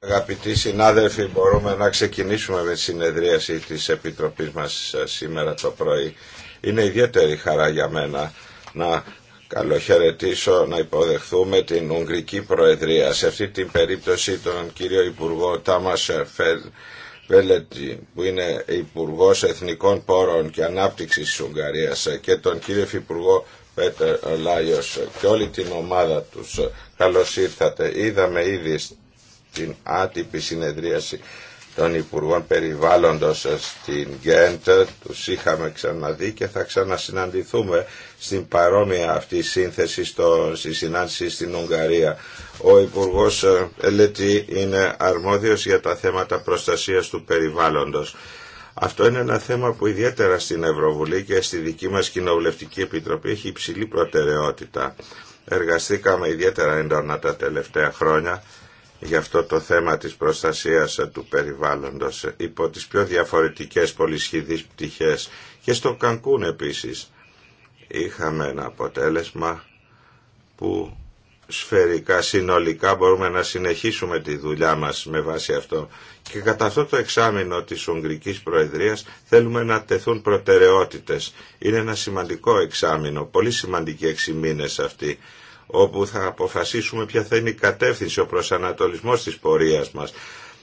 Αγαπητοί συνάδελφοι, μπορούμε να ξεκινήσουμε με τη συνεδρίαση της Επιτροπής μας ε, σήμερα το πρωί. Είναι ιδιαίτερη χαρά για μένα να καλοχαιρετήσω, να υποδεχθούμε την Ουγγρική Προεδρία. Σε αυτή την περίπτωση τον κύριο Υπουργό Τάμας Βέλετη, ε, που είναι Υπουργό Εθνικών Πόρων και Ανάπτυξης της Ουγγαρίας ε, και τον κύριο Υπουργό... Πέτερ Λάιος και όλη την ομάδα τους. Καλώς ήρθατε. είδαμε ήδη την άτυπη συνεδρίαση των Υπουργών Περιβάλλοντος στην Γκέντ. Τους είχαμε ξαναδεί και θα ξανασυναντηθούμε στην παρόμοια αυτή σύνθεση στο, στη συνάντηση στην Ουγγαρία. Ο Υπουργός Ελέτη είναι αρμόδιος για τα θέματα προστασίας του περιβάλλοντος. Αυτό είναι ένα θέμα που ιδιαίτερα στην Ευρωβουλή και στη δική μας Κοινοβουλευτική Επιτροπή έχει υψηλή προτεραιότητα. Εργαστήκαμε ιδιαίτερα έντονα τα τελευταία χρόνια για αυτό το θέμα της προστασίας του περιβάλλοντος υπό τις πιο διαφορετικές πολυσχηδείς πτυχές και στο Κανκούν επίσης είχαμε ένα αποτέλεσμα που σφαιρικά, συνολικά μπορούμε να συνεχίσουμε τη δουλειά μας με βάση αυτό. Και κατά αυτό το εξάμεινο της Ουγγρικής Προεδρίας θέλουμε να τεθούν προτεραιότητες. Είναι ένα σημαντικό εξάμεινο, πολύ σημαντικοί έξι μήνες αυτοί όπου θα αποφασίσουμε ποια θα είναι η κατεύθυνση, ο προσανατολισμός της πορείας μας.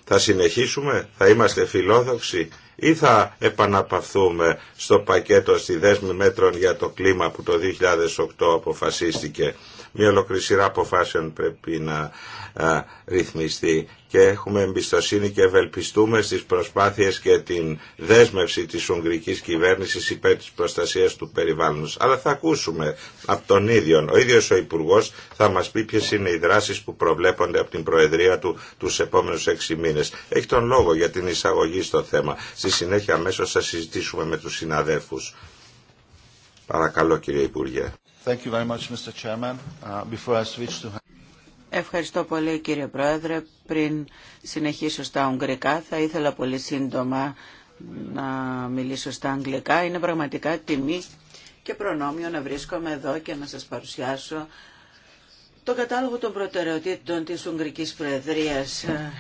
Θα συνεχίσουμε, θα είμαστε φιλόδοξοι ή θα επαναπαυθούμε στο πακέτο στη δέσμη μέτρων για το κλίμα που το 2008 αποφασίστηκε μια ολόκληρη σειρά αποφάσεων πρέπει να ρυθμιστεί και έχουμε εμπιστοσύνη και ευελπιστούμε στις προσπάθειες και την δέσμευση της Ουγγρικής κυβέρνησης υπέρ της προστασίας του περιβάλλοντος. Αλλά θα ακούσουμε από τον ίδιο. Ο ίδιος ο Υπουργός θα μας πει ποιες είναι οι δράσεις που προβλέπονται από την Προεδρία του τους επόμενους έξι μήνες. Έχει τον λόγο για την εισαγωγή στο θέμα. Στη συνέχεια αμέσως θα συζητήσουμε με τους συναδέλφους. Παρακαλώ κύριε Υπουργέ. Ευχαριστώ πολύ κύριε Πρόεδρε. Πριν συνεχίσω στα Ουγγρικά θα ήθελα πολύ σύντομα να μιλήσω στα Αγγλικά. Είναι πραγματικά τιμή και προνόμιο να βρίσκομαι εδώ και να σας παρουσιάσω το κατάλογο των προτεραιοτήτων της Ουγγρικής Προεδρίας ε,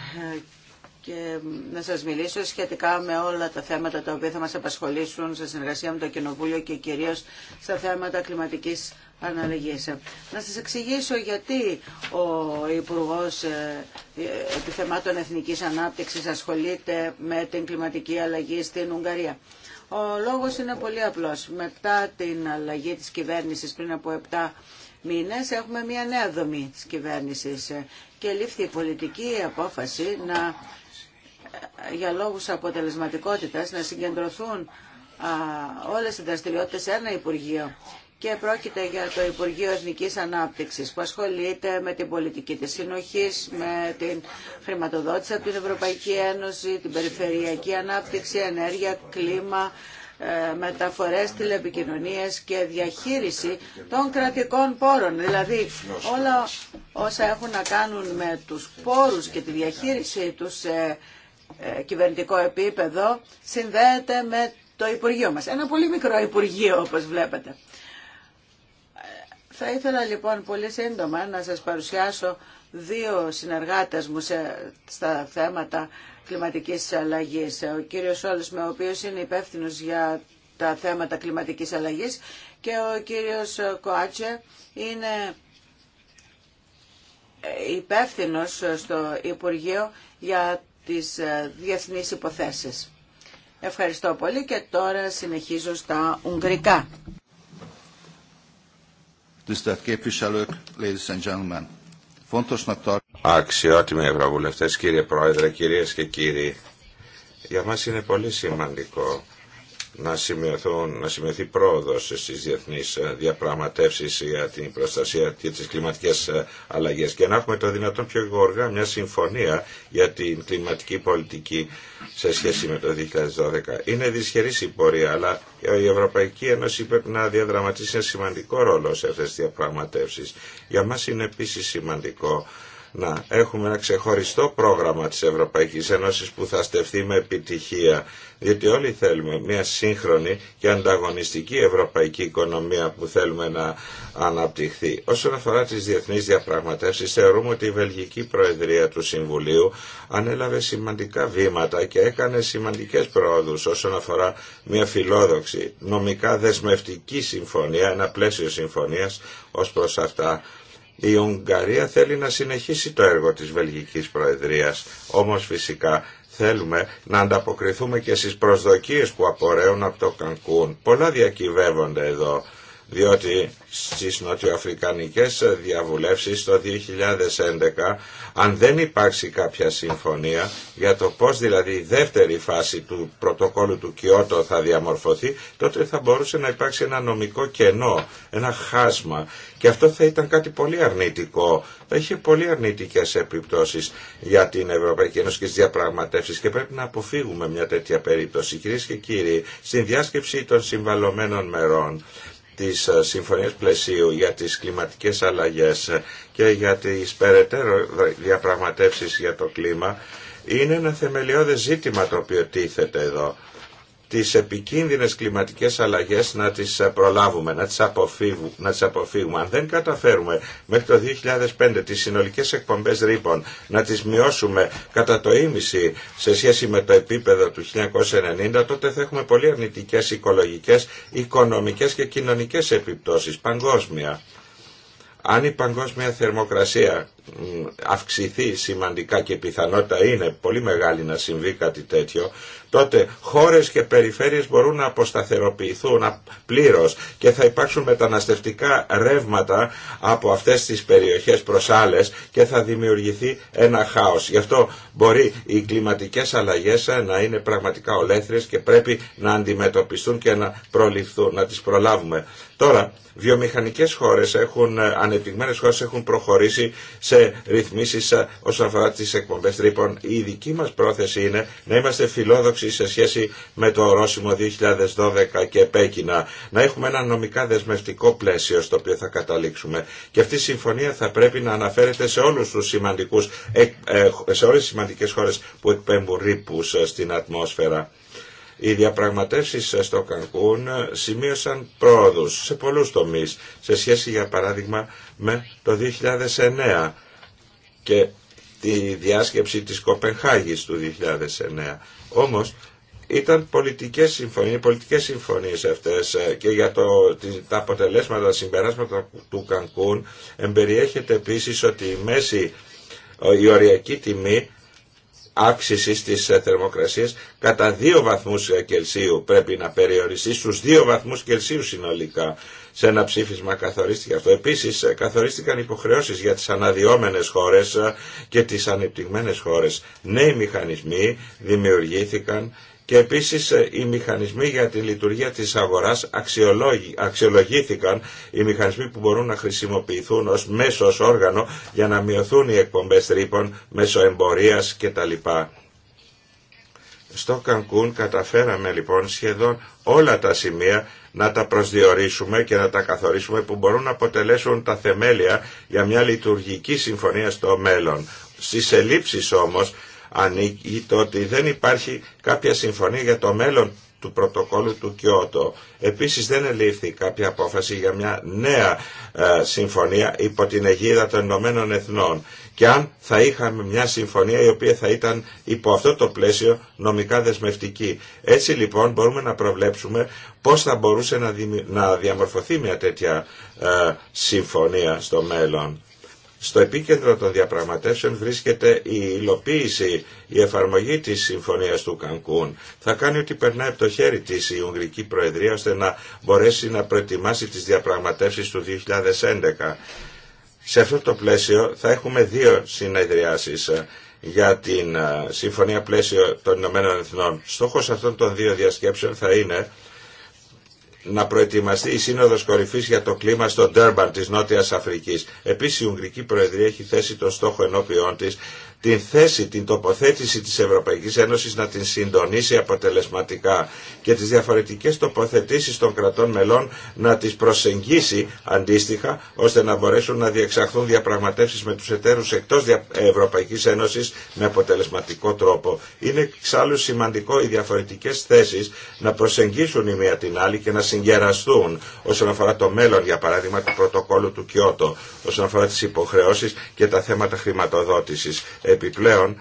και να σας μιλήσω σχετικά με όλα τα θέματα τα οποία θα μας απασχολήσουν σε συνεργασία με το Κοινοβούλιο και κυρίως στα θέματα κλιματικής αναλογής. Να σας εξηγήσω γιατί ο Υπουργός ε, ε, Επιθεμάτων Εθνικής Ανάπτυξης ασχολείται με την κλιματική αλλαγή στην Ουγγαρία. Ο λόγος είναι πολύ απλός. Μετά την αλλαγή της κυβέρνησης πριν από 7 μήνες έχουμε μια νέα δομή της κυβέρνησης και λήφθη η πολιτική απόφαση να για λόγους αποτελεσματικότητας να συγκεντρωθούν όλες οι δραστηριότητες σε ένα Υπουργείο και πρόκειται για το Υπουργείο Εθνικής Ανάπτυξης που ασχολείται με την πολιτική της συνοχής, με την χρηματοδότηση από την Ευρωπαϊκή Ένωση, την περιφερειακή ανάπτυξη, ενέργεια, κλίμα, ε, μεταφορές, τηλεπικοινωνίες και διαχείριση των κρατικών πόρων. Δηλαδή όλα όσα έχουν να κάνουν με τους πόρους και τη διαχείρισή τους ε, κυβερνητικό επίπεδο συνδέεται με το Υπουργείο μας. Ένα πολύ μικρό Υπουργείο όπως βλέπετε. Ε, θα ήθελα λοιπόν πολύ σύντομα να σας παρουσιάσω δύο συνεργάτες μου στα θέματα κλιματικής αλλαγής. Ο κύριος Σόλος, με ο οποίος είναι υπεύθυνο για τα θέματα κλιματικής αλλαγής και ο κύριος Κοάτσε είναι ε, υπεύθυνο στο Υπουργείο για τις ε, διεθνείς υποθέσεις. Ευχαριστώ πολύ και τώρα συνεχίζω στα Ουγγρικά. Αξιότιμοι Ευρωβουλευτές, κύριε Πρόεδρε, κυρίες και κύριοι, για μας είναι πολύ σημαντικό να, να σημειωθεί πρόοδος στις διεθνεί ε, διαπραγματεύσεις για την προστασία και τι κλιματικέ ε, αλλαγέ και να έχουμε το δυνατόν πιο γοργά μια συμφωνία για την κλιματική πολιτική σε σχέση με το 2012. Είναι δυσχερή η πορεία, αλλά η Ευρωπαϊκή Ένωση πρέπει να διαδραματίσει ένα σημαντικό ρόλο σε αυτέ τι διαπραγματεύσει. Για μας είναι επίση σημαντικό να έχουμε ένα ξεχωριστό πρόγραμμα της Ευρωπαϊκής Ένωσης που θα στεφθεί με επιτυχία. Διότι όλοι θέλουμε μια σύγχρονη και ανταγωνιστική ευρωπαϊκή οικονομία που θέλουμε να αναπτυχθεί. Όσον αφορά τις διεθνείς διαπραγματεύσεις, θεωρούμε ότι η Βελγική Προεδρία του Συμβουλίου ανέλαβε σημαντικά βήματα και έκανε σημαντικές προόδους όσον αφορά μια φιλόδοξη, νομικά δεσμευτική συμφωνία, ένα πλαίσιο συμφωνίας ως προς αυτά η Ουγγαρία θέλει να συνεχίσει το έργο της Βελγικής Προεδρίας, όμως φυσικά θέλουμε να ανταποκριθούμε και στις προσδοκίες που απορρέουν από το Κανκούν. Πολλά διακυβεύονται εδώ διότι στις νοτιοαφρικανικές διαβουλεύσεις το 2011 αν δεν υπάρξει κάποια συμφωνία για το πώς δηλαδή η δεύτερη φάση του πρωτοκόλου του Κιώτο θα διαμορφωθεί τότε θα μπορούσε να υπάρξει ένα νομικό κενό, ένα χάσμα και αυτό θα ήταν κάτι πολύ αρνητικό θα είχε πολύ αρνητικές επιπτώσεις για την Ευρωπαϊκή Ένωση και τις διαπραγματεύσεις και πρέπει να αποφύγουμε μια τέτοια περίπτωση. Κυρίε και κύριοι, στην διάσκεψη των συμβαλωμένων μερών της ε, Συμφωνίας Πλαισίου για τις κλιματικές αλλαγές και για τις περαιτέρω διαπραγματεύσεις για το κλίμα είναι ένα θεμελιώδες ζήτημα το οποίο τίθεται εδώ τις επικίνδυνες κλιματικές αλλαγές να τις προλάβουμε, να τις, αποφύγουμε, να τις αποφύγουμε. Αν δεν καταφέρουμε μέχρι το 2005 τις συνολικές εκπομπές ρήπων να τις μειώσουμε κατά το ίμιση σε σχέση με το επίπεδο του 1990, τότε θα έχουμε πολύ αρνητικές οικολογικές, οικονομικές και κοινωνικές επιπτώσεις παγκόσμια. Αν η παγκόσμια θερμοκρασία αυξηθεί σημαντικά και η πιθανότητα είναι πολύ μεγάλη να συμβεί κάτι τέτοιο, τότε χώρες και περιφέρειες μπορούν να αποσταθεροποιηθούν πλήρως και θα υπάρξουν μεταναστευτικά ρεύματα από αυτές τις περιοχές προς άλλες και θα δημιουργηθεί ένα χάος. Γι' αυτό μπορεί οι κλιματικές αλλαγές να είναι πραγματικά ολέθριες και πρέπει να αντιμετωπιστούν και να προληφθούν, να τις προλάβουμε. Τώρα, βιομηχανικές χώρες έχουν, ε, ανεπτυγμένες χώρες έχουν προχωρήσει σε ρυθμίσεις ε, όσον αφορά τις εκπομπές τρύπων. Λοιπόν, η δική μας πρόθεση είναι να είμαστε φιλόδοξοι σε σχέση με το ορόσημο 2012 και επέκεινα. Να έχουμε ένα νομικά δεσμευτικό πλαίσιο στο οποίο θα καταλήξουμε. Και αυτή η συμφωνία θα πρέπει να αναφέρεται σε, όλους τους σημαντικούς, ε, σε όλες τις σημαντικές χώρες που εκπέμπουν ρήπους στην ατμόσφαιρα. Οι διαπραγματεύσεις στο Κανκούν σημείωσαν πρόοδους σε πολλούς τομείς σε σχέση για παράδειγμα με το 2009 και τη διάσκεψη της Κοπενχάγης του 2009. Όμως ήταν πολιτικές συμφωνίες, πολιτικές συμφωνίες αυτές ε, και για το, τα αποτελέσματα, τα συμπεράσματα του Κανκούν εμπεριέχεται επίσης ότι η μέση, ε, η οριακή τιμή αύξηση της ε, θερμοκρασίας κατά 2 βαθμούς ε, Κελσίου πρέπει να περιοριστεί στους 2 βαθμούς Κελσίου συνολικά. Σε ένα ψήφισμα καθορίστηκε αυτό. Επίσης ε, καθορίστηκαν υποχρεώσεις για τις αναδυόμενες χώρες και τις ανεπτυγμένες χώρες. Νέοι μηχανισμοί δημιουργήθηκαν και επίσης ε, οι μηχανισμοί για τη λειτουργία της αγοράς αξιολογήθηκαν, οι μηχανισμοί που μπορούν να χρησιμοποιηθούν ως μέσο όργανο για να μειωθούν οι εκπομπές τρύπων μέσω εμπορίας κτλ. Στο Κανκούν καταφέραμε λοιπόν σχεδόν όλα τα σημεία να τα προσδιορίσουμε και να τα καθορίσουμε που μπορούν να αποτελέσουν τα θεμέλια για μια λειτουργική συμφωνία στο μέλλον. Στις ελλείψεις όμως ανήκει το ότι δεν υπάρχει κάποια συμφωνία για το μέλλον του πρωτοκόλλου του Κιώτο. Επίσης δεν ελήφθη κάποια απόφαση για μια νέα ε, συμφωνία υπό την αιγίδα των Ηνωμένων Εθνών. Και αν θα είχαμε μια συμφωνία η οποία θα ήταν υπό αυτό το πλαίσιο νομικά δεσμευτική. Έτσι λοιπόν μπορούμε να προβλέψουμε πώς θα μπορούσε να, διαμορφωθεί μια τέτοια ε, συμφωνία στο μέλλον. Στο επίκεντρο των διαπραγματεύσεων βρίσκεται η υλοποίηση, η εφαρμογή της Συμφωνίας του Κανκούν. Θα κάνει ότι περνάει από το χέρι της η Ουγγρική Προεδρία ώστε να μπορέσει να προετοιμάσει τις διαπραγματεύσεις του 2011. Σε αυτό το πλαίσιο θα έχουμε δύο συνεδριάσεις ε, για την ε, Συμφωνία Πλαίσιο των Ηνωμένων Εθνών. Στόχος αυτών των δύο διασκέψεων θα είναι να προετοιμαστεί η Σύνοδος Κορυφής για το κλίμα στο Ντέρμπαν της Νότιας Αφρικής. Επίσης η Ουγγρική Προεδρία έχει θέσει τον στόχο ενώπιόν της την θέση, την τοποθέτηση της Ευρωπαϊκής Ένωσης να την συντονίσει αποτελεσματικά και τις διαφορετικές τοποθετήσεις των κρατών μελών να τις προσεγγίσει αντίστοιχα ώστε να μπορέσουν να διεξαχθούν διαπραγματεύσεις με τους εταίρους εκτός Ευρωπαϊκής Ένωσης με αποτελεσματικό τρόπο. Είναι εξάλλου σημαντικό οι διαφορετικές θέσεις να προσεγγίσουν η μία την άλλη και να συγκεραστούν όσον αφορά το μέλλον για παράδειγμα του πρωτοκόλου του Κιώτο, όσον αφορά τις υποχρεώσεις και τα θέματα χρηματοδότησης Επιπλέον,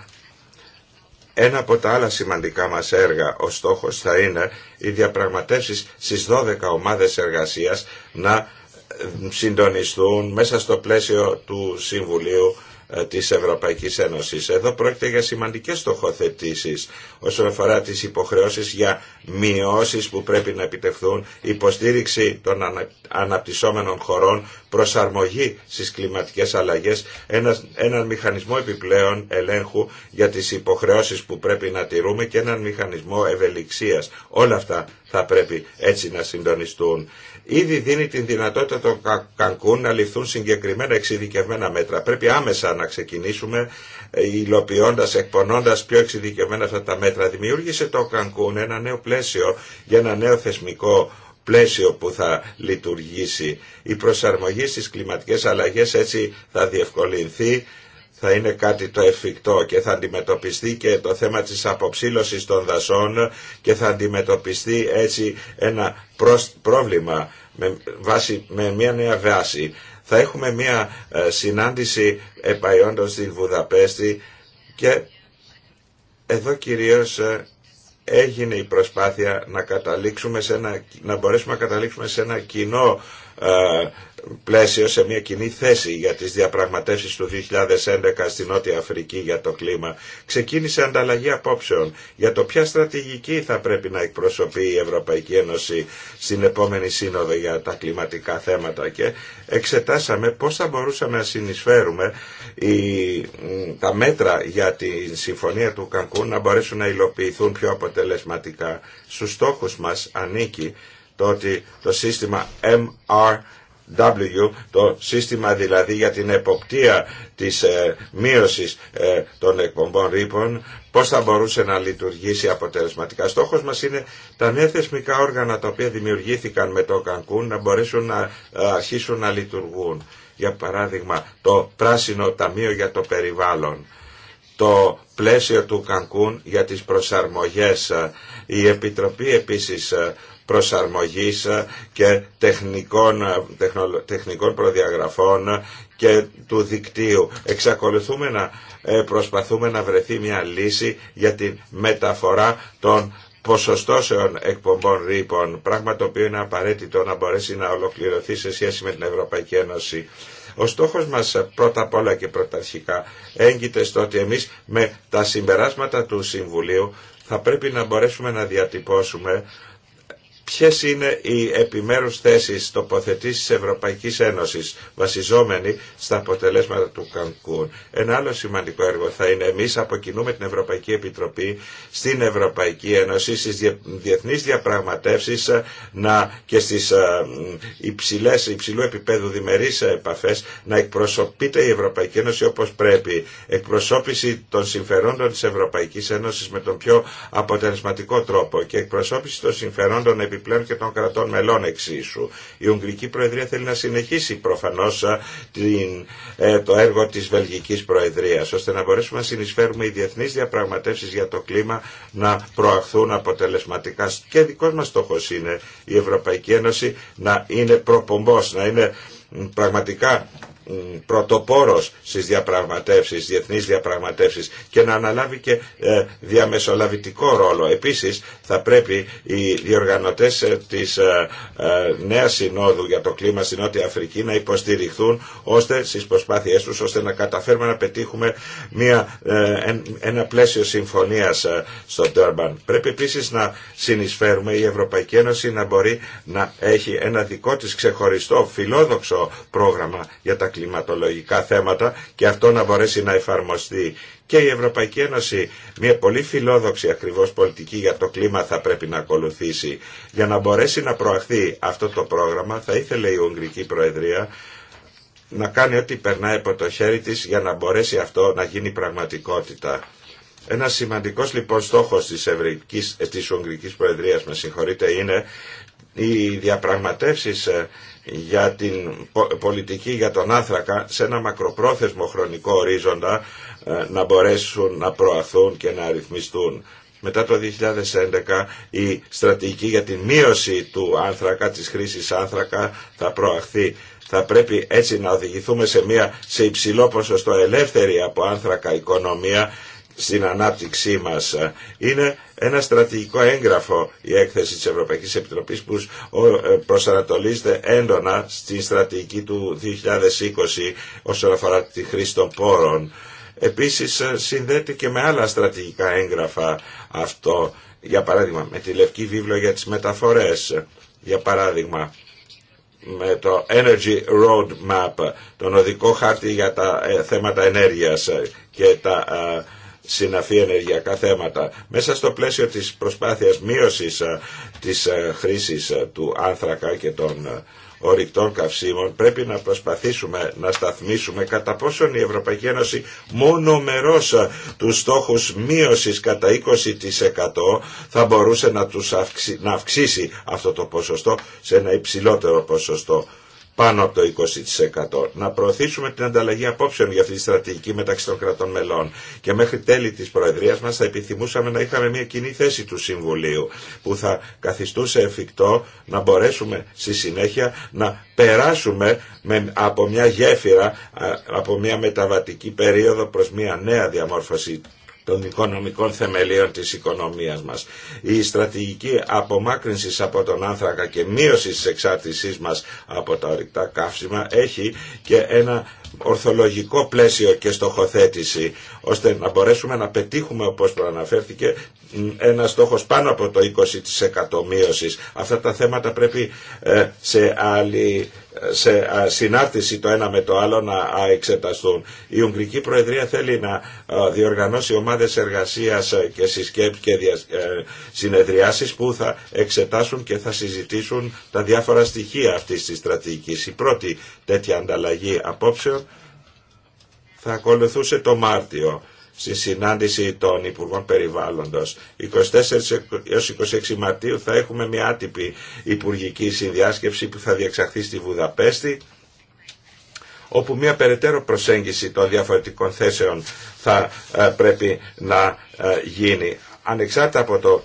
ένα από τα άλλα σημαντικά μας έργα, ο στόχος θα είναι οι διαπραγματεύσεις στις 12 ομάδες εργασίας να ε, συντονιστούν μέσα στο πλαίσιο του Συμβουλίου ε, της Ευρωπαϊκής Ένωσης. Εδώ πρόκειται για σημαντικές στοχοθετήσεις όσον αφορά τις υποχρεώσεις για μειώσεις που πρέπει να επιτευχθούν, υποστήριξη των αναπτυσσόμενων χωρών, προσαρμογή στις κλιματικές αλλαγές, ένας, έναν μηχανισμό επιπλέον ελέγχου για τις υποχρεώσεις που πρέπει να τηρούμε και έναν μηχανισμό ευελιξίας. Όλα αυτά θα πρέπει έτσι να συντονιστούν ήδη δίνει την δυνατότητα των Κανκούν να ληφθούν συγκεκριμένα εξειδικευμένα μέτρα. Πρέπει άμεσα να ξεκινήσουμε ε, υλοποιώντας, εκπονώντας πιο εξειδικευμένα αυτά τα μέτρα. Δημιούργησε το Κανκούν ένα νέο πλαίσιο για ένα νέο θεσμικό πλαίσιο που θα λειτουργήσει. Η προσαρμογή στις κλιματικές αλλαγές έτσι θα διευκολυνθεί θα είναι κάτι το εφικτό και θα αντιμετωπιστεί και το θέμα της αποψήλωσης των δασών και θα αντιμετωπιστεί έτσι ένα πρόβλημα με, βάση, με μια νέα βάση. Θα έχουμε μια ε, συνάντηση επαϊόντων στην Βουδαπέστη και εδώ κυρίως ε, έγινε η προσπάθεια να, καταλήξουμε σε ένα, να μπορέσουμε να καταλήξουμε σε ένα κοινό ε, πλαίσιο, σε μια κοινή θέση για τις διαπραγματεύσεις του 2011 στην Νότια Αφρική για το κλίμα, ξεκίνησε ανταλλαγή απόψεων για το ποια στρατηγική θα πρέπει να εκπροσωπεί η Ευρωπαϊκή Ένωση στην επόμενη σύνοδο για τα κλιματικά θέματα και εξετάσαμε πώς θα μπορούσαμε να συνεισφέρουμε η, τα μέτρα για τη Συμφωνία του Κανκούν να μπορέσουν να υλοποιηθούν πιο αποτελεσματικά. Στους στόχους μας ανήκει το ότι το σύστημα MR W, το σύστημα δηλαδή για την εποπτεία της ε, μείωσης ε, των εκπομπών ρήπων, πώς θα μπορούσε να λειτουργήσει αποτελεσματικά. Στόχος μας είναι τα νέα θεσμικά όργανα τα οποία δημιουργήθηκαν με το Κανκούν να μπορέσουν να ε, αρχίσουν να λειτουργούν. Για παράδειγμα, το Πράσινο Ταμείο για το Περιβάλλον το πλαίσιο του Κανκούν για τις προσαρμογές. Ε, η Επιτροπή επίσης προσαρμογής ε, και ε, τεχνικών, προδιαγραφών και του δικτύου. Εξακολουθούμε να ε, προσπαθούμε να βρεθεί μια λύση για τη μεταφορά των ποσοστώσεων εκπομπών ρήπων, πράγμα το οποίο είναι απαραίτητο να μπορέσει να ολοκληρωθεί σε σχέση με την Ευρωπαϊκή Ένωση. Ο στόχος μας πρώτα απ' όλα και πρωταρχικά έγκυται στο ότι εμείς με τα συμπεράσματα του Συμβουλίου θα πρέπει να μπορέσουμε να διατυπώσουμε ποιες είναι οι επιμέρους θέσεις τοποθετήσεις της Ευρωπαϊκής Ένωσης βασιζόμενοι στα αποτελέσματα του Κανκούν. Ένα άλλο σημαντικό έργο θα είναι εμείς αποκινούμε την Ευρωπαϊκή Επιτροπή στην Ευρωπαϊκή Ένωση στις διεθνείς διαπραγματεύσεις ε, και στις ε, υψηλού επίπεδου διμερείς επαφές να εκπροσωπείται η Ευρωπαϊκή Ένωση όπως πρέπει. Εκπροσώπηση των συμφερόντων της Ευρωπαϊκή Ένωση με τον πιο αποτελεσματικό τρόπο και εκπροσώπηση των συμφερόντων επιπλέον και των κρατών μελών εξίσου. Η Ουγγρική Προεδρία θέλει να συνεχίσει προφανώς ε, το έργο της Βελγικής Προεδρίας ώστε να μπορέσουμε να συνεισφέρουμε οι διεθνείς διαπραγματεύσεις για το κλίμα να προαχθούν αποτελεσματικά και δικός μας στόχος είναι η Ευρωπαϊκή Ένωση να είναι προπομπός, να είναι πραγματικά πρωτοπόρος στις διαπραγματεύσεις, διεθνείς διαπραγματεύσεις και να αναλάβει και ε, διαμεσολαβητικό ρόλο. Επίσης θα πρέπει οι διοργανωτές ε, της ε, νέας συνόδου για το κλίμα στην Νότια Αφρική να υποστηριχθούν ώστε στις προσπάθειές τους ώστε να καταφέρουμε να πετύχουμε μια, ένα πλαίσιο συμφωνίας στο Τέρμπαν. Πρέπει επίσης να συνεισφέρουμε η Ευρωπαϊκή Ένωση να μπορεί να έχει ένα δικό της ξεχωριστό φιλόδοξο πρόγραμμα για τα κλιματολογικά θέματα και αυτό να μπορέσει να εφαρμοστεί. Και η Ευρωπαϊκή Ένωση μια πολύ φιλόδοξη ακριβώς πολιτική για το κλίμα θα πρέπει να ακολουθήσει. Για να μπορέσει να προαχθεί αυτό το πρόγραμμα θα ήθελε η Ουγγρική Προεδρία να κάνει ό,τι περνάει από το χέρι της για να μπορέσει αυτό να γίνει πραγματικότητα. Ένα σημαντικός λοιπόν στόχος της, Ευρικής, της Ουγγρικής Προεδρίας, με συγχωρείτε, είναι οι διαπραγματεύσεις ε, για την πολιτική για τον άνθρακα σε ένα μακροπρόθεσμο χρονικό ορίζοντα ε, να μπορέσουν να προαθούν και να αριθμιστούν. Μετά το 2011 η στρατηγική για την μείωση του άνθρακα, της χρήσης άνθρακα θα προαχθεί. Θα πρέπει έτσι να οδηγηθούμε σε, μια, σε υψηλό ποσοστό ελεύθερη από άνθρακα οικονομία στην ανάπτυξή μας. Είναι ένα στρατηγικό έγγραφο η έκθεση της Ευρωπαϊκής Επιτροπής που ε, προσανατολίζεται έντονα στην στρατηγική του 2020 όσον αφορά τη χρήση των πόρων. Επίσης ε, συνδέεται και με άλλα στρατηγικά έγγραφα αυτό, για παράδειγμα με τη Λευκή Βίβλο για τις μεταφορές, για παράδειγμα με το Energy Roadmap, τον οδικό χάρτη για τα ε, θέματα ενέργειας και τα συναφή ενεργειακά θέματα. Μέσα στο πλαίσιο της προσπάθειας μείωσης της χρήσης του άνθρακα και των ορυκτών καυσίμων πρέπει να προσπαθήσουμε να σταθμίσουμε κατά πόσον η Ευρωπαϊκή Ένωση μερός τους στόχους μείωσης κατά 20% θα μπορούσε να, τους να αυξήσει αυτό το ποσοστό σε ένα υψηλότερο ποσοστό πάνω από το 20%. Να προωθήσουμε την ανταλλαγή απόψεων για αυτή τη στρατηγική μεταξύ των κρατών μελών. Και μέχρι τέλη της Προεδρίας μας θα επιθυμούσαμε να είχαμε μια κοινή θέση του Συμβουλίου που θα καθιστούσε εφικτό να μπορέσουμε στη συνέχεια να περάσουμε με, από μια γέφυρα, από μια μεταβατική περίοδο προς μια νέα διαμόρφωση των οικονομικών θεμελίων της οικονομίας μας. Η στρατηγική απομάκρυνσης από τον άνθρακα και μείωση της εξάρτησής μας από τα ορυκτά καύσιμα έχει και ένα ορθολογικό πλαίσιο και στοχοθέτηση ώστε να μπορέσουμε να πετύχουμε όπως προαναφέρθηκε ένα στόχος πάνω από το 20% μείωσης. Αυτά τα θέματα πρέπει ε, σε άλλη σε συνάρτηση το ένα με το άλλο να εξεταστούν. Η Ουγγρική Προεδρία θέλει να διοργανώσει ομάδες εργασίας και συσκέψεις και ε, συνεδριάσεις που θα εξετάσουν και θα συζητήσουν τα διάφορα στοιχεία αυτής της στρατηγικής. Η πρώτη τέτοια ανταλλαγή απόψεων θα ακολουθούσε το Μάρτιο στη συνάντηση των Υπουργών Περιβάλλοντος. 24 έως 26 Μαρτίου θα έχουμε μια άτυπη υπουργική συνδιάσκεψη που θα διεξαχθεί στη Βουδαπέστη όπου μια περαιτέρω προσέγγιση των διαφορετικών θέσεων θα ε, πρέπει να ε, γίνει ανεξάρτητα από το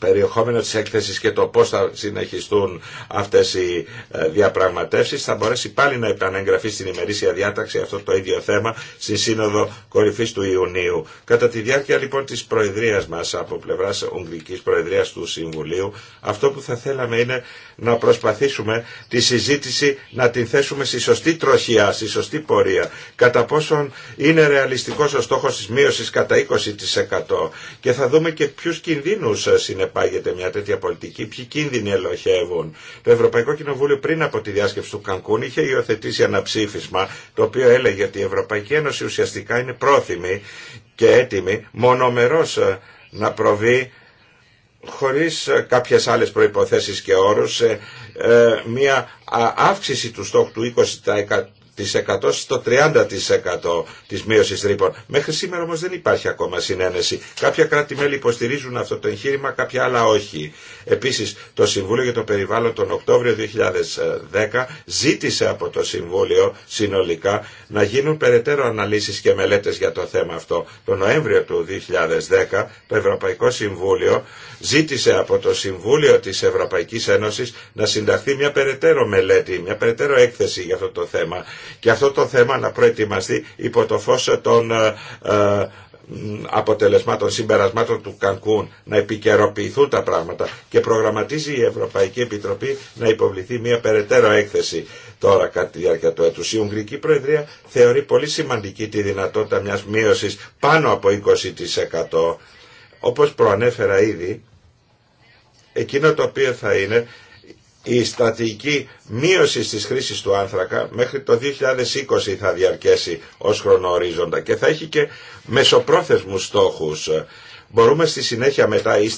περιεχόμενο της έκθεσης και το πώς θα συνεχιστούν αυτές οι ε, διαπραγματεύσεις θα μπορέσει πάλι να επαναγγραφεί στην ημερήσια διάταξη αυτό το ίδιο θέμα στη Σύνοδο Κορυφής του Ιουνίου. Κατά τη διάρκεια λοιπόν της Προεδρίας μας από πλευράς Ουγγλικής Προεδρίας του Συμβουλίου αυτό που θα θέλαμε είναι να προσπαθήσουμε τη συζήτηση να την θέσουμε στη σωστή τροχιά, στη σωστή πορεία. Κατά πόσον είναι ρεαλιστικός ο στόχος της μείωσης κατά 20% και θα δούμε και ποιους κινδύνους συνεπ πάγεται μια τέτοια πολιτική, ποιοι κίνδυνοι ελοχεύουν. Το Ευρωπαϊκό Κοινοβούλιο πριν από τη διάσκεψη του Κανκούν είχε υιοθετήσει ένα ψήφισμα το οποίο έλεγε ότι η Ευρωπαϊκή Ένωση ουσιαστικά είναι πρόθυμη και έτοιμη μονομερός ε, να προβεί χωρίς ε, κάποιες άλλες προϋποθέσεις και όρους σε ε, μια αύξηση του στόχου του 20% στο 30% της μείωσης ρήπων. Μέχρι σήμερα όμως δεν υπάρχει ακόμα συνένεση. Κάποια κράτη-μέλη υποστηρίζουν αυτό το εγχείρημα, κάποια άλλα όχι. Επίσης, το Συμβούλιο για το Περιβάλλον τον Οκτώβριο 2010 ζήτησε από το Συμβούλιο συνολικά να γίνουν περαιτέρω αναλύσεις και μελέτες για το θέμα αυτό. Το Νοέμβριο του 2010 το Ευρωπαϊκό Συμβούλιο ζήτησε από το Συμβούλιο της Ευρωπαϊκής Ένωσης να συνταχθεί μια περαιτέρω μελέτη, μια περαιτέρω έκθεση για αυτό το θέμα και αυτό το θέμα να προετοιμαστεί υπό το φως των ε, ε, αποτελεσμάτων, συμπερασμάτων του Κανκούν να επικαιροποιηθούν τα πράγματα και προγραμματίζει η Ευρωπαϊκή Επιτροπή να υποβληθεί μια περαιτέρω έκθεση τώρα κατά τη διάρκεια του έτους. Η Ουγγρική Προεδρία θεωρεί πολύ σημαντική τη δυνατότητα μιας μείωσης πάνω από 20% όπως προανέφερα ήδη εκείνο το οποίο θα είναι η στρατηγική μείωση της χρήσης του άνθρακα μέχρι το 2020 θα διαρκέσει ως χρονοορίζοντα και θα έχει και μεσοπρόθεσμους στόχους. Μπορούμε στη συνέχεια μετά ή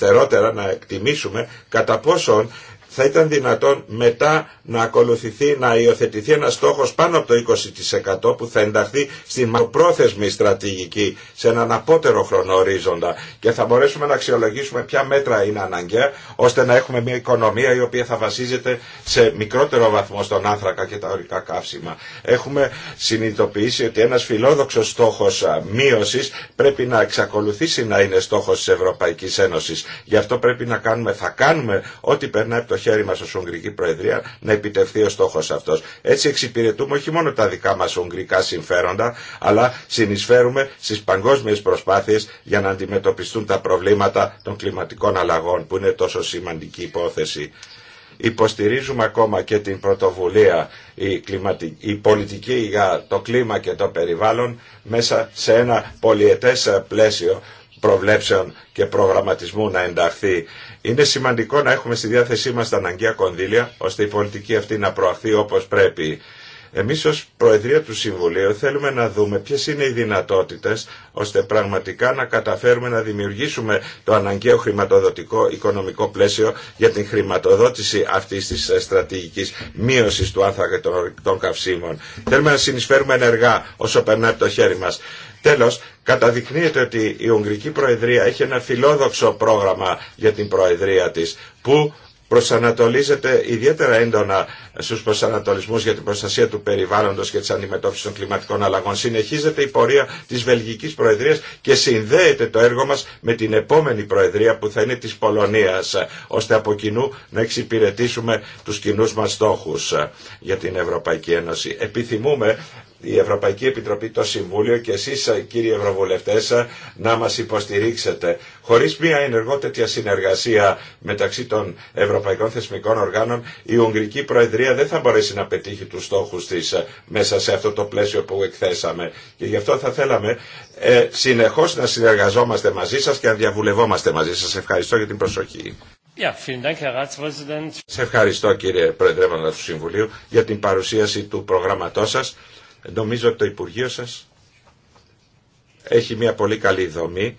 να εκτιμήσουμε κατά πόσον θα ήταν δυνατόν μετά να ακολουθηθεί, να υιοθετηθεί ένα στόχος πάνω από το 20% που θα ενταχθεί στην πρόθεσμη στρατηγική σε έναν απότερο χρονορίζοντα και θα μπορέσουμε να αξιολογήσουμε ποια μέτρα είναι αναγκαία ώστε να έχουμε μια οικονομία η οποία θα βασίζεται σε μικρότερο βαθμό στον άνθρακα και τα ορικά καύσιμα. Έχουμε συνειδητοποιήσει ότι ένας φιλόδοξος στόχος μείωσης πρέπει να εξακολουθήσει να είναι στόχος της Ευρωπαϊκής Ένωσης. Γι' αυτό πρέπει να κάνουμε, θα κάνουμε ό,τι περνάει από το χέρι μας ω Ουγγρική Προεδρία να επιτευχθεί ο στόχος αυτός. Έτσι εξυπηρετούμε όχι μόνο τα δικά μας ουγγρικά συμφέροντα, αλλά συνεισφέρουμε στις παγκόσμιες προσπάθειες για να αντιμετωπιστούν τα προβλήματα των κλιματικών αλλαγών, που είναι τόσο σημαντική υπόθεση. Υποστηρίζουμε ακόμα και την πρωτοβουλία η, η πολιτική για το κλίμα και το περιβάλλον μέσα σε ένα πολιετές πλαίσιο προβλέψεων και προγραμματισμού να ενταχθεί. Είναι σημαντικό να έχουμε στη διάθεσή μας τα αναγκαία κονδύλια, ώστε η πολιτική αυτή να προαχθεί όπως πρέπει. Εμείς ως Προεδρία του Συμβουλίου θέλουμε να δούμε ποιες είναι οι δυνατότητες ώστε πραγματικά να καταφέρουμε να δημιουργήσουμε το αναγκαίο χρηματοδοτικό οικονομικό πλαίσιο για την χρηματοδότηση αυτής της στρατηγικής μείωσης του άνθρακα των καυσίμων. Θέλουμε να συνεισφέρουμε ενεργά όσο περνάει το χέρι μας. Τέλος, καταδεικνύεται ότι η Ουγγρική Προεδρία έχει ένα φιλόδοξο πρόγραμμα για την Προεδρία της που προσανατολίζεται ιδιαίτερα έντονα στου προσανατολισμού για την προστασία του περιβάλλοντο και τη αντιμετώπιση των κλιματικών αλλαγών. Συνεχίζεται η πορεία τη Βελγική Προεδρία και συνδέεται το έργο μα με την επόμενη Προεδρία που θα είναι τη Πολωνία, ώστε από κοινού να εξυπηρετήσουμε του κοινού μα στόχου για την Ευρωπαϊκή Ένωση. Επιθυμούμε η Ευρωπαϊκή Επιτροπή, το Συμβούλιο και εσείς κύριοι Ευρωβουλευτές να μας υποστηρίξετε. Χωρίς μια ενεργό τέτοια συνεργασία μεταξύ των Ευρωπαϊκών Θεσμικών Οργάνων η Ουγγρική Προεδρία δεν θα μπορέσει να πετύχει τους στόχους της ε, μέσα σε αυτό το πλαίσιο που εκθέσαμε. Και γι' αυτό θα θέλαμε ε, συνεχώς να συνεργαζόμαστε μαζί σας και να διαβουλευόμαστε μαζί σας. Ευχαριστώ για την προσοχή. vielen Dank, Herr ευχαριστώ κύριε Προεδρεύοντα του Συμβουλίου για την παρουσίαση του προγράμματός σας. Νομίζω ότι το Υπουργείο σας έχει μια πολύ καλή δομή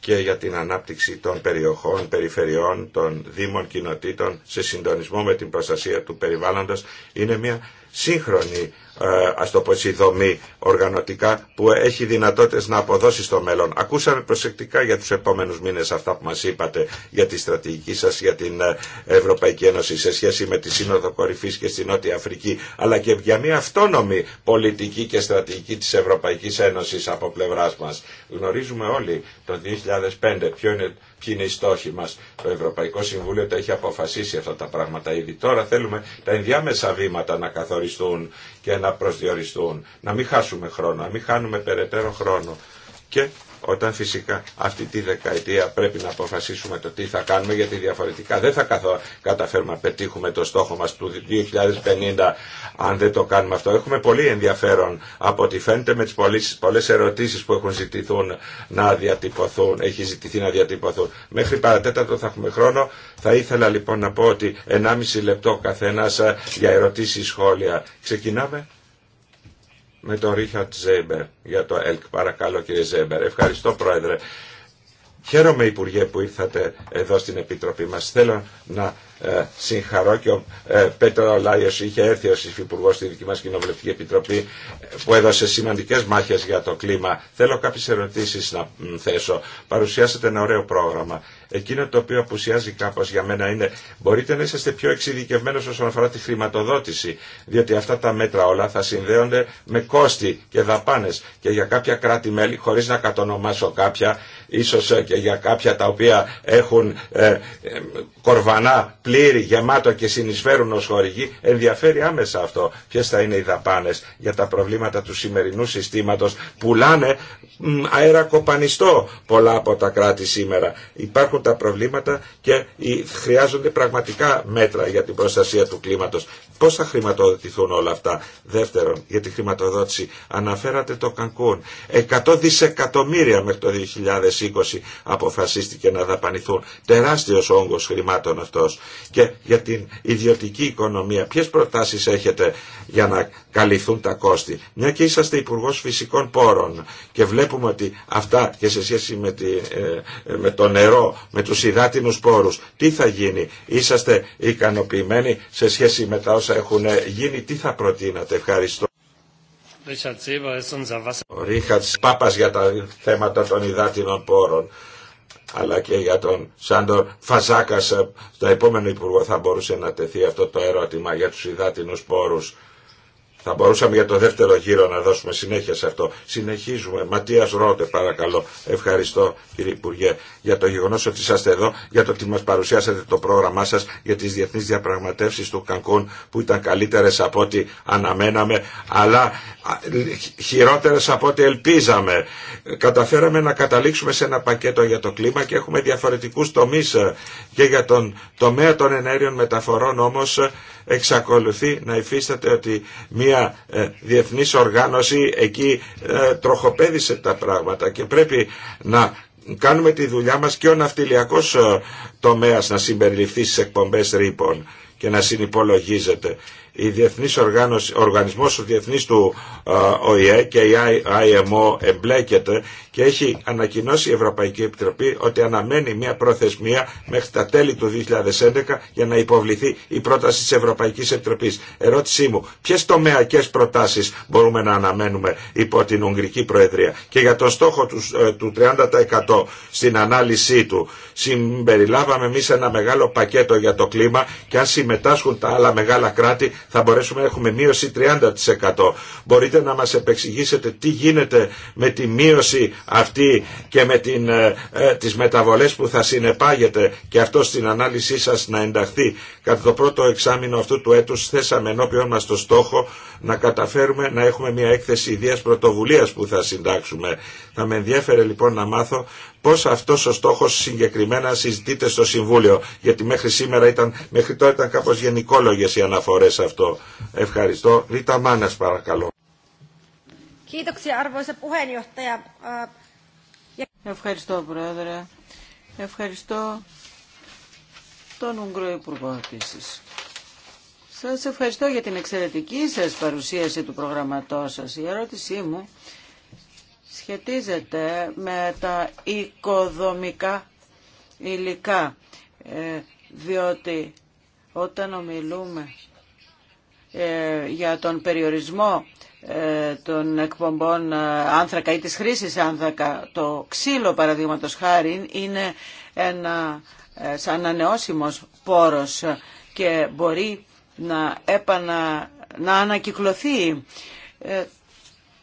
και για την ανάπτυξη των περιοχών, περιφερειών, των δήμων, κοινοτήτων σε συντονισμό με την προστασία του περιβάλλοντος είναι μια σύγχρονη ε, ας το πω δομή οργανωτικά που έχει δυνατότητες να αποδώσει στο μέλλον. Ακούσαμε προσεκτικά για τους επόμενους μήνες αυτά που μας είπατε για τη στρατηγική σας για την ε, Ευρωπαϊκή Ένωση σε σχέση με τη Σύνοδο Κορυφής και στη Νότια Αφρική αλλά και για μια αυτόνομη πολιτική και στρατηγική της Ευρωπαϊκής Ένωσης από πλευράς μας. Γνωρίζουμε όλοι το 2005 ποιο είναι ποιοι είναι οι στόχοι μας. Το Ευρωπαϊκό Συμβούλιο τα έχει αποφασίσει αυτά τα πράγματα ήδη. Τώρα θέλουμε τα ενδιάμεσα βήματα να καθοριστούν και να προσδιοριστούν. Να μην χάσουμε χρόνο, να μην χάνουμε περαιτέρω χρόνο. Και όταν φυσικά αυτή τη δεκαετία πρέπει να αποφασίσουμε το τι θα κάνουμε γιατί διαφορετικά δεν θα καταφέρουμε να πετύχουμε το στόχο μας του 2050 αν δεν το κάνουμε αυτό. Έχουμε πολύ ενδιαφέρον από ό,τι φαίνεται με τις πολλές ερωτήσεις που έχουν ζητηθούν να διατυπωθούν, έχει ζητηθεί να διατυπωθούν. Μέχρι παρατέτατο θα έχουμε χρόνο. Θα ήθελα λοιπόν να πω ότι 1,5 λεπτό καθένας ε, για ερωτήσεις σχόλια. Ξεκινάμε με τον Ρίχαρτ Ζέμπερ για το ΕΛΚ. Παρακαλώ κύριε Ζέμπερ. Ευχαριστώ πρόεδρε. Χαίρομαι Υπουργέ που ήρθατε εδώ στην Επιτροπή μας. Θέλω να ε, συγχαρώ και ο ε, Πέτρο Λάιος είχε έρθει ως υφυπουργός στη δική μας κοινοβουλευτική επιτροπή ε, που έδωσε σημαντικές μάχες για το κλίμα. Θέλω κάποιες ερωτήσεις να θέσω. Παρουσιάσατε ένα ωραίο πρόγραμμα. Εκείνο το οποίο απουσιάζει κάπω για μένα είναι μπορείτε να είσαστε πιο εξειδικευμένο όσον αφορά τη χρηματοδότηση. Διότι αυτά τα μέτρα όλα θα συνδέονται με κόστη και δαπάνε. Και για κάποια κράτη-μέλη, χωρί να κατονομάσω κάποια, ίσω και για κάποια τα οποία έχουν ε, ε, κορβανά, πλήρη, γεμάτο και συνεισφέρουν ως χορηγοί, ενδιαφέρει άμεσα αυτό. Ποιε θα είναι οι δαπάνε για τα προβλήματα του σημερινού συστήματος. Πουλάνε αερακοπανιστό πολλά από τα κράτη σήμερα. Υπάρχουν τα προβλήματα και χρειάζονται πραγματικά μέτρα για την προστασία του κλίματος. Πώς θα χρηματοδοτηθούν όλα αυτά. Δεύτερον, για τη χρηματοδότηση. Αναφέρατε το Κανκούν. 100 δισεκατομμύρια μέχρι το 2020 αποφασίστηκε να δαπανηθούν. Τεράστιος όγκο χρημάτων αυτός και για την ιδιωτική οικονομία. Ποιες προτάσεις έχετε για να καλυφθούν τα κόστη. Μια και είσαστε υπουργό Φυσικών Πόρων και βλέπουμε ότι αυτά και σε σχέση με, τη, ε, με το νερό, με τους υδάτινους πόρους, τι θα γίνει. Είσαστε ικανοποιημένοι σε σχέση με τα όσα έχουν γίνει. Τι θα προτείνατε. Ευχαριστώ. Ο Ρίχατς Πάπας για τα θέματα των υδάτινων πόρων αλλά και για τον Σάντορ Φαζάκα, ε, στο επόμενο Υπουργό θα μπορούσε να τεθεί αυτό το ερώτημα για τους υδάτινους πόρους θα μπορούσαμε για το δεύτερο γύρο να δώσουμε συνέχεια σε αυτό. Συνεχίζουμε. Ματία Ρότε, παρακαλώ. Ευχαριστώ, κύριε Υπουργέ, για το γεγονό ότι είσαστε εδώ, για το ότι μα παρουσιάσατε το πρόγραμμά σα για τι διεθνεί διαπραγματεύσει του Κανκούν, που ήταν καλύτερε από ό,τι αναμέναμε, αλλά χειρότερε από ό,τι ελπίζαμε. Καταφέραμε να καταλήξουμε σε ένα πακέτο για το κλίμα και έχουμε διαφορετικού τομεί. Ε, και για τον τομέα των ενέργειων μεταφορών όμω ε, εξακολουθεί να υφίσταται ότι μια ε, διεθνής οργάνωση εκεί ε, τροχοπέδησε τα πράγματα και πρέπει να κάνουμε τη δουλειά μας και ο ναυτιλιακός ε, τομέας να συμπεριληφθεί στις εκπομπές ρήπων και να συνυπολογίζεται η Διεθνής Οργάνωση, ο Οργανισμός ο Διεθνής του ε, ΟΗΕ και η IMO εμπλέκεται και έχει ανακοινώσει η Ευρωπαϊκή Επιτροπή ότι αναμένει μια προθεσμία μέχρι τα τέλη του 2011 για να υποβληθεί η πρόταση της Ευρωπαϊκής Επιτροπής. Ερώτησή μου, ποιες τομεακές προτάσεις μπορούμε να αναμένουμε υπό την Ουγγρική Προεδρία και για τον στόχο ε, του, του 30% στην ανάλυση του συμπεριλάβαμε εμεί ένα μεγάλο πακέτο για το κλίμα και αν συμμετάσχουν τα άλλα μεγάλα κράτη θα μπορέσουμε να έχουμε μείωση 30%. Μπορείτε να μας επεξηγήσετε τι γίνεται με τη μείωση αυτή και με την, ε, ε, τις μεταβολές που θα συνεπάγεται και αυτό στην ανάλυση σας να ενταχθεί. Κατά το πρώτο εξάμεινο αυτού του έτους θέσαμε ενώπιον μας το στόχο να καταφέρουμε να έχουμε μια έκθεση ιδίας πρωτοβουλίας που θα συντάξουμε. Θα με ενδιέφερε λοιπόν να μάθω πώς αυτός ο στόχος συγκεκριμένα συζητείται στο Συμβούλιο, γιατί μέχρι σήμερα ήταν, μέχρι τώρα ήταν κάπως γενικόλογες οι αναφορές αυτό. Ευχαριστώ. Ρίτα Μάνας παρακαλώ. Ε, ευχαριστώ Πρόεδρε. Ευχαριστώ τον Ουγγρό Υπουργό επίσης. Σας ευχαριστώ για την εξαιρετική σας παρουσίαση του προγραμματός σας. Η ερώτησή μου σχετίζεται με τα οικοδομικά υλικά, ε, διότι όταν ομιλούμε ε, για τον περιορισμό ε, των εκπομπών άνθρακα ή της χρήσης άνθρακα, το ξύλο παραδείγματος χάρη είναι ένα ανανεώσιμος πόρος και μπορεί να, επανα, να ανακυκλωθεί.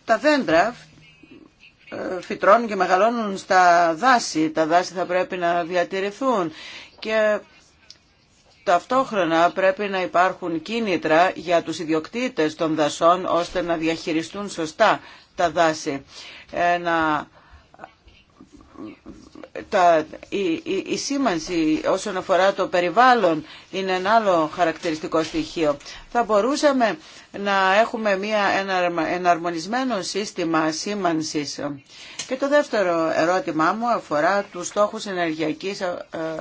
Τα δέντρα φυτρώνουν και μεγαλώνουν στα δάση. Τα δάση θα πρέπει να διατηρηθούν και ταυτόχρονα πρέπει να υπάρχουν κίνητρα για τους ιδιοκτήτες των δασών ώστε να διαχειριστούν σωστά τα δάση. Να τα, η, η, σήμανση όσον αφορά το περιβάλλον είναι ένα άλλο χαρακτηριστικό στοιχείο. Θα μπορούσαμε να έχουμε μια, ένα εναρμονισμένο σύστημα σήμανσης. Και το δεύτερο ερώτημά μου αφορά τους στόχους ενεργειακής ε,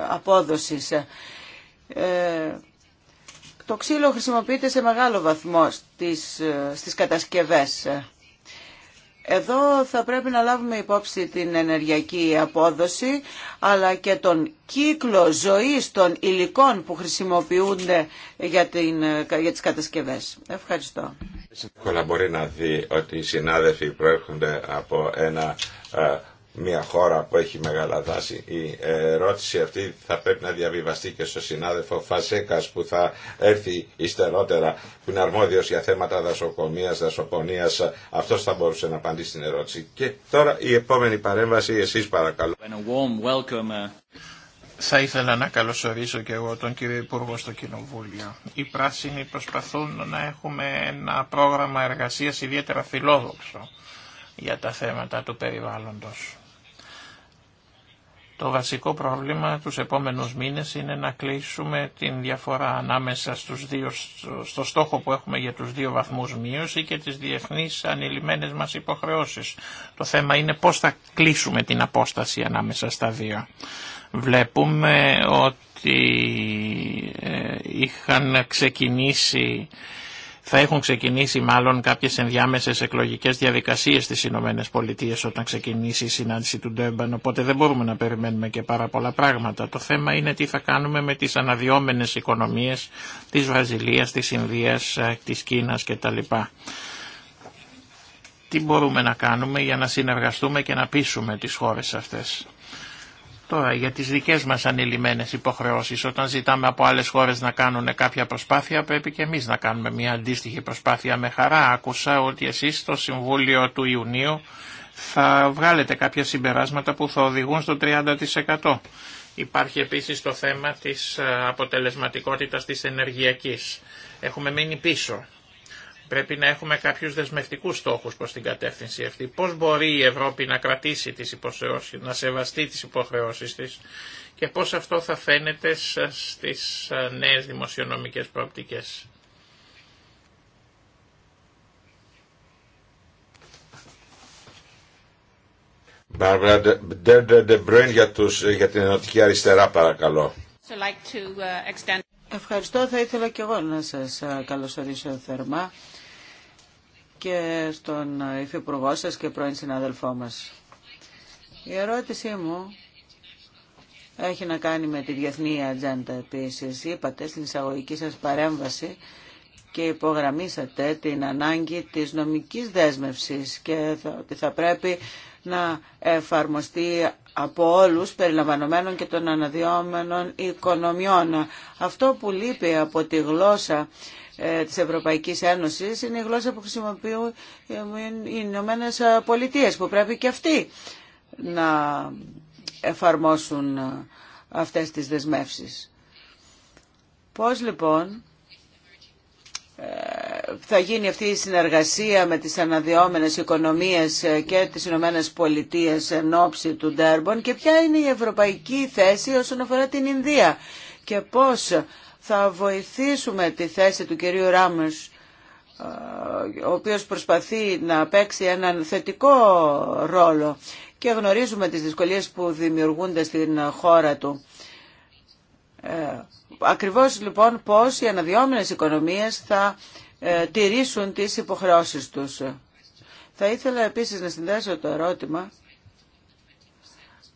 απόδοσης. Ε, το ξύλο χρησιμοποιείται σε μεγάλο βαθμό στις, ε, στις κατασκευές. Εδώ θα πρέπει να λάβουμε υπόψη την ενεργειακή απόδοση αλλά και τον κύκλο ζωής των υλικών που χρησιμοποιούνται για, την, για τις κατασκευές. Ευχαριστώ. να δει ότι οι συνάδελφοι προέρχονται από ένα ε, μια χώρα που έχει μεγάλα δάση. Η ερώτηση αυτή θα πρέπει να διαβιβαστεί και στο συνάδελφο Φασέκας που θα έρθει υστερότερα, που είναι αρμόδιος για θέματα δασοκομείας, δασοπονίας. Αυτός θα μπορούσε να απαντήσει την ερώτηση. Και τώρα η επόμενη παρέμβαση, εσείς παρακαλώ. Uh, θα ήθελα να καλωσορίσω και εγώ τον κύριο Υπουργό στο Κοινοβούλιο. Οι πράσινοι προσπαθούν να έχουμε ένα πρόγραμμα εργασίας ιδιαίτερα φιλόδοξο για τα θέματα του περιβάλλοντος. Το βασικό πρόβλημα τους επόμενους μήνες είναι να κλείσουμε την διαφορά ανάμεσα στους δύο, στο στόχο που έχουμε για τους δύο βαθμούς μείωση και τις διεθνείς ανηλυμένες μας υποχρεώσεις. Το θέμα είναι πώς θα κλείσουμε την απόσταση ανάμεσα στα δύο. Βλέπουμε ότι ε, είχαν ξεκινήσει θα έχουν ξεκινήσει μάλλον κάποιες ενδιάμεσες εκλογικές διαδικασίες στις Ηνωμένες Πολιτείες όταν ξεκινήσει η συνάντηση του Ντέμπαν, οπότε δεν μπορούμε να περιμένουμε και πάρα πολλά πράγματα. Το θέμα είναι τι θα κάνουμε με τις αναδυόμενες οικονομίες της Βραζιλίας, της Ινδίας, ε, της Κίνας κτλ τι μπορούμε να κάνουμε για να συνεργαστούμε και να πείσουμε τις χώρες αυτές. Τώρα για τις δικές μας ανηλυμένες υποχρεώσεις, όταν ζητάμε από άλλες χώρες να κάνουν κάποια προσπάθεια, πρέπει και εμείς να κάνουμε μια αντίστοιχη προσπάθεια. Με χαρά άκουσα ότι εσείς στο Συμβούλιο του Ιουνίου θα βγάλετε κάποια συμπεράσματα που θα οδηγούν στο 30%. Υπάρχει επίσης το θέμα της ε, αποτελεσματικότητας της ενεργειακής. Έχουμε μείνει πίσω πρέπει να έχουμε κάποιους δεσμευτικούς στόχους προ την κατεύθυνση αυτή. Πώς μπορεί η Ευρώπη να κρατήσει τι υποχρεώσει, να σεβαστεί τι υποχρεώσεις της και πώς αυτό θα φαίνεται στις νέες δημοσιονομικές προοπτικές. για, για την Ενωτική Αριστερά παρακαλώ. Uh, Ευχαριστώ. Θα ήθελα και εγώ να σας καλωσορίσω θερμά και στον Υφυπουργό σα και πρώην συνάδελφό μα. Η ερώτησή μου έχει να κάνει με τη διεθνή ατζέντα επίση. Είπατε στην εισαγωγική σας παρέμβαση και υπογραμμίσατε την ανάγκη της νομικής δέσμευσης και ότι θα πρέπει να εφαρμοστεί από όλους περιλαμβανομένων και των αναδυόμενων οικονομιών. Αυτό που λείπει από τη γλώσσα ε, της Ευρωπαϊκής Ένωσης είναι η γλώσσα που χρησιμοποιούν οι Ηνωμένε Πολιτείε, που πρέπει και αυτοί να εφαρμόσουν αυτές τις δεσμεύσεις. Πώς λοιπόν ε, θα γίνει αυτή η συνεργασία με τις αναδυόμενες οικονομίες ε, και τις Ηνωμένε Πολιτείε εν ώψη του Ντέρμπον και ποια είναι η ευρωπαϊκή θέση όσον αφορά την Ινδία και πώς θα βοηθήσουμε τη θέση του κυρίου Ράμος ο οποίος προσπαθεί να παίξει έναν θετικό ρόλο και γνωρίζουμε τις δυσκολίες που δημιουργούνται στην χώρα του. Ε, ακριβώς λοιπόν πώς οι αναδυόμενες οικονομίες θα ε, τηρήσουν τις υποχρεώσεις τους. Θα ήθελα επίσης να συνδέσω το ερώτημα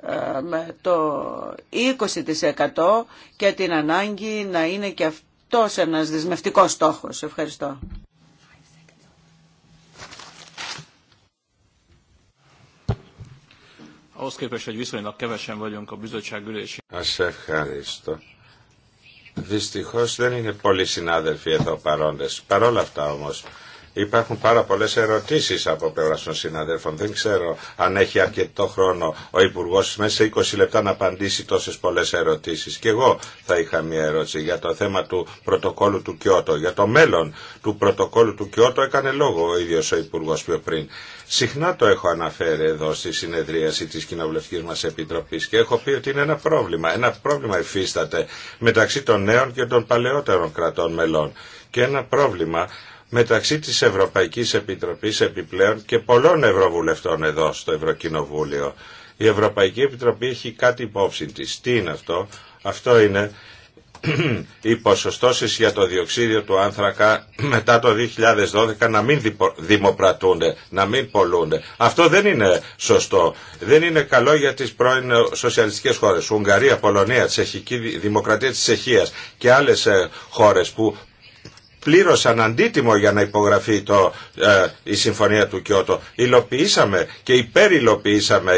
ε, με το 20% και την ανάγκη να είναι και αυτός ένας δεσμευτικός στόχος. Ευχαριστώ. Σας ευχαριστώ. Δυστυχώς δεν είναι πολλοί συνάδελφοι εδώ παρόντες. Παρόλα αυτά όμως Υπάρχουν πάρα πολλέ ερωτήσει από πλευρά των συναδέλφων. Δεν ξέρω αν έχει αρκετό χρόνο ο υπουργό μέσα σε 20 λεπτά να απαντήσει τόσε πολλέ ερωτήσει. Και εγώ θα είχα μια ερώτηση για το θέμα του πρωτοκόλου του Κιώτο. Για το μέλλον του πρωτοκόλου του Κιώτο έκανε λόγο ο ίδιο ο Υπουργό πιο πριν. Συχνά το έχω αναφέρει εδώ στη συνεδρίαση τη κοινοβουλευτική μα Επιτροπή και έχω πει ότι είναι ένα πρόβλημα. Ένα πρόβλημα υφίσταται μεταξύ των νέων και των παλαιότερων κρατών μελών και ένα πρόβλημα μεταξύ της Ευρωπαϊκής Επιτροπής επιπλέον και πολλών Ευρωβουλευτών εδώ στο Ευρωκοινοβούλιο. Η Ευρωπαϊκή Επιτροπή έχει κάτι υπόψη της. Τι είναι αυτό. Αυτό είναι οι ποσοστώσεις για το διοξίδιο του άνθρακα μετά το 2012 να μην δημοπρατούνται, να μην πολλούνται. Αυτό δεν είναι σωστό. Δεν είναι καλό για τις πρώην σοσιαλιστικές χώρες. Ουγγαρία, Πολωνία, Τσεχική, Δημοκρατία της Τσεχίας και άλλες ε, χώρες που πλήρωσαν αντίτιμο για να υπογραφεί το, ε, η Συμφωνία του Κιώτο. Υλοποιήσαμε και υπερυλοποιήσαμε,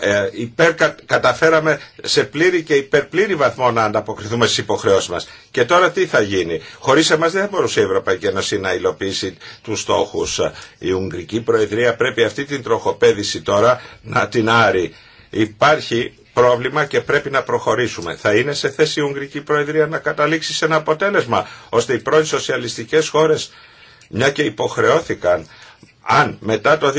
ε, υπερ, καταφέραμε σε πλήρη και υπερπλήρη βαθμό να ανταποκριθούμε στις υποχρεώσεις μας. Και τώρα τι θα γίνει. Χωρίς εμάς δεν θα μπορούσε η Ευρωπαϊκή Ένωση να υλοποιήσει τους στόχους. Η Ουγγρική Προεδρία πρέπει αυτή την τροχοπέδηση τώρα να την άρει. Υπάρχει πρόβλημα και πρέπει να προχωρήσουμε. Θα είναι σε θέση η Ουγγρική Προεδρία να καταλήξει σε ένα αποτέλεσμα, ώστε οι πρώην σοσιαλιστικές χώρες, μια και υποχρεώθηκαν, αν μετά το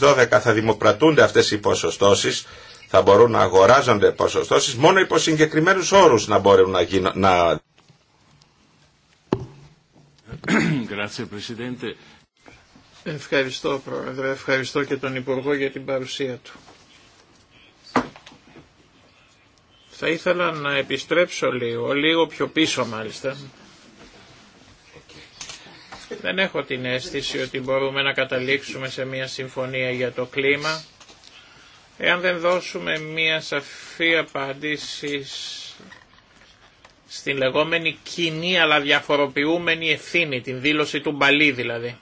2012 θα δημοπρατούνται αυτές οι ποσοστώσεις, θα μπορούν να αγοράζονται ποσοστώσεις, μόνο υπό συγκεκριμένους όρους να μπορούν να γίνουν. Ευχαριστώ, Πρόεδρε. Ευχαριστώ και τον Υπουργό για την παρουσία του. Θα ήθελα να επιστρέψω λίγο, λίγο πιο πίσω μάλιστα. Δεν έχω την αίσθηση ότι μπορούμε να καταλήξουμε σε μια συμφωνία για το κλίμα εάν δεν δώσουμε μια σαφή απάντηση στην λεγόμενη κοινή αλλά διαφοροποιούμενη ευθύνη, την δήλωση του Μπαλί δηλαδή.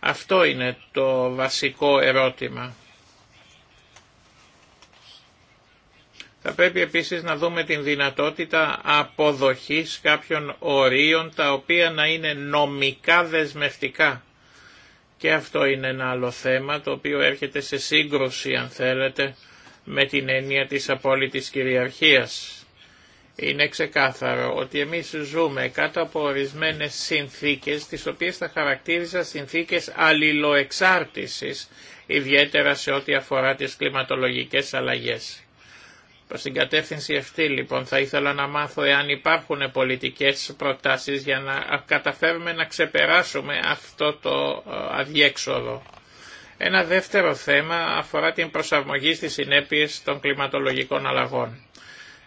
Αυτό είναι το βασικό ερώτημα. Θα πρέπει επίσης να δούμε την δυνατότητα αποδοχής κάποιων ορίων τα οποία να είναι νομικά δεσμευτικά. Και αυτό είναι ένα άλλο θέμα το οποίο έρχεται σε σύγκρουση αν θέλετε με την έννοια της απόλυτης κυριαρχίας. Είναι ξεκάθαρο ότι εμείς ζούμε κάτω από ορισμένες συνθήκες τις οποίες θα χαρακτήριζα συνθήκες αλληλοεξάρτησης ιδιαίτερα σε ό,τι αφορά τις κλιματολογικές αλλαγές. Προ την κατεύθυνση αυτή λοιπόν θα ήθελα να μάθω εάν υπάρχουν πολιτικές προτάσεις για να καταφέρουμε να ξεπεράσουμε αυτό το ε, αδιέξοδο. Ένα δεύτερο θέμα αφορά την προσαρμογή στις συνέπειες των κλιματολογικών αλλαγών.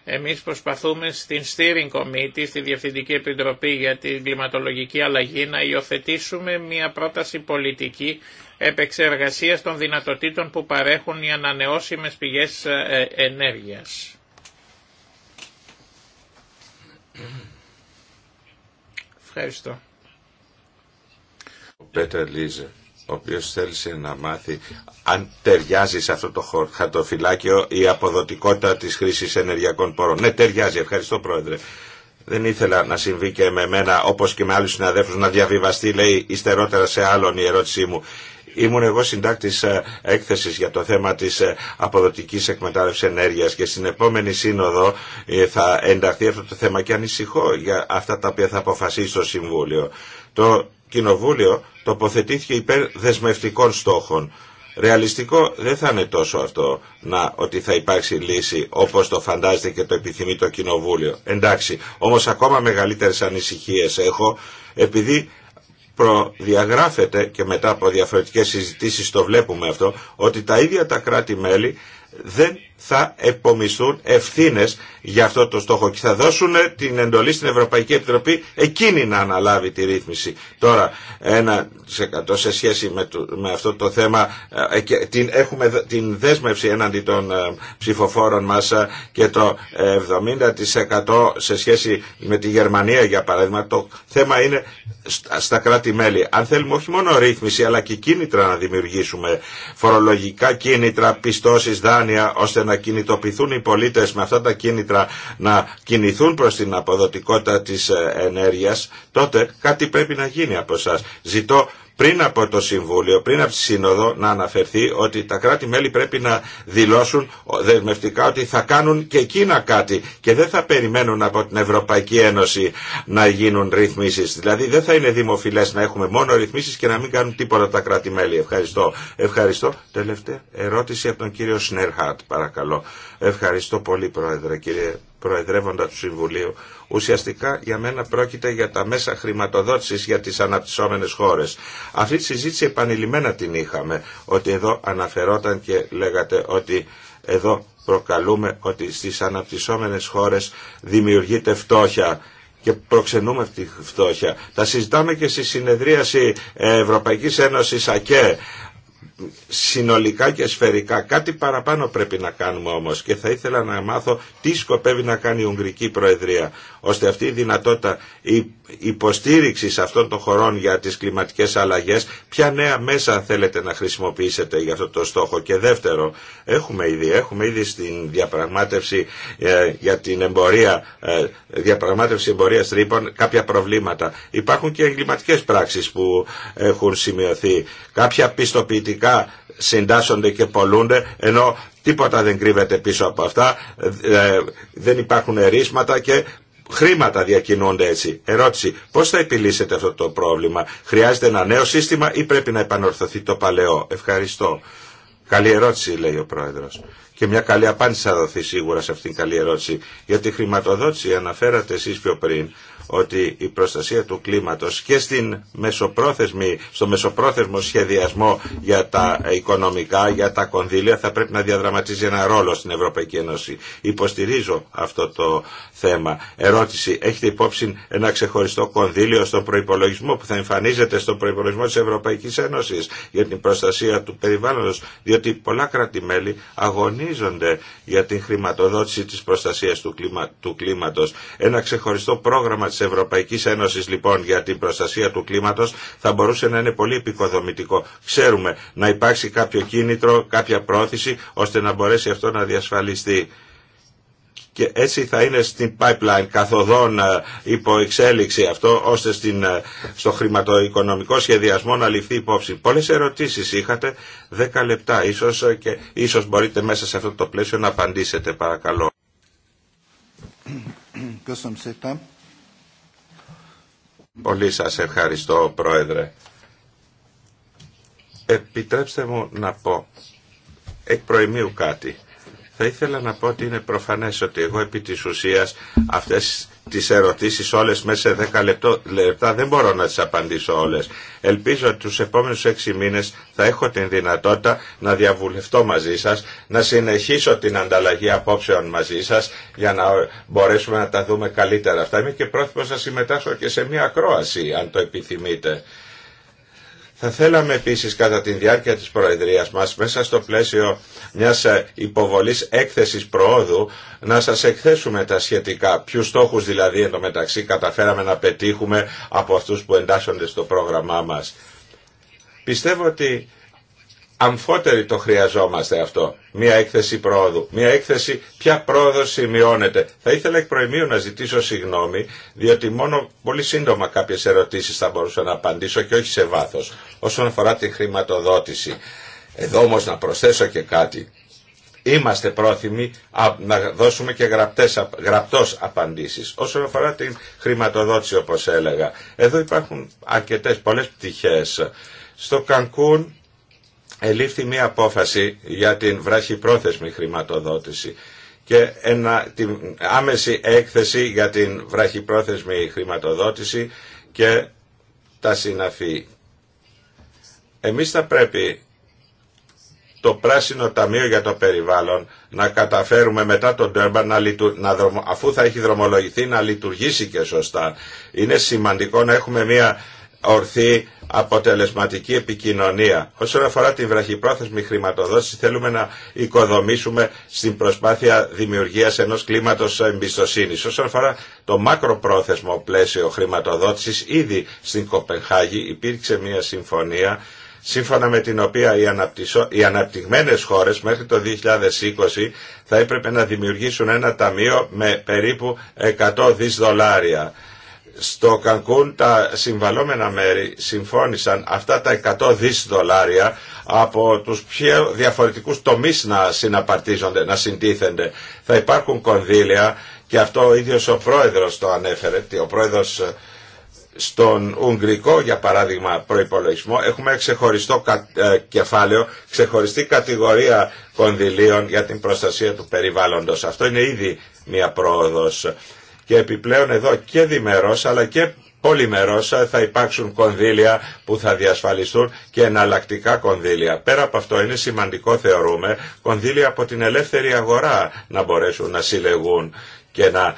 Εμείς προσπαθούμε στην Steering Committee, στη Διευθυντική Επιτροπή για την Κλιματολογική Αλλαγή, να υιοθετήσουμε μια πρόταση πολιτική επεξεργασίας των δυνατοτήτων που παρέχουν οι ανανεώσιμες πηγές ε, ενέργειας. Ευχαριστώ. Ο Πέτερ Λίζε, ο οποίος θέλησε να μάθει αν ταιριάζει σε αυτό το χαρτοφυλάκιο η αποδοτικότητα της χρήσης ενεργειακών πόρων. Ναι, ταιριάζει. Ευχαριστώ, Πρόεδρε. Δεν ήθελα να συμβεί και με εμένα, όπως και με άλλους συναδέλφους, να διαβιβαστεί, λέει, υστερότερα σε άλλον η ερώτησή μου. Ήμουν εγώ συντάκτη ε, έκθεση για το θέμα τη ε, αποδοτική εκμετάλλευση ενέργεια και στην επόμενη σύνοδο ε, θα ενταχθεί αυτό το θέμα και ανησυχώ για αυτά τα οποία θα αποφασίσει το Συμβούλιο. Το Κοινοβούλιο τοποθετήθηκε υπέρ δεσμευτικών στόχων. Ρεαλιστικό δεν θα είναι τόσο αυτό να, ότι θα υπάρξει λύση όπως το φαντάζεται και το επιθυμεί το Κοινοβούλιο. Εντάξει, όμως ακόμα μεγαλύτερες ανησυχίες έχω επειδή προδιαγράφεται και μετά από διαφορετικές συζητήσεις το βλέπουμε αυτό ότι τα ίδια τα κράτη-μέλη δεν θα επομισθούν ευθύνε για αυτό το στόχο και θα δώσουν την εντολή στην Ευρωπαϊκή Επιτροπή εκείνη να αναλάβει τη ρύθμιση. Τώρα, ένα σε σχέση με, το, με αυτό το θέμα, ε, και την, έχουμε την δέσμευση έναντι των ε, ψηφοφόρων μας ε, και το 70% σε σχέση με τη Γερμανία για παράδειγμα. Το θέμα είναι στα κράτη-μέλη. Αν θέλουμε όχι μόνο ρύθμιση αλλά και κίνητρα να δημιουργήσουμε φορολογικά κίνητρα, πιστώσει, δάνεια, ώστε να να κινητοποιηθούν οι πολίτες με αυτά τα κίνητρα να κινηθούν προς την αποδοτικότητα της ε, ενέργειας, τότε κάτι πρέπει να γίνει από εσά. Ζητώ πριν από το Συμβούλιο, πριν από τη Σύνοδο να αναφερθεί ότι τα κράτη-μέλη πρέπει να δηλώσουν δεσμευτικά ότι θα κάνουν και εκείνα κάτι και δεν θα περιμένουν από την Ευρωπαϊκή Ένωση να γίνουν ρυθμίσεις. Δηλαδή δεν θα είναι δημοφιλέ να έχουμε μόνο ρυθμίσεις και να μην κάνουν τίποτα τα κράτη-μέλη. Ευχαριστώ. Ευχαριστώ. Τελευταία ερώτηση από τον κύριο Σνερχάτ, παρακαλώ. Ευχαριστώ πολύ, Πρόεδρε, κύριε Προεδρεύοντα του Συμβουλίου. Ουσιαστικά για μένα πρόκειται για τα μέσα χρηματοδότησης για τις αναπτυσσόμενες χώρες. Αυτή τη συζήτηση επανειλημμένα την είχαμε, ότι εδώ αναφερόταν και λέγατε ότι εδώ προκαλούμε ότι στις αναπτυσσόμενες χώρες δημιουργείται φτώχεια και προξενούμε αυτή τη φτώχεια. Τα συζητάμε και στη συνεδρίαση Ευρωπαϊκής Ένωσης ΑΚΕ συνολικά και σφαιρικά. Κάτι παραπάνω πρέπει να κάνουμε όμως και θα ήθελα να μάθω τι σκοπεύει να κάνει η Ουγγρική Προεδρία ώστε αυτή η δυνατότητα υποστήριξης αυτών των χωρών για τις κλιματικές αλλαγές ποια νέα μέσα θέλετε να χρησιμοποιήσετε για αυτό το στόχο και δεύτερο έχουμε ήδη, έχουμε ήδη στην διαπραγμάτευση ε, για την εμπορία ε, διαπραγμάτευση εμπορίας τρύπων κάποια προβλήματα. Υπάρχουν και εγκληματικές πράξεις που έχουν σημειωθεί κάποια πιστοποιητικά συντάσσονται και πολλούνται ενώ τίποτα δεν κρύβεται πίσω από αυτά, ε, δεν υπάρχουν ερίσματα και Χρήματα διακινούνται έτσι. Ερώτηση, πώς θα επιλύσετε αυτό το πρόβλημα. Χρειάζεται ένα νέο σύστημα ή πρέπει να επανορθωθεί το παλαιό. Ευχαριστώ. Καλή ερώτηση λέει ο Πρόεδρος. Και μια καλή απάντηση θα δοθεί σίγουρα σε αυτήν την καλή ερώτηση. γιατί τη χρηματοδότηση αναφέρατε εσείς πιο πριν ότι η προστασία του κλίματος και στην μεσοπρόθεσμη, στο μεσοπρόθεσμο σχεδιασμό για τα οικονομικά, για τα κονδύλια θα πρέπει να διαδραματίζει ένα ρόλο στην Ευρωπαϊκή Ένωση. Υποστηρίζω αυτό το θέμα. Ερώτηση, έχετε υπόψη ένα ξεχωριστό κονδύλιο στον προϋπολογισμό που θα εμφανίζεται στον προϋπολογισμό της Ευρωπαϊκής Ένωσης για την προστασία του περιβάλλοντος, διότι πολλά κράτη-μέλη αγωνίζονται για την χρηματοδότηση της προστασίας του, κλίματο. Ένα ξεχωριστό πρόγραμμα Ευρωπαϊκή Ένωση λοιπόν για την προστασία του κλίματο θα μπορούσε να είναι πολύ επικοδομητικό. Ξέρουμε να υπάρξει κάποιο κίνητρο, κάποια πρόθεση ώστε να μπορέσει αυτό να διασφαλιστεί και έτσι θα είναι στην pipeline καθοδόν ε, υπό εξέλιξη αυτό ώστε στην, ε, στο χρηματοοικονομικό σχεδιασμό να ληφθεί υπόψη. Πολλές ερωτήσεις είχατε, 10 λεπτά ίσως ε, και ίσως μπορείτε μέσα σε αυτό το πλαίσιο να απαντήσετε παρακαλώ. Πολύ σας ευχαριστώ Πρόεδρε. Επιτρέψτε μου να πω εκ προημίου κάτι. Θα ήθελα να πω ότι είναι προφανές ότι εγώ επί της ουσίας αυτές τις ερωτήσεις όλες μέσα σε 10 λεπτά δεν μπορώ να τις απαντήσω όλες. Ελπίζω ότι τους επόμενους 6 μήνες θα έχω την δυνατότητα να διαβουλευτώ μαζί σας, να συνεχίσω την ανταλλαγή απόψεων μαζί σας για να μπορέσουμε να τα δούμε καλύτερα αυτά. Είμαι και πρόθυμος να συμμετάσχω και σε μια ακρόαση αν το επιθυμείτε. Θα θέλαμε επίσης κατά τη διάρκεια της Προεδρίας μας μέσα στο πλαίσιο μιας ε, υποβολής έκθεσης προόδου να σας εκθέσουμε τα σχετικά. Ποιους στόχους δηλαδή μεταξύ καταφέραμε να πετύχουμε από αυτούς που εντάσσονται στο πρόγραμμά μας. Πιστεύω ότι αμφότεροι το χρειαζόμαστε αυτό. Μία έκθεση πρόοδου. Μία έκθεση ποια πρόοδο σημειώνεται. Θα ήθελα εκ προημίου να ζητήσω συγγνώμη, διότι μόνο πολύ σύντομα κάποιε ερωτήσει θα μπορούσα να απαντήσω και όχι σε βάθο. Όσον αφορά την χρηματοδότηση. Εδώ όμω να προσθέσω και κάτι. Είμαστε πρόθυμοι να δώσουμε και γραπτές, γραπτός απαντήσεις. Όσον αφορά την χρηματοδότηση όπως έλεγα. Εδώ υπάρχουν αρκετές πολλές πτυχές. Στο Κανκούν ελήφθη μία απόφαση για την βραχυπρόθεσμη χρηματοδότηση και ένα, την άμεση έκθεση για την βραχυπρόθεσμη χρηματοδότηση και τα συναφή. Εμείς θα πρέπει το πράσινο ταμείο για το περιβάλλον να καταφέρουμε μετά τον Τέρμπα να, αφού θα έχει δρομολογηθεί να λειτουργήσει και σωστά. Είναι σημαντικό να έχουμε μια ορθή αποτελεσματική επικοινωνία. Όσον αφορά την βραχυπρόθεσμη χρηματοδότηση θέλουμε να οικοδομήσουμε στην προσπάθεια δημιουργία ενό κλίματο εμπιστοσύνη. Όσον αφορά το μακροπρόθεσμο πλαίσιο χρηματοδότηση, ήδη στην Κοπενχάγη υπήρξε μια συμφωνία σύμφωνα με την οποία οι, αναπτυσσο... οι αναπτυγμένες χώρες μέχρι το 2020 θα έπρεπε να δημιουργήσουν ένα ταμείο με περίπου 100 δις δολάρια στο Κανκούν τα συμβαλόμενα μέρη συμφώνησαν αυτά τα 100 δις δολάρια από τους πιο διαφορετικούς τομείς να συναπαρτίζονται, να συντίθενται. Θα υπάρχουν κονδύλια και αυτό ο ίδιος ο πρόεδρος το ανέφερε, ο πρόεδρος ε, στον Ουγγρικό για παράδειγμα προϋπολογισμό έχουμε ξεχωριστό ε, κεφάλαιο, ξεχωριστή κατηγορία κονδυλίων για την προστασία του περιβάλλοντος. Αυτό είναι ήδη μια πρόοδος. Και επιπλέον εδώ και διμερός αλλά και πολυμερός ε, θα υπάρξουν κονδύλια που θα διασφαλιστούν και εναλλακτικά κονδύλια. Πέρα από αυτό είναι σημαντικό θεωρούμε κονδύλια από την ελεύθερη αγορά να μπορέσουν να συλλεγούν και να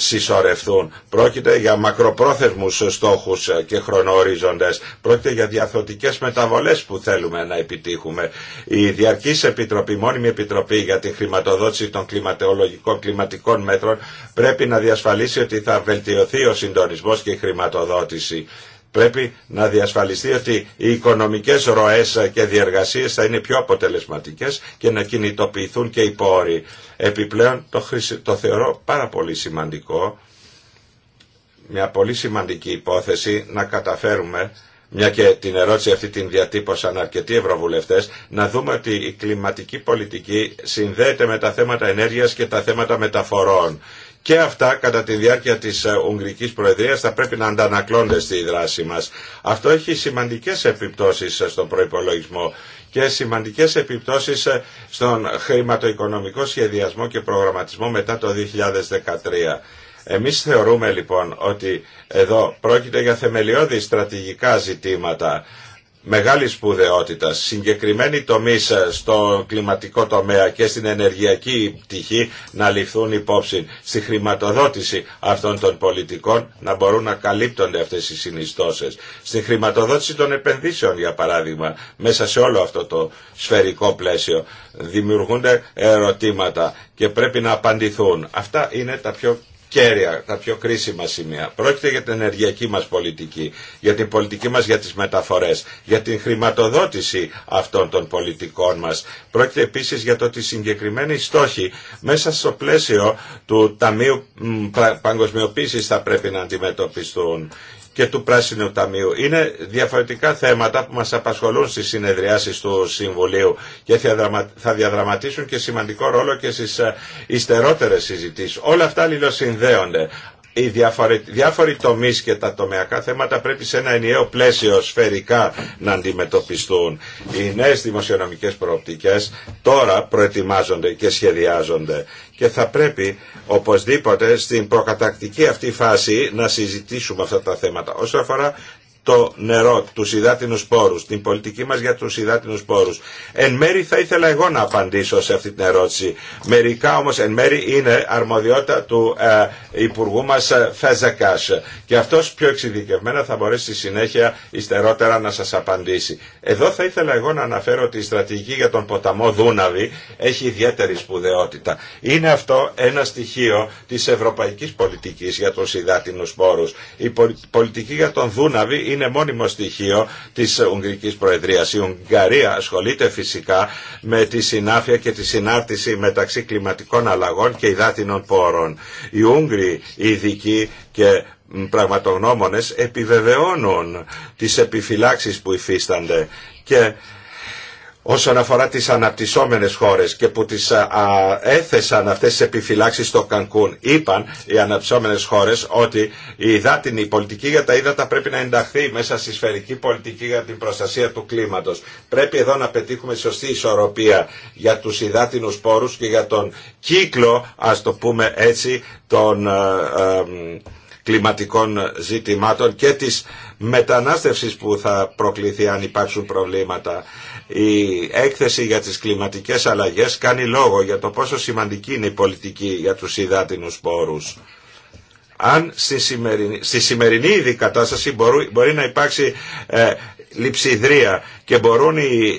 συσσωρευτούν. Πρόκειται για μακροπρόθεσμους στόχους και χρονοορίζοντες. Πρόκειται για διαθωτικές μεταβολές που θέλουμε να επιτύχουμε. Η Διαρκής Επιτροπή, η Μόνιμη Επιτροπή για τη Χρηματοδότηση των Κλιματεολογικών Κλιματικών Μέτρων πρέπει να διασφαλίσει ότι θα βελτιωθεί ο συντονισμός και η χρηματοδότηση Πρέπει να διασφαλιστεί ότι οι οικονομικές ροές και διεργασίες θα είναι πιο αποτελεσματικές και να κινητοποιηθούν και οι πόροι. Επιπλέον το θεωρώ πάρα πολύ σημαντικό, μια πολύ σημαντική υπόθεση να καταφέρουμε μια και την ερώτηση αυτή την διατύπωσαν αρκετοί ευρωβουλευτές, να δούμε ότι η κλιματική πολιτική συνδέεται με τα θέματα ενέργειας και τα θέματα μεταφορών και αυτά κατά τη διάρκεια της ε, Ουγγρικής Προεδρίας θα πρέπει να αντανακλώνται στη δράση μας. Αυτό έχει σημαντικές επιπτώσεις ε, στον προϋπολογισμό και σημαντικές επιπτώσεις ε, στον χρηματοοικονομικό σχεδιασμό και προγραμματισμό μετά το 2013. Εμείς θεωρούμε λοιπόν ότι εδώ πρόκειται για θεμελιώδη στρατηγικά ζητήματα μεγάλης σπουδαιότητα, συγκεκριμένοι τομείς ε, στο κλιματικό τομέα και στην ενεργειακή πτυχή να ληφθούν υπόψη στη χρηματοδότηση αυτών των πολιτικών να μπορούν να καλύπτονται αυτές οι συνιστώσεις. Στη χρηματοδότηση των επενδύσεων για παράδειγμα μέσα σε όλο αυτό το σφαιρικό πλαίσιο δημιουργούνται ερωτήματα και πρέπει να απαντηθούν. Αυτά είναι τα πιο κέρια, τα πιο κρίσιμα σημεία. Πρόκειται για την ενεργειακή μας πολιτική, για την πολιτική μας για τις μεταφορές, για την χρηματοδότηση αυτών των πολιτικών μας. Πρόκειται επίσης για το ότι συγκεκριμένοι στόχοι μέσα στο πλαίσιο του Ταμείου Παγκοσμιοποίησης θα πρέπει να αντιμετωπιστούν και του Πράσινου Ταμείου. Είναι διαφορετικά θέματα που μας απασχολούν στις συνεδριάσεις του Συμβουλίου και θα διαδραματίσουν και σημαντικό ρόλο και στις ε, ιστερότερες συζητήσεις. Όλα αυτά αλληλοσυνδέονται οι διάφοροι, τομείς και τα τομεακά θέματα πρέπει σε ένα ενιαίο πλαίσιο σφαιρικά να αντιμετωπιστούν. Οι νέε δημοσιονομικές προοπτικές τώρα προετοιμάζονται και σχεδιάζονται και θα πρέπει οπωσδήποτε στην προκατακτική αυτή φάση να συζητήσουμε αυτά τα θέματα. αφορά το νερό, του υδάτινους πόρου, την πολιτική μας για τους υδάτινους πόρους. Εν μέρη θα ήθελα εγώ να απαντήσω σε αυτή την ερώτηση. Μερικά όμως εν μέρη είναι αρμοδιότητα του ε, Υπουργού μας ε, Φεζεκάς και αυτός πιο εξειδικευμένα θα μπορέσει στη συνέχεια υστερότερα να σας απαντήσει. Εδώ θα ήθελα εγώ να αναφέρω ότι η στρατηγική για τον ποταμό Δούναβη έχει ιδιαίτερη σπουδαιότητα. Είναι αυτό ένα στοιχείο της ευρωπαϊκής πολιτικής για του υδάτινους πόρου. Η πολιτική για τον Δούναβη είναι μόνιμο στοιχείο της Ουγγρικής Προεδρίας. Η Ουγγαρία ασχολείται φυσικά με τη συνάφεια και τη συνάρτηση μεταξύ κλιματικών αλλαγών και υδάτινων πόρων. Οι Ούγγροι ειδικοί και πραγματογνώμονες επιβεβαιώνουν τις επιφυλάξεις που υφίστανται και όσον αφορά τις αναπτυσσόμενες χώρες και που τις έθεσαν αυτές τις επιφυλάξεις στο Κανκούν. Είπαν οι αναπτυσσόμενες χώρες ότι η υδάτινη πολιτική για τα ύδατα πρέπει να ενταχθεί μέσα στη σφαιρική πολιτική για την προστασία του κλίματος. Πρέπει εδώ να πετύχουμε σωστή ισορροπία για τους υδάτινους πόρους και για τον κύκλο, ας το πούμε έτσι, των ε, ε, κλιματικών ζητημάτων και της μετανάστευσης που θα προκληθεί αν υπάρξουν προβλήματα. Η έκθεση για τις κλιματικές αλλαγές κάνει λόγο για το πόσο σημαντική είναι η πολιτική για τους υδάτινους πόρους. Αν στη σημερινή, στη ήδη κατάσταση μπορεί, να υπάρξει ε, λειψιδρία και μπορούν οι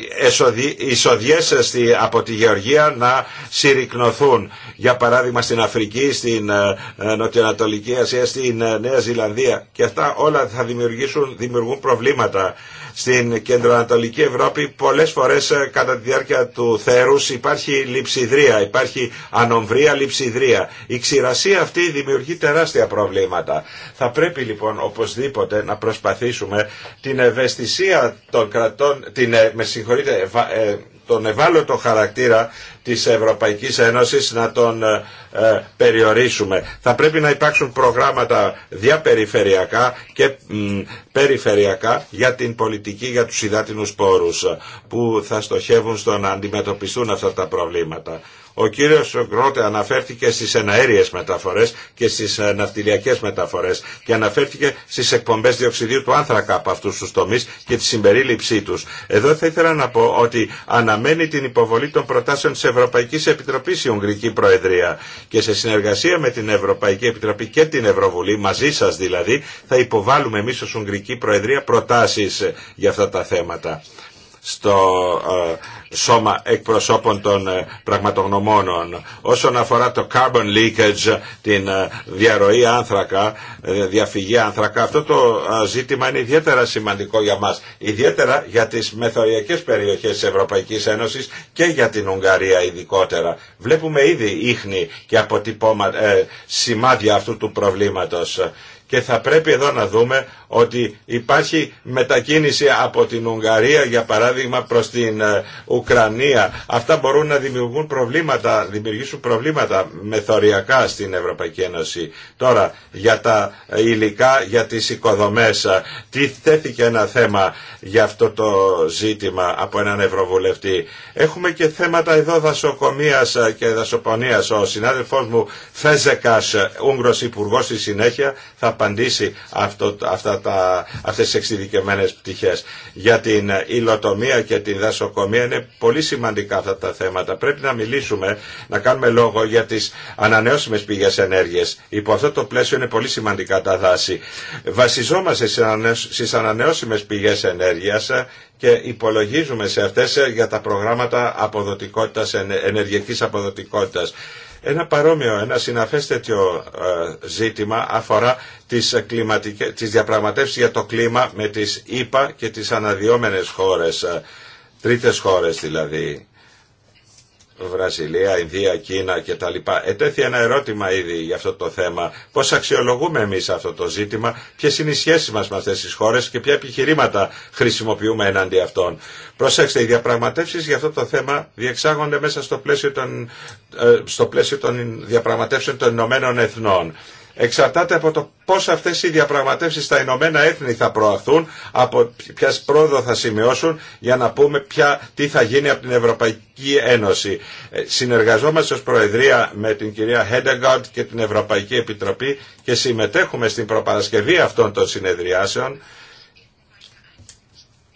εισοδιές από τη Γεωργία να συρρυκνωθούν. Για παράδειγμα στην Αφρική, στην ε, ε, Νοτιοανατολική Ασία, στην ε, Νέα Ζηλανδία. Και αυτά όλα θα δημιουργήσουν, δημιουργούν προβλήματα στην κεντροανατολική Ευρώπη πολλές φορές ε, κατά τη διάρκεια του θέρους υπάρχει λειψιδρία, υπάρχει ανομβρία λειψιδρία. Η ξηρασία αυτή δημιουργεί τεράστια προβλήματα. Θα πρέπει λοιπόν οπωσδήποτε να προσπαθήσουμε την ευαισθησία των κρατών, την, ε, με ε, τον ευάλωτο χαρακτήρα της Ευρωπαϊκής Ένωσης να τον ε, ε, περιορίσουμε. Θα πρέπει να υπάρξουν προγράμματα διαπεριφερειακά και περιφερειακά για την πολιτική για τους υδάτινους πόρους που θα στοχεύουν στο να αντιμετωπιστούν αυτά τα προβλήματα. Ο κύριος Γκρότε αναφέρθηκε στις εναέριες μεταφορές και στις ε, ναυτιλιακές μεταφορές και αναφέρθηκε στις εκπομπές διοξιδίου του άνθρακα από αυτούς τους τομείς και τη συμπερίληψή τους. Εδώ θα ήθελα να πω ότι αναμένει την υποβολή των προτάσεων της Ευρωπαϊκής Επιτροπής η Ουγγρική Προεδρία και σε συνεργασία με την Ευρωπαϊκή Επιτροπή και την Ευρωβουλή, μαζί σας δηλαδή, θα υποβάλουμε εμείς ως Ουγγρική Προεδρία προτάσεις για αυτά τα θέματα στο ε, σώμα εκπροσώπων των ε, πραγματογνωμόνων. Όσον αφορά το carbon leakage, την ε, διαρροή άνθρακα, διαφυγή άνθρακα, αυτό το ζήτημα είναι ιδιαίτερα σημαντικό για μας. Ιδιαίτερα για τις μεθοριακές περιοχές της Ευρωπαϊκής Ένωσης και για την Ουγγαρία ειδικότερα. Βλέπουμε ήδη ίχνη και αποτυπώμα, ε, σημάδια αυτού του προβλήματος και θα πρέπει εδώ να δούμε ότι υπάρχει μετακίνηση από την Ουγγαρία για παράδειγμα προς την ε, Ουκρανία. Αυτά μπορούν να δημιουργούν προβλήματα, δημιουργήσουν προβλήματα μεθοριακά στην Ευρωπαϊκή Ένωση. Τώρα για τα υλικά, για τις οικοδομές. Ε, τι θέθηκε ένα θέμα για αυτό το ζήτημα από έναν Ευρωβουλευτή. Έχουμε και θέματα εδώ δασοκομείας ε, και δασοπονίας. Ο συνάδελφός μου Φέζεκας, Ούγγρος Υπουργός στη συνέχεια απαντήσει αυτό, αυτά τα, αυτές τις εξειδικευμένες πτυχές. Για την υλοτομία και την δασοκομεία είναι πολύ σημαντικά αυτά τα θέματα. Πρέπει να μιλήσουμε, να κάνουμε λόγο για τις ανανεώσιμες πηγές ενέργειας. Υπό αυτό το πλαίσιο είναι πολύ σημαντικά τα δάση. Βασιζόμαστε στις ανανεώσιμες πηγές ενέργειας και υπολογίζουμε σε αυτές για τα προγράμματα αποδοτικότητας, ενεργειακής αποδοτικότητας. Ένα παρόμοιο, ένα συναφές τέτοιο ε, ζήτημα αφορά τις, ε, κλιματικές, τις διαπραγματεύσεις για το κλίμα με τις ΗΠΑ και τις αναδυόμενες χώρες, ε, τρίτες χώρες δηλαδή. Βραζιλία, Ινδία, Κίνα κτλ. Ετέθη ένα ερώτημα ήδη για αυτό το θέμα. Πώ αξιολογούμε εμεί αυτό το ζήτημα, ποιε είναι οι σχέσει μα με αυτέ τι χώρε και ποια επιχειρήματα χρησιμοποιούμε εναντί αυτών. Προσέξτε, οι διαπραγματεύσει για αυτό το θέμα διεξάγονται μέσα στο πλαίσιο των, ε, στο πλαίσιο των διαπραγματεύσεων των Ηνωμένων Εθνών εξαρτάται από το πώ αυτές οι διαπραγματεύσει στα Ηνωμένα Έθνη θα προαχθούν, από ποια πρόοδο θα σημειώσουν για να πούμε ποια, τι θα γίνει από την Ευρωπαϊκή Ένωση. Ε, συνεργαζόμαστε ω Προεδρία με την κυρία Χέντεγκαρντ και την Ευρωπαϊκή Επιτροπή και συμμετέχουμε στην προπαρασκευή αυτών των συνεδριάσεων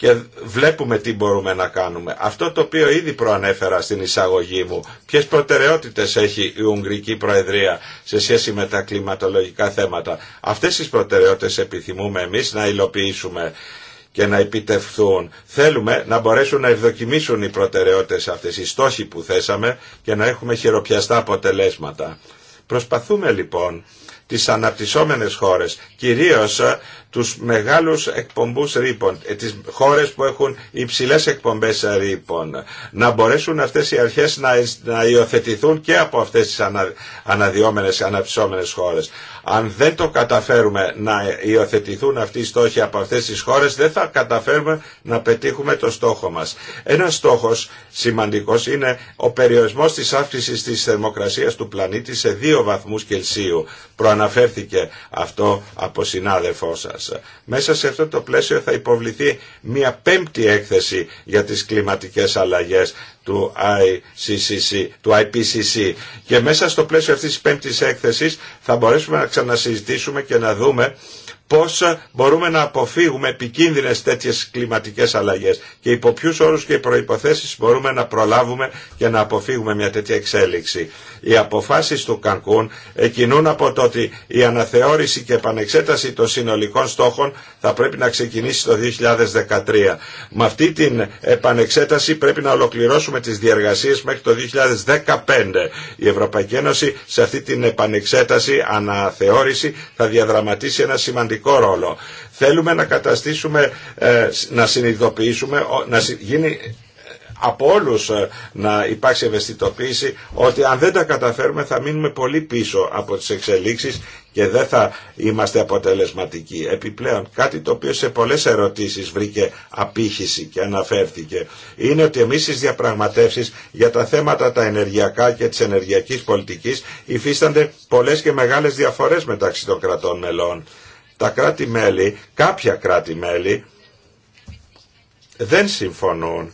και βλέπουμε τι μπορούμε να κάνουμε. Αυτό το οποίο ήδη προανέφερα στην εισαγωγή μου, ποιες προτεραιότητες έχει η Ουγγρική Προεδρία σε σχέση με τα κλιματολογικά θέματα. Αυτές τις προτεραιότητες επιθυμούμε εμείς να υλοποιήσουμε και να επιτευχθούν. Θέλουμε να μπορέσουν να ευδοκιμήσουν οι προτεραιότητες αυτές, οι στόχοι που θέσαμε και να έχουμε χειροπιαστά αποτελέσματα. Προσπαθούμε λοιπόν τις αναπτυσσόμενες χώρες, κυρίως τους μεγάλους εκπομπούς ρήπων, ε, τις χώρες που έχουν υψηλές εκπομπές ρήπων, να μπορέσουν αυτές οι αρχές να, υιοθετηθούν και από αυτές τις ανα, αναδιόμενες, αναψώμενες χώρες. Αν δεν το καταφέρουμε να υιοθετηθούν αυτοί οι στόχοι από αυτές τις χώρες, δεν θα καταφέρουμε να πετύχουμε το στόχο μας. Ένα στόχος σημαντικός είναι ο περιορισμός της αύξησης της θερμοκρασίας του πλανήτη σε δύο βαθμούς Κελσίου. Προαναφέρθηκε αυτό από συνάδελφό σα. Μέσα σε αυτό το πλαίσιο θα υποβληθεί μια πέμπτη έκθεση για τις κλιματικές αλλαγές του του IPCC και μέσα στο πλαίσιο αυτής της πέμπτης έκθεσης θα μπορέσουμε να ξανασυζητήσουμε και να δούμε πώς μπορούμε να αποφύγουμε επικίνδυνες τέτοιες κλιματικές αλλαγές και υπό ποιους όρους και προϋποθέσεις μπορούμε να προλάβουμε και να αποφύγουμε μια τέτοια εξέλιξη. Οι αποφάσεις του Κανκούν εκινούν από το ότι η αναθεώρηση και επανεξέταση των συνολικών στόχων θα πρέπει να ξεκινήσει το 2013. Με αυτή την επανεξέταση πρέπει να ολοκληρώσουμε τις διεργασίες μέχρι το 2015. Η Ευρωπαϊκή Ένωση σε αυτή την επανεξέταση, αναθεώρηση θα διαδραματίσει ένα σημαντικό σημαντικό ρόλο. Θέλουμε να καταστήσουμε, ε, να συνειδητοποιήσουμε, να γίνει ε, από όλου ε, να υπάρξει ευαισθητοποίηση ότι αν δεν τα καταφέρουμε θα μείνουμε πολύ πίσω από τις εξελίξεις και δεν θα είμαστε αποτελεσματικοί. Επιπλέον, κάτι το οποίο σε πολλές ερωτήσεις βρήκε απήχηση και αναφέρθηκε, είναι ότι εμείς στις διαπραγματεύσεις για τα θέματα τα ενεργειακά και της ενεργειακής πολιτικής υφίστανται πολλές και μεγάλες διαφορές μεταξύ των κρατών μελών τα κράτη-μέλη, κάποια κράτη-μέλη δεν συμφωνούν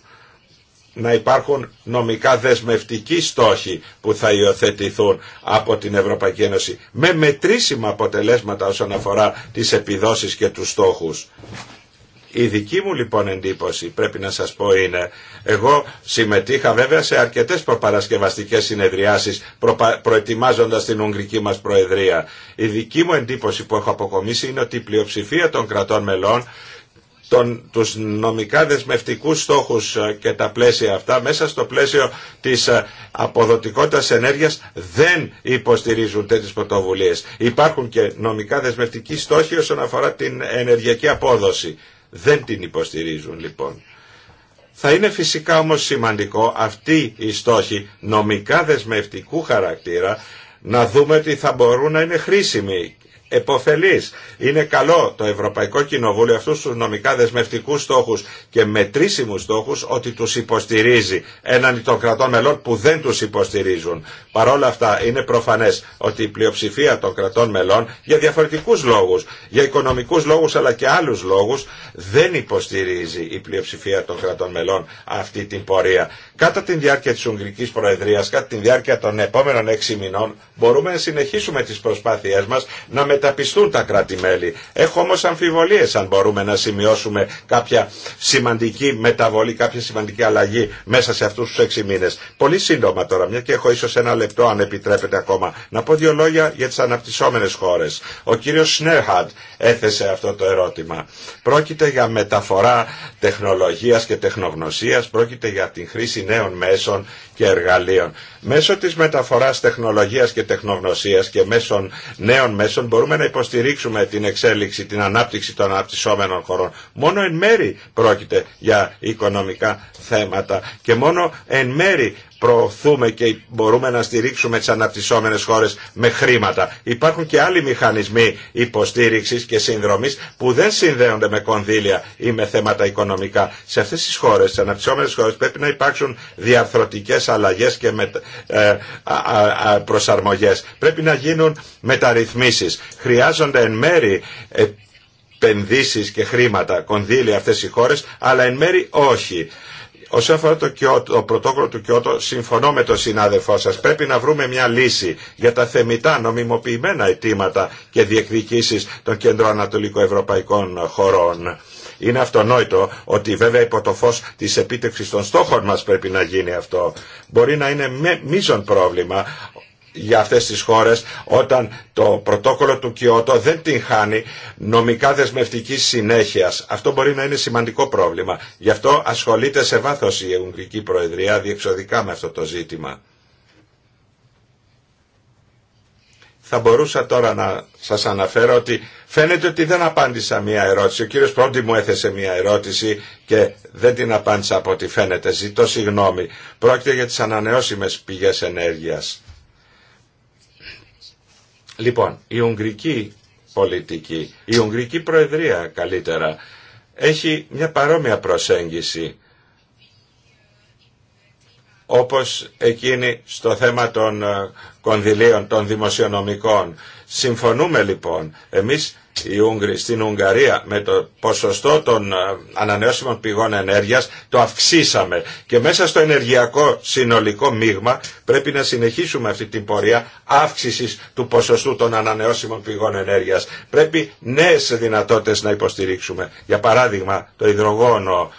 να υπάρχουν νομικά δεσμευτικοί στόχοι που θα υιοθετηθούν από την Ευρωπαϊκή Ένωση με μετρήσιμα αποτελέσματα όσον αφορά τις επιδόσεις και τους στόχους. Η δική μου λοιπόν εντύπωση πρέπει να σας πω είναι, εγώ συμμετείχα βέβαια σε αρκετές προπαρασκευαστικές συνεδριάσεις προπα... προετοιμάζοντας την Ουγγρική μας Προεδρία. Η δική μου εντύπωση που έχω αποκομίσει είναι ότι η πλειοψηφία των κρατών μελών τον, τους νομικά δεσμευτικούς στόχους ε, και τα πλαίσια αυτά μέσα στο πλαίσιο της ε, αποδοτικότητας ενέργειας δεν υποστηρίζουν τέτοιες πρωτοβουλίες. Υπάρχουν και νομικά δεσμευτικοί στόχοι όσον αφορά την ενεργειακή απόδοση. Δεν την υποστηρίζουν λοιπόν. Θα είναι φυσικά όμως σημαντικό αυτή η στόχη νομικά δεσμευτικού χαρακτήρα να δούμε ότι θα μπορούν να είναι χρήσιμοι εποφελής. Είναι καλό το Ευρωπαϊκό Κοινοβούλιο αυτούς τους νομικά δεσμευτικούς στόχους και μετρήσιμους στόχους ότι τους υποστηρίζει έναν των κρατών μελών που δεν τους υποστηρίζουν. Παρ' όλα αυτά είναι προφανές ότι η πλειοψηφία των κρατών μελών για διαφορετικούς λόγους, για οικονομικούς λόγους αλλά και άλλους λόγους δεν υποστηρίζει η πλειοψηφία των κρατών μελών αυτή την πορεία κατά την διάρκεια της Ουγγρικής Προεδρίας, κατά την διάρκεια των επόμενων έξι μηνών, μπορούμε να συνεχίσουμε τις προσπάθειές μας να μεταπιστούν τα κράτη-μέλη. Έχω όμως αμφιβολίες αν μπορούμε να σημειώσουμε κάποια σημαντική μεταβολή, κάποια σημαντική αλλαγή μέσα σε αυτούς τους έξι μήνες. Πολύ σύντομα τώρα, μια και έχω ίσως ένα λεπτό αν επιτρέπετε ακόμα, να πω δύο λόγια για τις αναπτυσσόμενες χώρες. Ο κύριος Σνέρχαντ έθεσε αυτό το ερώτημα. Πρόκειται για μεταφορά τεχνολογίας και τεχνογνωσίας, πρόκειται για την χρήση νέων μέσων και εργαλείων. Μέσω της μεταφοράς τεχνολογίας και τεχνογνωσίας και μέσων, νέων μέσων μπορούμε να υποστηρίξουμε την εξέλιξη, την ανάπτυξη των αναπτυσσόμενων χωρών. Μόνο εν μέρη πρόκειται για οικονομικά θέματα και μόνο εν μέρη προωθούμε και μπορούμε να στηρίξουμε τις αναπτυσσόμενες χώρες με χρήματα. Υπάρχουν και άλλοι μηχανισμοί υποστήριξης και συνδρομής που δεν συνδέονται με κονδύλια ή με θέματα οικονομικά. Σε αυτές τις χώρες, τις αναπτυσσόμενες χώρες πρέπει να υπάρξουν διαρθρωτικές αλλαγές και με, ε, προσαρμογές. Πρέπει να γίνουν μεταρρυθμίσεις. Χρειάζονται εν μέρη επενδύσεις και χρήματα, κονδύλια αυτές οι χώρες, αλλά εν μέρη όχι. Όσον αφορά το, το πρωτόκολλο του Κιώτο, συμφωνώ με τον συνάδελφό σας. Πρέπει να βρούμε μια λύση για τα θεμητά νομιμοποιημένα αιτήματα και διεκδικήσεις των ευρωπαϊκών χωρών. Είναι αυτονόητο ότι βέβαια υπό το φως της επίτευξης των στόχων μας πρέπει να γίνει αυτό. Μπορεί να είναι μείζον πρόβλημα για αυτές τις χώρες όταν το πρωτόκολλο του Κιώτο δεν την χάνει νομικά δεσμευτική συνέχεια. Αυτό μπορεί να είναι σημαντικό πρόβλημα. Γι' αυτό ασχολείται σε βάθος η Ουγγρική Προεδρία διεξοδικά με αυτό το ζήτημα. θα μπορούσα τώρα να σας αναφέρω ότι φαίνεται ότι δεν απάντησα μία ερώτηση. Ο κύριος Πρόντι μου έθεσε μία ερώτηση και δεν την απάντησα από ό,τι φαίνεται. Ζητώ συγγνώμη. Πρόκειται για τις ανανεώσιμες πηγές ενέργειας. Λοιπόν, η Ουγγρική πολιτική, η Ουγγρική Προεδρία καλύτερα, έχει μια παρόμοια προσέγγιση όπως εκείνη στο θέμα των ε, κονδυλίων των δημοσιονομικών Συμφωνούμε λοιπόν εμείς οι Ούγγροι στην Ουγγαρία με το ποσοστό των ε, ανανεώσιμων πηγών ενέργειας το αυξήσαμε και μέσα στο ενεργειακό συνολικό μείγμα πρέπει να συνεχίσουμε αυτή την πορεία αύξησης του ποσοστού των ανανεώσιμων πηγών ενέργειας. Πρέπει νέες δυνατότητες να υποστηρίξουμε. Για παράδειγμα το υδρογόνο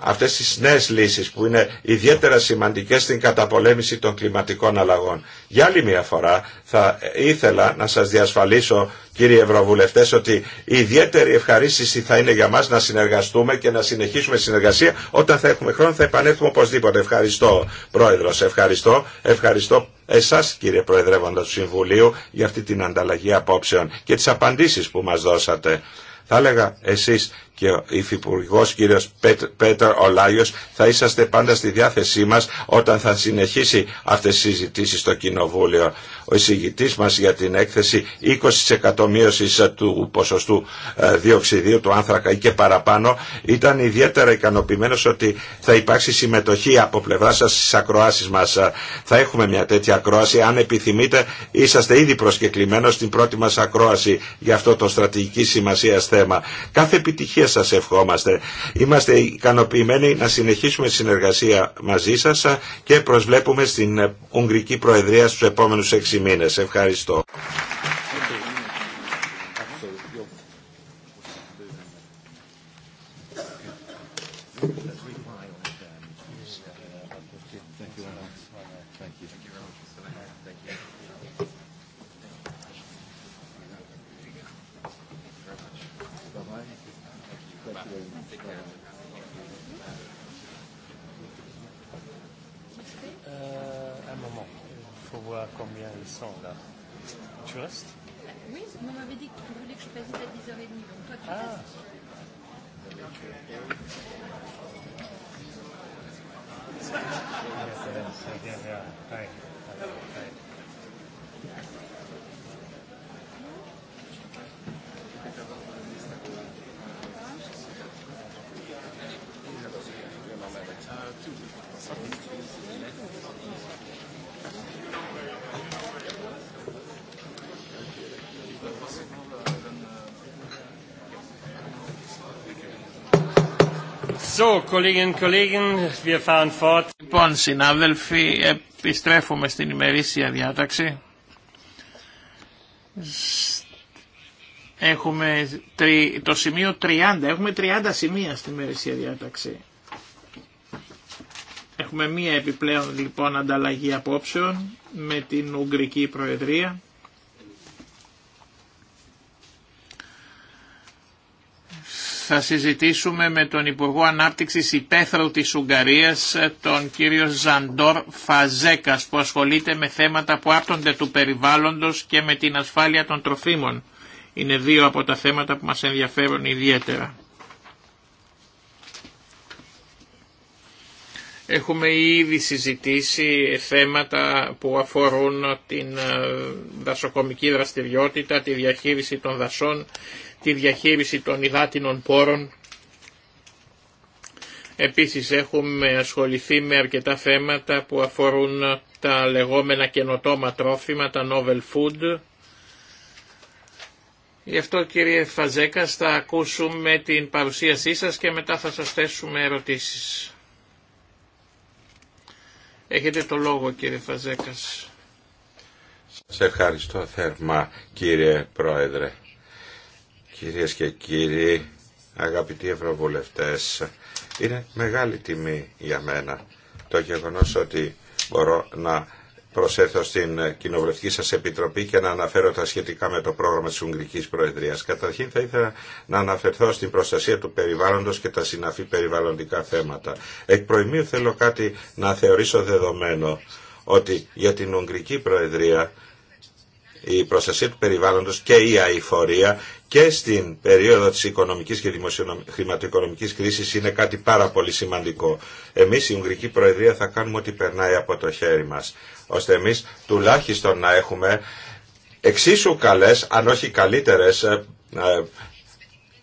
αυτές τις νέες λύσεις που είναι ιδιαίτερα σημαντικές στην καταπολέμηση των κλιματικών αλλαγών. Για άλλη μια φορά θα ήθελα να σας διασφαλίσω κύριοι Ευρωβουλευτές ότι η ιδιαίτερη ευχαρίστηση θα είναι για μας να συνεργαστούμε και να συνεχίσουμε συνεργασία όταν θα έχουμε χρόνο θα επανέλθουμε οπωσδήποτε. Ευχαριστώ Πρόεδρος, ευχαριστώ, ευχαριστώ εσάς κύριε Προεδρεύοντα του Συμβουλίου για αυτή την ανταλλαγή απόψεων και τις απαντήσεις που μας δώσατε. Θα έλεγα εσείς και ο Υφυπουργό κ. Πέτερ Ολάγιο θα είσαστε πάντα στη διάθεσή μα όταν θα συνεχίσει αυτέ τι συζητήσει στο Κοινοβούλιο. Ο εισηγητή μα για την έκθεση 20% μείωση ε, του ποσοστού ε, διοξιδίου του άνθρακα ή και παραπάνω ήταν ιδιαίτερα ικανοποιημένο ότι θα υπάρξει συμμετοχή από πλευρά σα στι ακροάσει μα. Ε, θα έχουμε μια τέτοια ακρόαση. Αν επιθυμείτε, είσαστε ήδη προσκεκλημένος στην πρώτη μα ακρόαση για αυτό το στρατηγική σημασία θέμα. Κάθε επιτυχία σας ευχόμαστε. Είμαστε ικανοποιημένοι να συνεχίσουμε συνεργασία μαζί σας και προσβλέπουμε στην Ουγγρική Προεδρία στους επόμενους έξι μήνες. Ευχαριστώ. Λοιπόν, συνάδελφοι, επιστρέφουμε στην ημερήσια διάταξη. Έχουμε το σημείο 30. Έχουμε 30 σημεία στην ημερήσια διάταξη. Έχουμε μία επιπλέον λοιπόν ανταλλαγή απόψεων με την Ουγγρική Προεδρία θα συζητήσουμε με τον Υπουργό Ανάπτυξης Υπέθρου της Ουγγαρίας, τον κύριο Ζαντόρ Φαζέκας, που ασχολείται με θέματα που άπτονται του περιβάλλοντος και με την ασφάλεια των τροφίμων. Είναι δύο από τα θέματα που μας ενδιαφέρουν ιδιαίτερα. Έχουμε ήδη συζητήσει θέματα που αφορούν την ε, δασοκομική δραστηριότητα, τη διαχείριση των δασών τη διαχείριση των υδάτινων πόρων. Επίσης έχουμε ασχοληθεί με αρκετά θέματα που αφορούν τα λεγόμενα καινοτόμα τρόφιμα, τα novel food. Γι' αυτό κύριε Φαζέκας θα ακούσουμε την παρουσίασή σας και μετά θα σας θέσουμε ερωτήσεις. Έχετε το λόγο κύριε Φαζέκας. Σας ευχαριστώ θερμά κύριε Πρόεδρε. Κυρίες και κύριοι, αγαπητοί ευρωβουλευτές, είναι μεγάλη τιμή για μένα το γεγονός ότι μπορώ να προσέλθω στην κοινοβουλευτική σας επιτροπή και να αναφέρω τα σχετικά με το πρόγραμμα της Ουγγρικής Προεδρίας. Καταρχήν θα ήθελα να αναφερθώ στην προστασία του περιβάλλοντος και τα συναφή περιβαλλοντικά θέματα. Εκ προημίου θέλω κάτι να θεωρήσω δεδομένο ότι για την Ουγγρική Προεδρία η προστασία του περιβάλλοντος και η αηφορία και στην περίοδο της οικονομικής και χρηματοοικονομικής κρίσης είναι κάτι πάρα πολύ σημαντικό. Εμείς η Ουγγρική Προεδρία θα κάνουμε ό,τι περνάει από το χέρι μας, ώστε εμείς τουλάχιστον να έχουμε εξίσου καλές, αν όχι καλύτερες, ε, ε,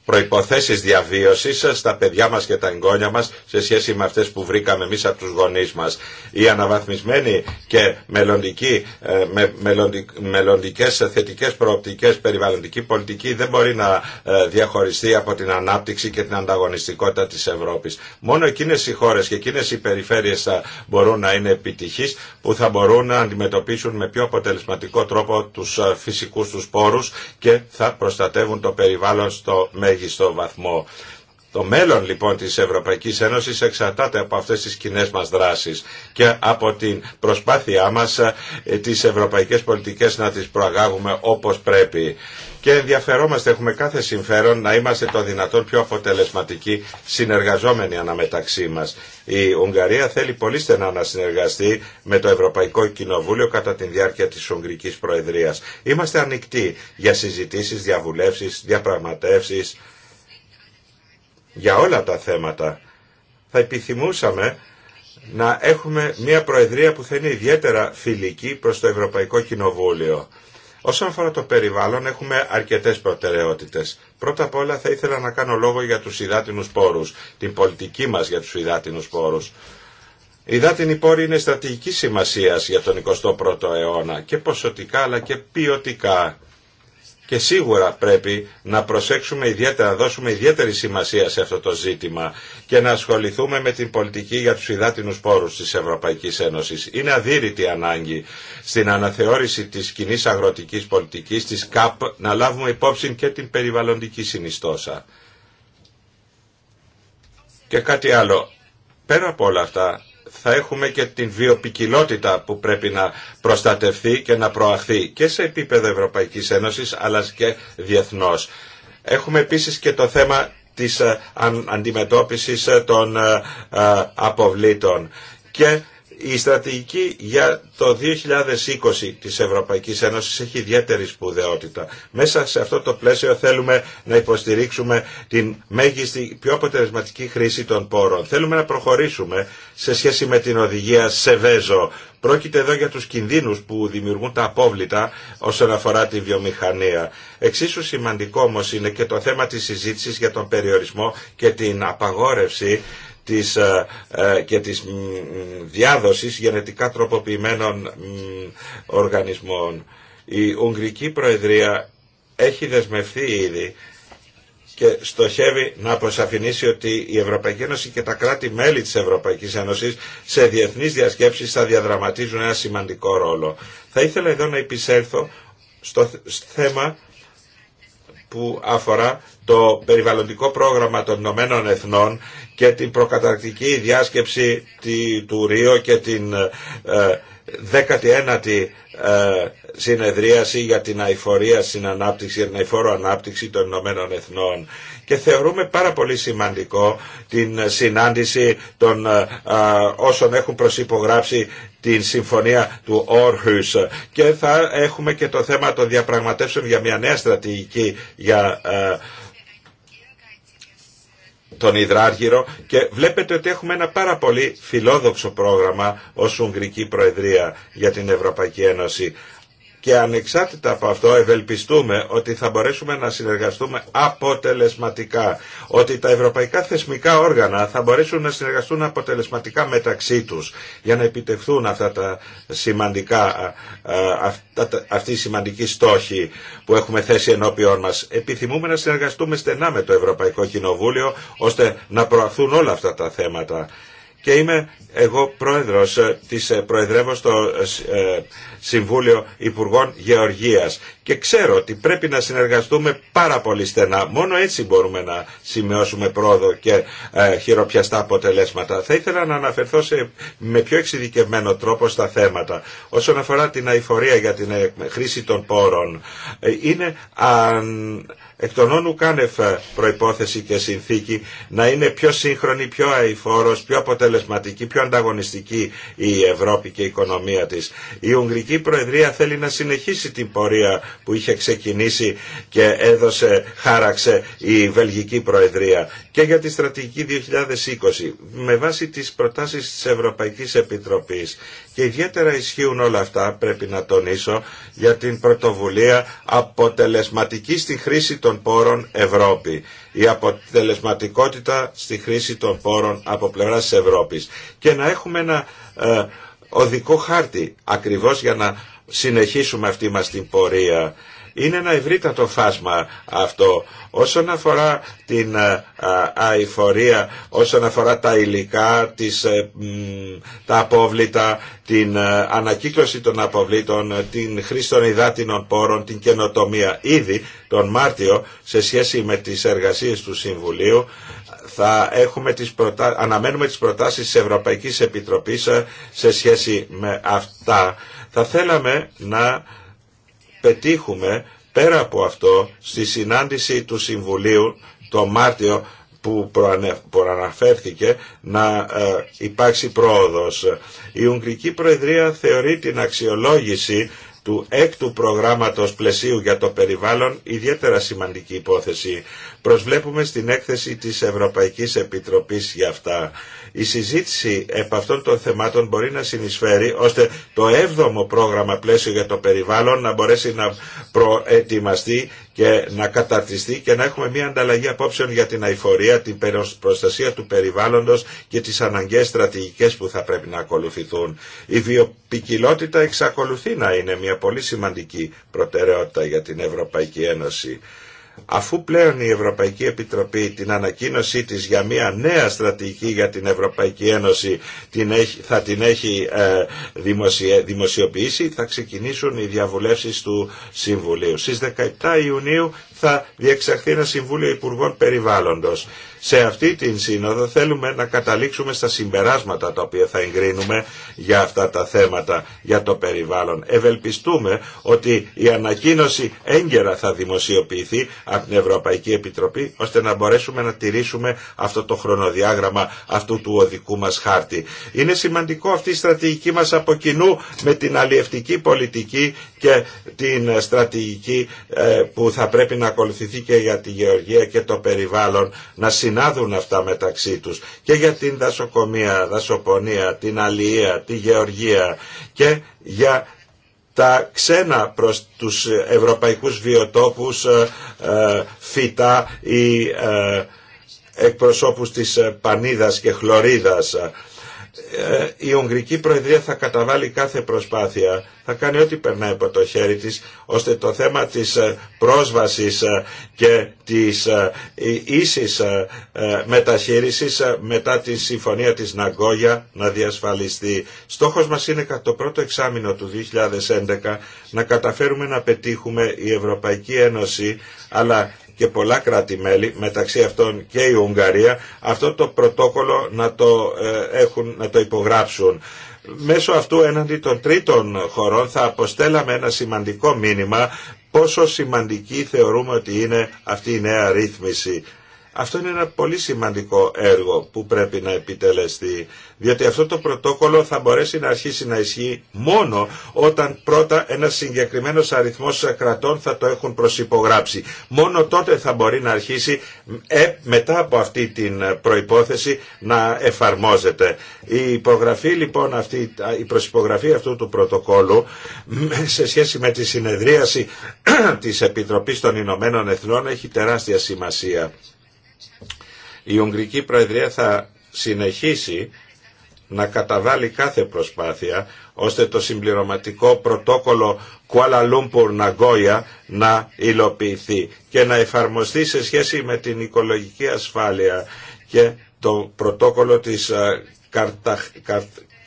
προϋποθέσεις διαβίωσης στα παιδιά μας και τα εγγόνια μας σε σχέση με αυτές που βρήκαμε εμείς από τους γονείς μας. Οι αναβαθμισμένοι και μελλοντικέ ε, με, μελλοντικές θετικές προοπτικές περιβαλλοντική πολιτική δεν μπορεί να ε, διαχωριστεί από την ανάπτυξη και την ανταγωνιστικότητα της Ευρώπης. Μόνο εκείνες οι χώρες και εκείνες οι περιφέρειες θα μπορούν να είναι επιτυχείς που θα μπορούν να αντιμετωπίσουν με πιο αποτελεσματικό τρόπο τους ε, φυσικούς τους πόρους και θα προστατεύουν το περιβάλλον στο μέλλον μέγιστο βαθμό. Το μέλλον λοιπόν της Ευρωπαϊκής Ένωσης εξαρτάται από αυτές τις κοινέ μας δράσεις και από την προσπάθειά μας ε, τις ευρωπαϊκές πολιτικές να τις προαγάγουμε όπως πρέπει και ενδιαφερόμαστε, έχουμε κάθε συμφέρον να είμαστε το δυνατόν πιο αποτελεσματικοί συνεργαζόμενοι αναμεταξύ μας. Η Ουγγαρία θέλει πολύ στενά να συνεργαστεί με το Ευρωπαϊκό Κοινοβούλιο κατά τη διάρκεια της Ουγγρικής Προεδρίας. Είμαστε ανοιχτοί για συζητήσεις, διαβουλεύσεις, διαπραγματεύσεις, για όλα τα θέματα. Θα επιθυμούσαμε να έχουμε μια Προεδρία που θα είναι ιδιαίτερα φιλική προς το Ευρωπαϊκό Κοινοβούλιο Όσον αφορά το περιβάλλον έχουμε αρκετέ προτεραιότητε. Πρώτα απ' όλα θα ήθελα να κάνω λόγο για τους υδάτινου πόρους, την πολιτική μας για τους υδάτινου πόρους. Η υδάτινοι πόροι είναι στρατηγική σημασία για τον 21ο αιώνα και ποσοτικά αλλά και ποιοτικά και σίγουρα πρέπει να προσέξουμε ιδιαίτερα, να δώσουμε ιδιαίτερη σημασία σε αυτό το ζήτημα και να ασχοληθούμε με την πολιτική για τους υδάτινους πόρους της Ευρωπαϊκής Ένωσης. Είναι αδύρυτη ανάγκη στην αναθεώρηση της κοινή αγροτικής πολιτικής, της ΚΑΠ, να λάβουμε υπόψη και την περιβαλλοντική συνιστόσα. Και κάτι άλλο. Πέρα από όλα αυτά, θα έχουμε και την βιοπικιλότητα που πρέπει να προστατευθεί και να προαχθεί και σε επίπεδο Ευρωπαϊκής Ένωσης αλλά και διεθνώς. Έχουμε επίσης και το θέμα της ε, αντιμετώπισης ε, των ε, αποβλήτων και η στρατηγική για το 2020 της Ευρωπαϊκής Ένωσης έχει ιδιαίτερη σπουδαιότητα. Μέσα σε αυτό το πλαίσιο θέλουμε να υποστηρίξουμε την μέγιστη, πιο αποτελεσματική χρήση των πόρων. Θέλουμε να προχωρήσουμε σε σχέση με την οδηγία Βέζο. Πρόκειται εδώ για τους κινδύνους που δημιουργούν τα απόβλητα όσον αφορά τη βιομηχανία. Εξίσου σημαντικό όμως είναι και το θέμα της συζήτησης για τον περιορισμό και την απαγόρευση της, ε, ε, και της διάδοσης γενετικά τροποποιημένων οργανισμών. Η Ουγγρική Προεδρία έχει δεσμευθεί ήδη και στοχεύει να αποσαφηνίσει ότι η Ευρωπαϊκή Ένωση και τα κράτη-μέλη της Ευρωπαϊκής Ένωσης σε διεθνείς διασκέψεις θα διαδραματίζουν ένα σημαντικό ρόλο. Θα ήθελα εδώ να επισέλθω στο θέμα που αφορά το περιβαλλοντικό πρόγραμμα των Ηνωμένων Εθνών και την προκαταρκτική διάσκεψη του Ρίο και την 19η ε, ε, συνεδρίαση για την αηφορία στην ανάπτυξη, για την αηφόρο ανάπτυξη των Ηνωμένων Εθνών. Και θεωρούμε πάρα πολύ σημαντικό την συνάντηση των ε, όσων έχουν προσυπογράψει την συμφωνία του Όρχους και θα έχουμε και το θέμα των διαπραγματεύσεων για μια νέα στρατηγική για τον Ιδράργυρο και βλέπετε ότι έχουμε ένα πάρα πολύ φιλόδοξο πρόγραμμα ως Ουγγρική Προεδρία για την Ευρωπαϊκή Ένωση και ανεξάρτητα από αυτό ευελπιστούμε ότι θα μπορέσουμε να συνεργαστούμε αποτελεσματικά, ότι τα ευρωπαϊκά θεσμικά όργανα θα μπορέσουν να συνεργαστούν αποτελεσματικά μεταξύ τους για να επιτευχθούν αυτά τα σημαντικά, αυτή η σημαντική στόχη που έχουμε θέσει ενώπιόν μας. Επιθυμούμε να συνεργαστούμε στενά με το Ευρωπαϊκό Κοινοβούλιο ώστε να προαθούν όλα αυτά τα θέματα και είμαι εγώ πρόεδρος ε, της ε, προεδρεύω στο ε, Συμβούλιο Υπουργών Γεωργίας και ξέρω ότι πρέπει να συνεργαστούμε πάρα πολύ στενά. Μόνο έτσι μπορούμε να σημειώσουμε πρόοδο και ε, χειροπιαστά αποτελέσματα. Θα ήθελα να αναφερθώ σε, με πιο εξειδικευμένο τρόπο στα θέματα. Όσον αφορά την αηφορία για την ε, χρήση των πόρων, ε, είναι αν, εκ των όνου κάνευ προϋπόθεση και συνθήκη να είναι πιο σύγχρονη, πιο αηφόρος, πιο αποτελεσματική, πιο ανταγωνιστική η Ευρώπη και η οικονομία της. Η Ουγγρική Προεδρία θέλει να συνεχίσει την πορεία που είχε ξεκινήσει και έδωσε, χάραξε η Βελγική Προεδρία και για τη στρατηγική 2020 με βάση τις προτάσεις της Ευρωπαϊκής Επιτροπής και ιδιαίτερα ισχύουν όλα αυτά πρέπει να τονίσω για την πρωτοβουλία αποτελεσματική στη χρήση των πόρων Ευρώπη η αποτελεσματικότητα στη χρήση των πόρων από πλευράς της Ευρώπης και να έχουμε ένα ε, οδικό χάρτη ακριβώς για να συνεχίσουμε αυτή μας την πορεία. Είναι ένα ευρύτατο φάσμα αυτό. Όσον αφορά την ε, αηφορία, όσον αφορά τα υλικά, τις, ε, τα απόβλητα, την ε, ανακύκλωση των αποβλήτων, την χρήση των υδάτινων πόρων, την καινοτομία. Ήδη τον Μάρτιο, σε σχέση με τις εργασίες του Συμβουλίου, θα έχουμε τις προτα... αναμένουμε τις προτάσεις της Ευρωπαϊκής Επιτροπής σε σχέση με αυτά θα θέλαμε να πετύχουμε πέρα από αυτό στη συνάντηση του Συμβουλίου το Μάρτιο που προαναφέρθηκε να ε, υπάρξει πρόοδος. Η Ουγγρική Προεδρία θεωρεί την αξιολόγηση του έκτου προγράμματος πλαισίου για το περιβάλλον ιδιαίτερα σημαντική υπόθεση. Προσβλέπουμε στην έκθεση της Ευρωπαϊκής Επιτροπής για αυτά. Η συζήτηση επ' αυτών των θεμάτων μπορεί να συνεισφέρει ώστε το 7ο πρόγραμμα πλαίσιο για το περιβάλλον να μπορέσει να προετοιμαστεί και να καταρτιστεί και να έχουμε μια ανταλλαγή απόψεων για την αηφορία, την προστασία του περιβάλλοντος και τις αναγκαίες στρατηγικές που θα πρέπει να ακολουθηθούν. Η βιοπικιλότητα εξακολουθεί να είναι μια πολύ σημαντική προτεραιότητα για την Ευρωπαϊκή Ένωση αφού πλέον η Ευρωπαϊκή Επιτροπή την ανακοίνωσή της για μια νέα στρατηγική για την Ευρωπαϊκή Ένωση θα την έχει ε, δημοσιοποιήσει, θα ξεκινήσουν οι διαβουλεύσεις του Συμβουλίου. Στις 17 Ιουνίου θα διεξαχθεί ένα Συμβούλιο Υπουργών Περιβάλλοντος. Σε αυτή την σύνοδο θέλουμε να καταλήξουμε στα συμπεράσματα τα οποία θα εγκρίνουμε για αυτά τα θέματα, για το περιβάλλον. Ευελπιστούμε ότι η ανακοίνωση έγκαιρα θα δημοσιοποιηθεί από την Ευρωπαϊκή Επιτροπή, ώστε να μπορέσουμε να τηρήσουμε αυτό το χρονοδιάγραμμα αυτού του οδικού μας χάρτη. Είναι σημαντικό αυτή η στρατηγική μας από κοινού με την αλλιευτική πολιτική και την στρατηγική ε, που θα πρέπει να να ακολουθηθεί και για τη γεωργία και το περιβάλλον, να συνάδουν αυτά μεταξύ τους και για την δασοκομεία, δασοπονία, την αλληλεία, τη γεωργία και για τα ξένα προς τους ευρωπαϊκούς βιοτόπους ε, ε, φυτά ή ε, εκπροσώπους της πανίδας και χλωρίδας. Ε, η Ουγγρική Προεδρία θα καταβάλει κάθε προσπάθεια, θα κάνει ό,τι περνάει από το χέρι της, ώστε το θέμα της ε, πρόσβασης ε, και της ίσης μεταχείρισης μετά τη συμφωνία της Ναγκόγια να διασφαλιστεί. Στόχος μας είναι κατά το πρώτο εξάμεινο του 2011 να καταφέρουμε να πετύχουμε η Ευρωπαϊκή Ένωση αλλά και πολλά κράτη-μέλη, μεταξύ αυτών και η Ουγγαρία, αυτό το πρωτόκολλο να το, ε, έχουν, να το υπογράψουν. Μέσω αυτού έναντι των τρίτων χωρών θα αποστέλαμε ένα σημαντικό μήνυμα πόσο σημαντική θεωρούμε ότι είναι αυτή η νέα ρύθμιση αυτό είναι ένα πολύ σημαντικό έργο που πρέπει να επιτελεστεί, διότι αυτό το πρωτόκολλο θα μπορέσει να αρχίσει να ισχύει μόνο όταν πρώτα ένα συγκεκριμένο αριθμό κρατών θα το έχουν προσυπογράψει. Μόνο τότε θα μπορεί να αρχίσει ε, μετά από αυτή την προϋπόθεση να εφαρμόζεται. Η υπογραφή λοιπόν η προσυπογραφή αυτού του πρωτοκόλου σε σχέση με τη συνεδρίαση της Επιτροπής των Ηνωμένων Εθνών έχει τεράστια σημασία. Η Ουγγρική Προεδρία θα συνεχίσει να καταβάλει κάθε προσπάθεια ώστε το συμπληρωματικό πρωτόκολλο Κουάλα Λούμπουρ Ναγκόια να υλοποιηθεί και να εφαρμοστεί σε σχέση με την οικολογική ασφάλεια και το πρωτόκολλο της ε, Καρτα...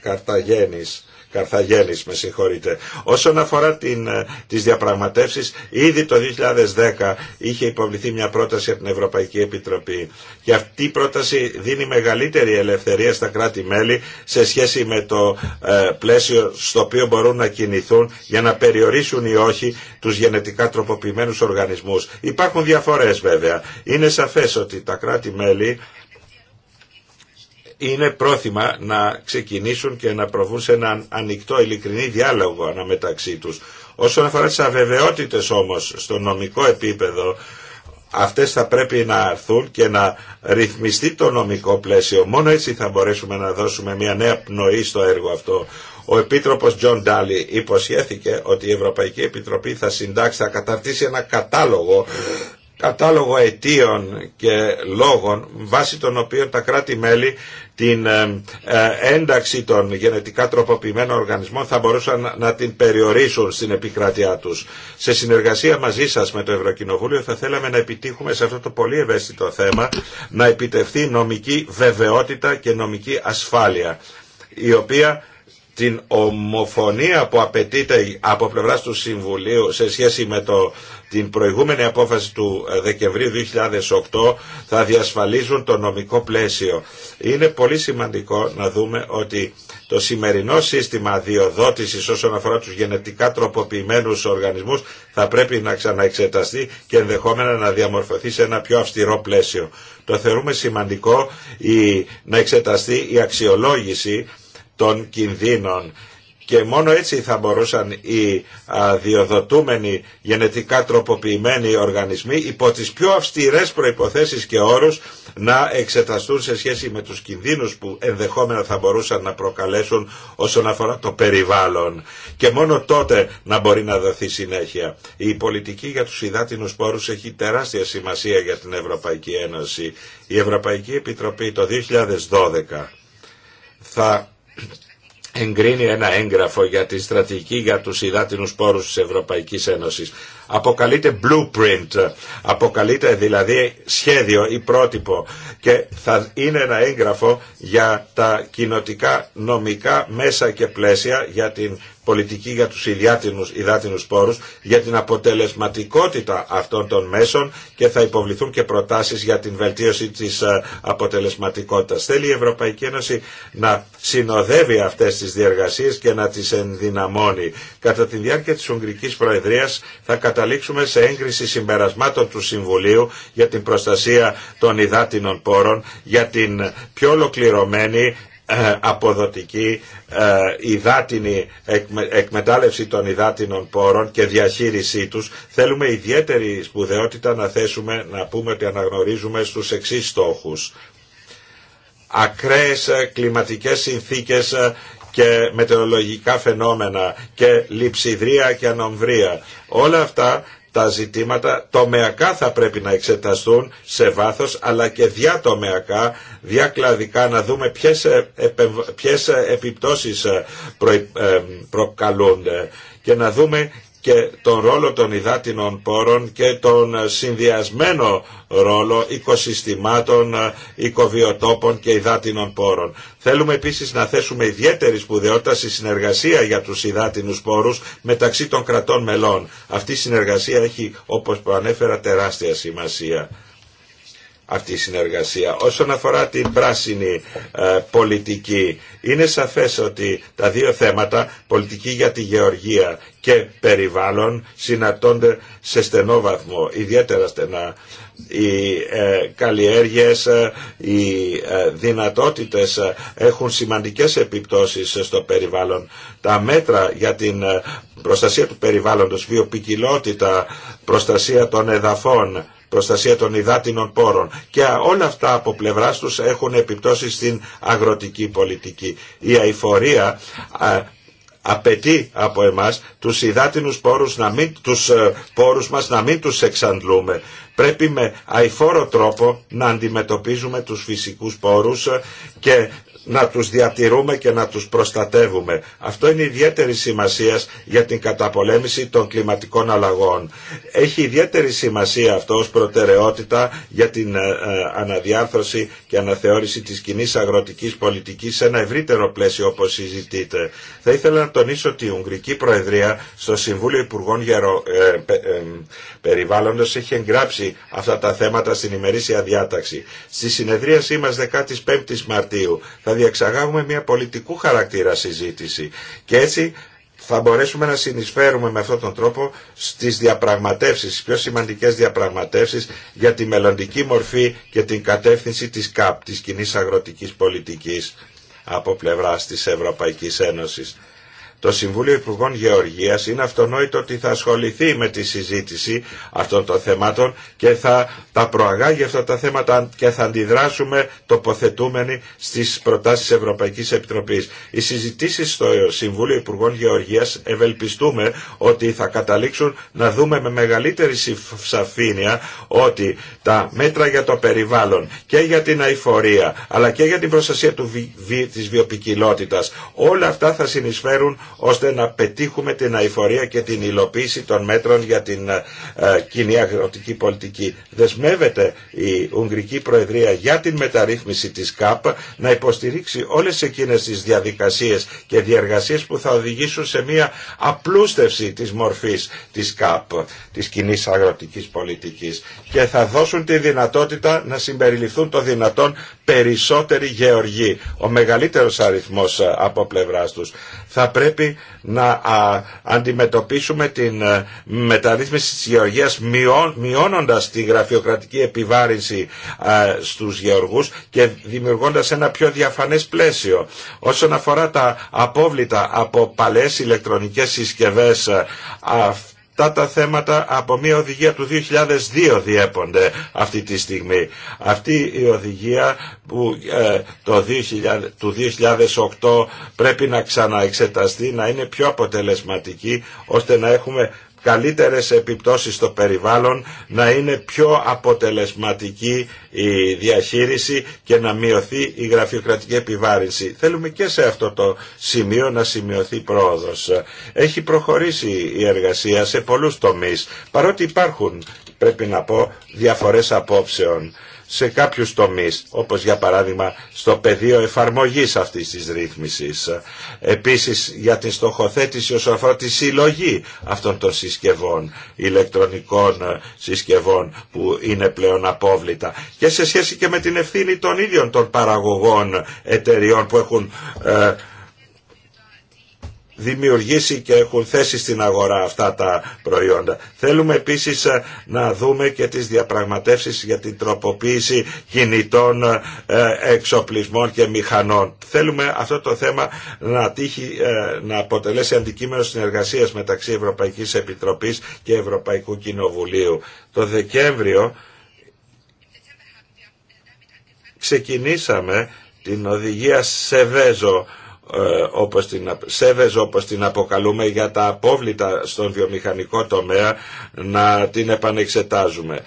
Καρταγένης Καρθαγέλης, με συγχωρείτε. Όσον αφορά την, ε, τις διαπραγματεύσεις, ήδη το 2010 είχε υποβληθεί μια πρόταση από την Ευρωπαϊκή Επιτροπή και αυτή η πρόταση δίνει μεγαλύτερη ελευθερία στα κράτη-μέλη σε σχέση με το ε, πλαίσιο στο οποίο μπορούν να κινηθούν για να περιορίσουν ή όχι τους γενετικά τροποποιημένους οργανισμούς. Υπάρχουν διαφορές βέβαια. Είναι σαφές ότι τα κράτη-μέλη είναι πρόθυμα να ξεκινήσουν και να προβούν σε έναν ανοιχτό ειλικρινή διάλογο αναμεταξύ τους. Όσον αφορά τις αβεβαιότητες όμως στο νομικό επίπεδο, αυτές θα πρέπει να έρθουν και να ρυθμιστεί το νομικό πλαίσιο. Μόνο έτσι θα μπορέσουμε να δώσουμε μια νέα πνοή στο έργο αυτό. Ο Επίτροπος Τζον Ντάλι υποσχέθηκε ότι η Ευρωπαϊκή Επιτροπή θα συντάξει, θα καταρτήσει ένα κατάλογο κατάλογο αιτίων και λόγων βάσει των οποίων τα κράτη-μέλη την ε, ε, ένταξη των γενετικά τροποποιημένων οργανισμών θα μπορούσαν να την περιορίσουν στην επικράτειά τους. Σε συνεργασία μαζί σας με το Ευρωκοινοβούλιο θα θέλαμε να επιτύχουμε σε αυτό το πολύ ευαίσθητο θέμα να επιτευχθεί νομική βεβαιότητα και νομική ασφάλεια η οποία την ομοφωνία που απαιτείται από πλευρά του Συμβουλίου σε σχέση με το, την προηγούμενη απόφαση του ε, Δεκεμβρίου 2008 θα διασφαλίζουν το νομικό πλαίσιο. Είναι πολύ σημαντικό να δούμε ότι το σημερινό σύστημα διοδότησης όσον αφορά τους γενετικά τροποποιημένους οργανισμούς θα πρέπει να ξαναεξεταστεί και ενδεχόμενα να διαμορφωθεί σε ένα πιο αυστηρό πλαίσιο. Το θεωρούμε σημαντικό να εξεταστεί η αξιολόγηση των κινδύνων και μόνο έτσι θα μπορούσαν οι διοδοτούμενοι γενετικά τροποποιημένοι οργανισμοί υπό τις πιο αυστηρές προϋποθέσεις και όρους να εξεταστούν σε σχέση με τους κινδύνους που ενδεχόμενα θα μπορούσαν να προκαλέσουν όσον αφορά το περιβάλλον. Και μόνο τότε να μπορεί να δοθεί συνέχεια. Η πολιτική για τους υδάτινους πόρους έχει τεράστια σημασία για την Ευρωπαϊκή Ένωση. Η Ευρωπαϊκή Επιτροπή το 2012 θα εγκρίνει ένα έγγραφο για τη στρατηγική για τους υδάτινους πόρους της Ευρωπαϊκής Ένωσης αποκαλείται blueprint, αποκαλείται δηλαδή σχέδιο ή πρότυπο και θα είναι ένα έγγραφο για τα κοινοτικά νομικά μέσα και πλαίσια για την πολιτική για τους ιδιάτινους, υδάτινους πόρους, για την αποτελεσματικότητα αυτών των μέσων και θα υποβληθούν και προτάσεις για την βελτίωση της ε, αποτελεσματικότητας. Θέλει η Ευρωπαϊκή Ένωση να συνοδεύει αυτές τις διεργασίες και να τις ενδυναμώνει. Κατά τη διάρκεια της Ουγγρικής Προεδρίας θα καταλήξουμε σε έγκριση συμπερασμάτων του Συμβουλίου για την προστασία των υδάτινων πόρων, για την πιο ολοκληρωμένη ε, αποδοτική ε, υδάτινη εκμετάλλευση των υδάτινων πόρων και διαχείρισή τους θέλουμε ιδιαίτερη σπουδαιότητα να θέσουμε να πούμε ότι αναγνωρίζουμε στους εξής στόχους ακραίες ε, κλιματικές συνθήκες και μετεωρολογικά φαινόμενα και λειψιδρία και ανομβρία. Όλα αυτά τα ζητήματα τομεακά θα πρέπει να εξεταστούν σε βάθος αλλά και διατομεακά, διακλαδικά να δούμε ποιες, ε, ποιες ε, επιπτώσεις ε, προκαλούνται και να δούμε και τον ρόλο των υδάτινων πόρων και τον συνδυασμένο ρόλο οικοσυστημάτων, οικοβιοτόπων και υδάτινων πόρων. Θέλουμε επίσης να θέσουμε ιδιαίτερη σπουδαιότητα στη συνεργασία για τους υδάτινους πόρους μεταξύ των κρατών μελών. Αυτή η συνεργασία έχει, όπως προανέφερα, τεράστια σημασία αυτή η συνεργασία. Όσον αφορά την πράσινη ε, πολιτική, είναι σαφές ότι τα δύο θέματα, πολιτική για τη γεωργία και περιβάλλον, συναντώνται σε στενό βαθμό, ιδιαίτερα στενά. Οι ε, καλλιέργειες, ε, οι ε, δυνατότητες ε, έχουν σημαντικές επιπτώσεις στο περιβάλλον. Τα μέτρα για την προστασία του περιβάλλοντος, βιοπικιλότητα, προστασία των εδαφών, προστασία των υδάτινων πόρων. Και όλα αυτά από πλευρά τους έχουν επιπτώσει στην αγροτική πολιτική. Η αηφορία απαιτεί από εμάς τους υδάτινους πόρους, να μην, τους ε, πόρους μας να μην τους εξαντλούμε. Πρέπει με αηφόρο τρόπο να αντιμετωπίζουμε τους φυσικούς πόρους ε, και να τους διατηρούμε και να τους προστατεύουμε. Αυτό είναι ιδιαίτερη σημασία για την καταπολέμηση των κλιματικών αλλαγών. Έχει ιδιαίτερη σημασία αυτό ως προτεραιότητα για την ε, ε, αναδιάρθρωση και αναθεώρηση της κοινή αγροτικής πολιτικής σε ένα ευρύτερο πλαίσιο όπως συζητείτε. Θα ήθελα να τονίσω ότι η Ουγγρική Προεδρία στο Συμβούλιο Υπουργών Γερο... ε, ε Περιβάλλοντος έχει εγγράψει αυτά τα θέματα στην ημερήσια διάταξη. Στη συνεδρίασή μας 15 Μαρτίου θα διεξαγάγουμε μια πολιτικού χαρακτήρα συζήτηση και έτσι θα μπορέσουμε να συνεισφέρουμε με αυτόν τον τρόπο στις διαπραγματεύσεις, πιο σημαντικές διαπραγματεύσεις για τη μελλοντική μορφή και την κατεύθυνση της ΚΑΠ, της κοινή αγροτικής πολιτικής από πλευράς της Ευρωπαϊκής Ένωσης. Το Συμβούλιο Υπουργών Γεωργίας είναι αυτονόητο ότι θα ασχοληθεί με τη συζήτηση αυτών των θεμάτων και θα τα προαγάγει αυτά τα θέματα και θα αντιδράσουμε τοποθετούμενοι στις προτάσεις Ευρωπαϊκής Επιτροπής. Οι συζητήσεις στο Συμβούλιο Υπουργών Γεωργίας ευελπιστούμε ότι θα καταλήξουν να δούμε με μεγαλύτερη σαφήνεια ότι τα μέτρα για το περιβάλλον και για την αηφορία αλλά και για την προστασία του, της βιοπικιλότητας όλα αυτά θα συνεισφέρουν ώστε να πετύχουμε την αηφορία και την υλοποίηση των μέτρων για την ε, ε, κοινή αγροτική πολιτική. Δεσμεύεται η Ουγγρική Προεδρία για την μεταρρύθμιση της ΚΑΠ να υποστηρίξει όλες εκείνες τις διαδικασίες και διεργασίες που θα οδηγήσουν σε μια απλούστευση της μορφής της ΚΑΠ, της κοινή αγροτικής πολιτικής και θα δώσουν τη δυνατότητα να συμπεριληφθούν το δυνατόν περισσότεροι γεωργοί, ο μεγαλύτερος αριθμός ε, από πλευράς τους να αντιμετωπίσουμε την ε, μεταρρύθμιση της γεωργίας μειώνοντας τη γραφειοκρατική επιβάρυνση ε, στους γεωργούς και δημιουργώντας ένα πιο διαφανές πλαίσιο. Όσον αφορά τα απόβλητα από παλές ηλεκτρονικές συσκευές, ε, α, αυτά τα θέματα από μια οδηγία του 2002 διέπονται αυτή τη στιγμή. Αυτή η οδηγία που ε, το 2000, του 2008 πρέπει να ξαναεξεταστεί, να είναι πιο αποτελεσματική ώστε να έχουμε καλύτερες επιπτώσεις στο περιβάλλον, να είναι πιο αποτελεσματική η διαχείριση και να μειωθεί η γραφειοκρατική επιβάρυνση. Θέλουμε και σε αυτό το σημείο να σημειωθεί πρόοδος. Έχει προχωρήσει η εργασία σε πολλούς τομείς, παρότι υπάρχουν, πρέπει να πω, διαφορές απόψεων σε κάποιους τομείς, όπως για παράδειγμα στο πεδίο εφαρμογής αυτής της ρύθμισης. Επίσης για την στοχοθέτηση όσον αφορά τη συλλογή αυτών των συσκευών, ηλεκτρονικών συσκευών που είναι πλέον απόβλητα και σε σχέση και με την ευθύνη των ίδιων των παραγωγών εταιριών που έχουν ε, δημιουργήσει και έχουν θέσει στην αγορά αυτά τα προϊόντα. Θέλουμε επίσης ε, να δούμε και τις διαπραγματεύσεις για την τροποποίηση κινητών ε, εξοπλισμών και μηχανών. Θέλουμε αυτό το θέμα να, τύχει, ε, να αποτελέσει αντικείμενο συνεργασίας μεταξύ Ευρωπαϊκής Επιτροπής και Ευρωπαϊκού Κοινοβουλίου. Το Δεκέμβριο ξεκινήσαμε την οδηγία Σεβέζο ε, όπως την, σέβες όπως την αποκαλούμε για τα απόβλητα στον βιομηχανικό τομέα να την επανεξετάζουμε.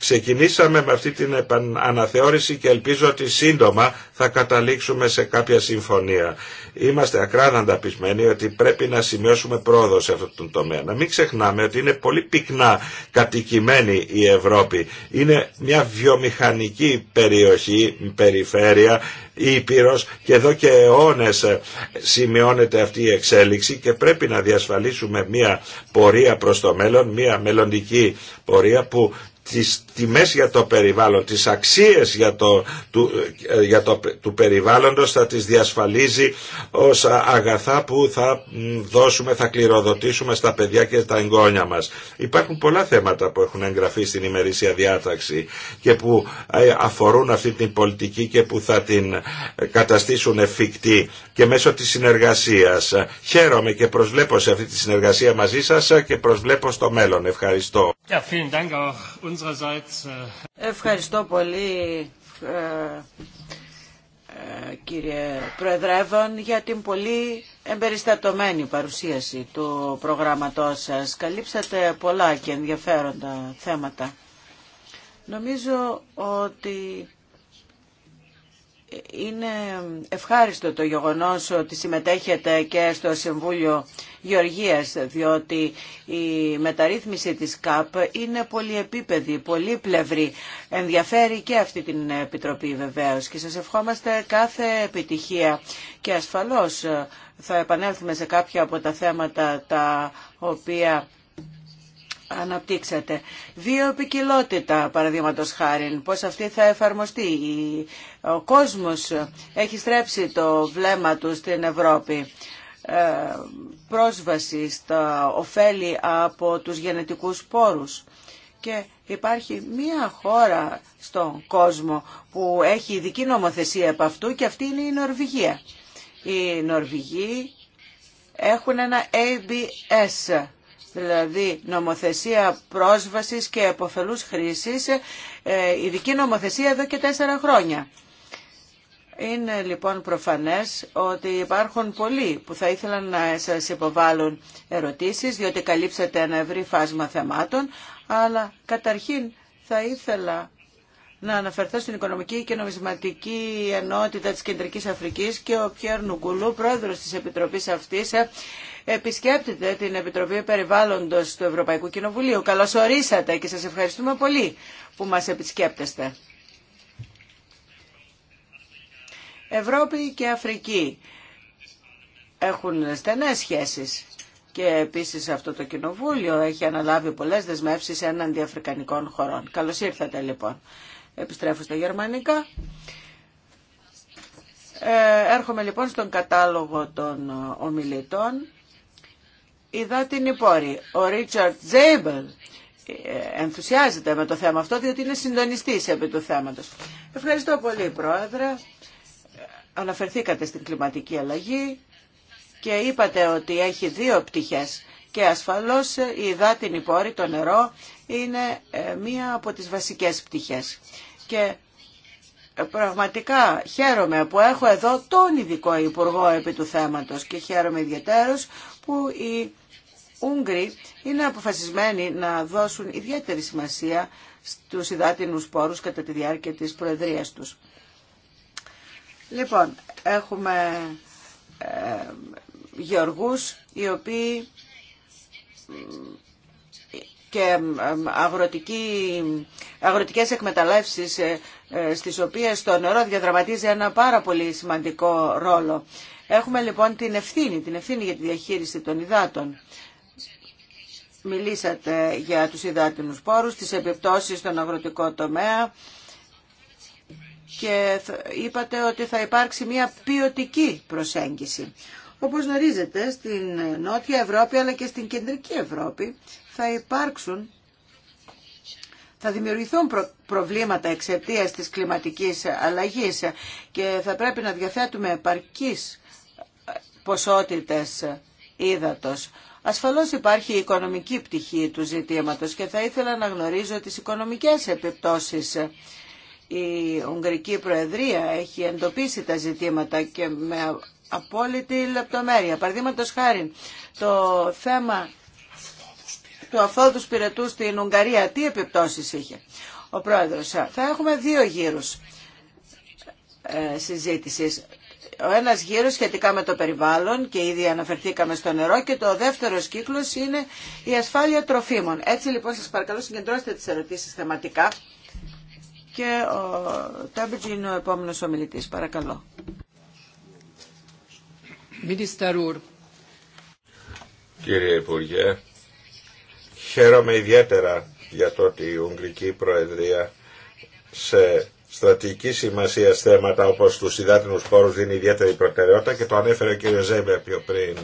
Ξεκινήσαμε με αυτή την αναθεώρηση και ελπίζω ότι σύντομα θα καταλήξουμε σε κάποια συμφωνία. Είμαστε ακράδαντα πεισμένοι ότι πρέπει να σημειώσουμε πρόοδο σε αυτόν τον τομέα. Να μην ξεχνάμε ότι είναι πολύ πυκνά κατοικημένη η Ευρώπη. Είναι μια βιομηχανική περιοχή, περιφέρεια, Ήπειρος και εδώ και αιώνες σημειώνεται αυτή η εξέλιξη και πρέπει να διασφαλίσουμε μια πορεία προς το μέλλον, μια μελλοντική πορεία που τις τιμές για το περιβάλλον, τις αξίες για το, του, ε, για το, του περιβάλλοντος θα τις διασφαλίζει ως αγαθά που θα δώσουμε, θα κληροδοτήσουμε στα παιδιά και στα εγγόνια μας. Υπάρχουν πολλά θέματα που έχουν εγγραφεί στην ημερήσια διάταξη και που ε, αφορούν αυτή την πολιτική και που θα την ε, καταστήσουν εφικτή και μέσω της συνεργασίας. Χαίρομαι και προσβλέπω σε αυτή τη συνεργασία μαζί σας και προσβλέπω στο μέλλον. Ευχαριστώ. Äh, Ευχαριστώ πολύ ε, ε, κύριε Προεδρεύον για την πολύ εμπεριστατωμένη παρουσίαση του προγράμματός σας. Καλύψατε πολλά και ενδιαφέροντα θέματα. Νομίζω ότι είναι ευχάριστο το γεγονός ότι συμμετέχετε και στο Συμβούλιο Γεωργίας, διότι η μεταρρύθμιση της ΚΑΠ είναι πολυεπίπεδη, πολύπλευρη. Ενδιαφέρει και αυτή την Επιτροπή βεβαίως και σας ευχόμαστε κάθε επιτυχία. Και ασφαλώς θα επανέλθουμε σε κάποια από τα θέματα τα οποία αναπτύξατε. επικοινότητα, παραδείγματο χάρη, πώς αυτή θα εφαρμοστεί. Ο κόσμος έχει στρέψει το βλέμμα του στην Ευρώπη ε, πρόσβαση στα ωφέλη από τους γενετικούς πόρους. Και υπάρχει μία χώρα στον κόσμο που έχει ειδική νομοθεσία από αυτού και αυτή είναι η Νορβηγία. Οι Νορβηγοί έχουν ένα ABS δηλαδή νομοθεσία πρόσβασης και εποφελούς χρήσης, ε, ειδική νομοθεσία εδώ και τέσσερα χρόνια. Είναι λοιπόν προφανές ότι υπάρχουν πολλοί που θα ήθελαν να σας υποβάλουν ερωτήσεις, διότι καλύψατε ένα ευρύ φάσμα θεμάτων, αλλά καταρχήν θα ήθελα να αναφερθώ στην Οικονομική και Νομισματική Ενότητα της Κεντρικής Αφρικής και ο Πιέρ Νουγκουλού, πρόεδρος της Επιτροπής αυτής, ε, επισκέπτεται την Επιτροπή Περιβάλλοντος του Ευρωπαϊκού Κοινοβουλίου. Καλώς ορίσατε και σας ευχαριστούμε πολύ που μας επισκέπτεστε. Ευρώπη και Αφρική έχουν στενές σχέσεις και επίσης αυτό το κοινοβούλιο έχει αναλάβει πολλές δεσμεύσεις έναντι αφρικανικών χωρών. Καλώς ήρθατε λοιπόν. Επιστρέφω στα γερμανικά. Ε, έρχομαι λοιπόν στον κατάλογο των ομιλητών την πόρη. Ο Ρίτσαρτ Τζέιμπελ ε, ενθουσιάζεται με το θέμα αυτό, διότι είναι συντονιστής επί του θέματος. Ευχαριστώ πολύ, Πρόεδρε. Αναφερθήκατε στην κλιματική αλλαγή και είπατε ότι έχει δύο πτυχές. Και ασφαλώς η υδάτινη πόρη, το νερό, είναι ε, μία από τις βασικές πτυχές. Και ε, πραγματικά χαίρομαι που έχω εδώ τον ειδικό υπουργό επί του θέματος και χαίρομαι ιδιαίτερος που η Ούγγροι είναι αποφασισμένοι να δώσουν ιδιαίτερη σημασία στους υδάτινους πόρους κατά τη διάρκεια της προεδρίας τους. Λοιπόν, έχουμε ε, γεωργούς οι οποίοι και ε, αγροτικέ αγροτικές εκμεταλλεύσεις ε, ε, στις οποίες το νερό διαδραματίζει ένα πάρα πολύ σημαντικό ρόλο. Έχουμε λοιπόν την ευθύνη, την ευθύνη για τη διαχείριση των υδάτων. Μιλήσατε για τους υδάτινους πόρους, τις επιπτώσεις στον αγροτικό τομέα και είπατε ότι θα υπάρξει μια ποιοτική προσέγγιση. Όπως γνωρίζετε, στην Νότια Ευρώπη αλλά και στην Κεντρική Ευρώπη θα υπάρξουν, θα δημιουργηθούν προβλήματα εξαιτίας της κλιματικής αλλαγής και θα πρέπει να διαθέτουμε επαρκείς ποσότητες ύδατος. Ασφαλώς υπάρχει η οικονομική πτυχή του ζητήματος και θα ήθελα να γνωρίζω τις οικονομικές επιπτώσεις. Η Ουγγρική Προεδρία έχει εντοπίσει τα ζητήματα και με απόλυτη λεπτομέρεια. Παραδείγματο χάρη, το θέμα του αφόδου πυρετού στην Ουγγαρία, τι επιπτώσεις είχε. Ο Πρόεδρος, θα έχουμε δύο γύρους ε, συζήτησης ο ένας γύρος σχετικά με το περιβάλλον και ήδη αναφερθήκαμε στο νερό και το δεύτερο κύκλος είναι η ασφάλεια τροφίμων. Έτσι λοιπόν σας παρακαλώ συγκεντρώστε τις ερωτήσεις θεματικά και ο Τάμπιτζ είναι ο επόμενος ομιλητής. Παρακαλώ. Κύριε Υπουργέ, χαίρομαι ιδιαίτερα για το ότι η Ουγγρική Προεδρία σε στρατηγική σημασία θέματα όπως του υδάτινου πόρους δίνει ιδιαίτερη προτεραιότητα και το ανέφερε ο κ. Ζέμπερ πιο πριν.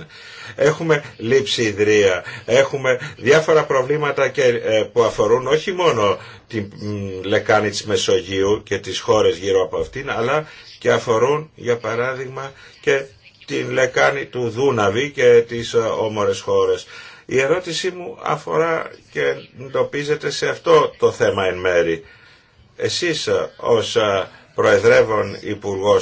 Έχουμε λήψη ιδρία, έχουμε διάφορα προβλήματα και, ε, που αφορούν όχι μόνο την λεκάνη της Μεσογείου και τις χώρες γύρω από αυτήν, αλλά και αφορούν για παράδειγμα και την λεκάνη του Δούναβη και τις ε, όμορε χώρες. Η ερώτησή μου αφορά και εντοπίζεται σε αυτό το θέμα εν μέρη εσείς ε, ως ε, Προεδρεύων Υπουργό, ε,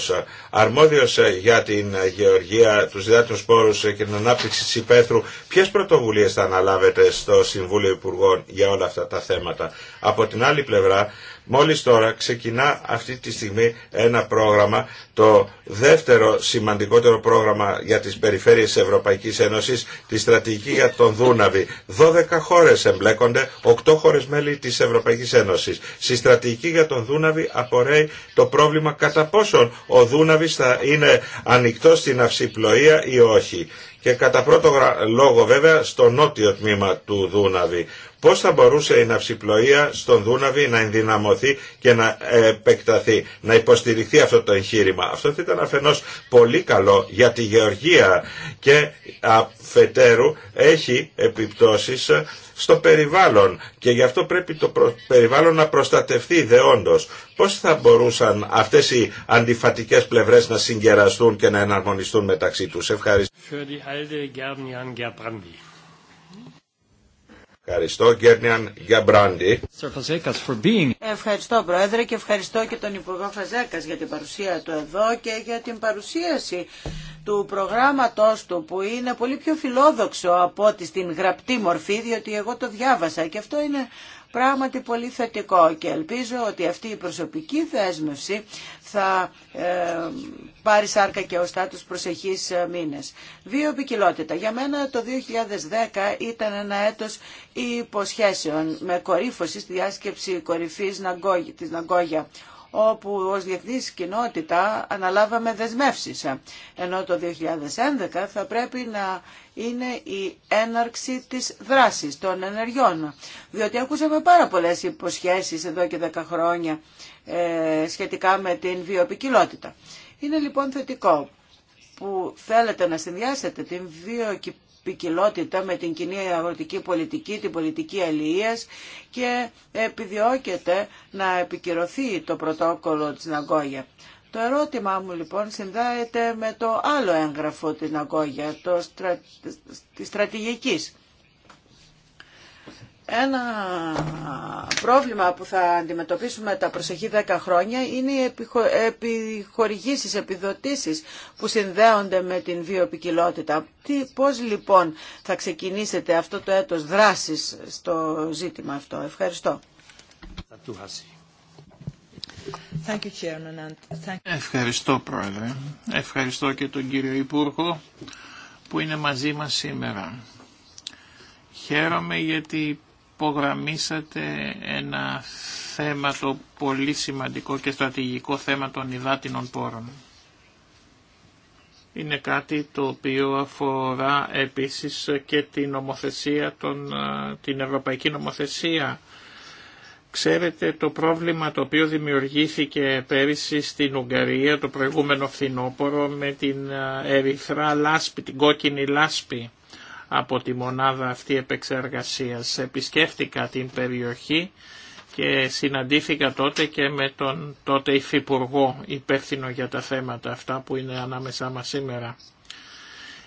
αρμόδιο για την γεωργία, του διάτρου πόρου και την ανάπτυξη τη υπαίθρου, ποιε πρωτοβουλίε θα αναλάβετε στο Συμβούλιο Υπουργών για όλα αυτά τα θέματα. Από την άλλη πλευρά, Μόλις τώρα ξεκινά αυτή τη στιγμή ένα πρόγραμμα, το δεύτερο σημαντικότερο πρόγραμμα για τις περιφέρειες της Ευρωπαϊκής Ένωσης, τη στρατηγική για τον Δούναβη. 12 χώρες εμπλέκονται, 8 χώρες μέλη της Ευρωπαϊκής Ένωσης. Στη στρατηγική για τον Δούναβη απορρέει το πρόβλημα κατά πόσον ο Δούναβης θα είναι ανοιχτό στην αυσιπλοεία ή όχι και κατά πρώτο λόγο βέβαια στο νότιο τμήμα του Δούναβη Πώς θα μπορούσε η ναυσιπλοεία στον Δούναβη να ενδυναμωθεί και να επεκταθεί, να υποστηριχθεί αυτό το εγχείρημα. Αυτό θα ήταν αφενός πολύ καλό για τη γεωργία και αφετέρου έχει επιπτώσεις στο περιβάλλον και γι' αυτό πρέπει το περιβάλλον να προστατευτεί ιδεόντως. Πώς θα μπορούσαν αυτές οι αντιφατικές πλευρές να συγκεραστούν και να εναρμονιστούν μεταξύ τους. Ευχαριστώ. Ευχαριστώ Γκέρνιαν μπράντι. Ευχαριστώ Πρόεδρε και ευχαριστώ και τον Υπουργό Φαζέκας για την παρουσία του εδώ και για την παρουσίαση του προγράμματος του που είναι πολύ πιο φιλόδοξο από ότι στην γραπτή μορφή διότι εγώ το διάβασα και αυτό είναι πράγματι πολύ θετικό και ελπίζω ότι αυτή η προσωπική δέσμευση θα ε, πάρει σάρκα και οστά τους προσεχής ε, μήνες. Βιοπικιλότητα. Για μένα το 2010 ήταν ένα έτος υποσχέσεων με κορύφωση στη διάσκεψη κορυφή της Ναγκόγια όπου ως διεθνής κοινότητα αναλάβαμε δεσμεύσεις. Ενώ το 2011 θα πρέπει να είναι η έναρξη της δράσης των ενεργειών. Διότι ακούσαμε πάρα πολλές υποσχέσεις εδώ και δέκα χρόνια ε, σχετικά με την βιοπικιλότητα. Είναι λοιπόν θετικό που θέλετε να συνδυάσετε την βιοπικιλότητα με την κοινή αγροτική πολιτική, την πολιτική αλληλείας και επιδιώκετε να επικυρωθεί το πρωτόκολλο της Ναγκόγια. Το ερώτημά μου λοιπόν συνδέεται με το άλλο έγγραφο της Ναγκόγια, το της στρατηγικής. Ένα πρόβλημα που θα αντιμετωπίσουμε τα προσεχή 10 χρόνια είναι οι επιχορηγήσεις, επιδοτήσεις που συνδέονται με την βιοπικιλότητα. Τι, πώς λοιπόν θα ξεκινήσετε αυτό το έτος δράσης στο ζήτημα αυτό. Ευχαριστώ. Ευχαριστώ Πρόεδρε. Ευχαριστώ και τον κύριο Υπουργό που είναι μαζί μας σήμερα. Χαίρομαι γιατί υπογραμμίσατε ένα θέμα το πολύ σημαντικό και στρατηγικό θέμα των υδάτινων πόρων. Είναι κάτι το οποίο αφορά επίσης και την, νομοθεσία των, την ευρωπαϊκή νομοθεσία. Ξέρετε το πρόβλημα το οποίο δημιουργήθηκε πέρυσι στην Ουγγαρία το προηγούμενο φθινόπωρο με την ε, ερυθρά λάσπη, την κόκκινη λάσπη από τη μονάδα αυτή επεξεργασίας. Επισκέφτηκα την περιοχή και συναντήθηκα τότε και με τον τότε υφυπουργό υπεύθυνο για τα θέματα αυτά που είναι ανάμεσά μας σήμερα.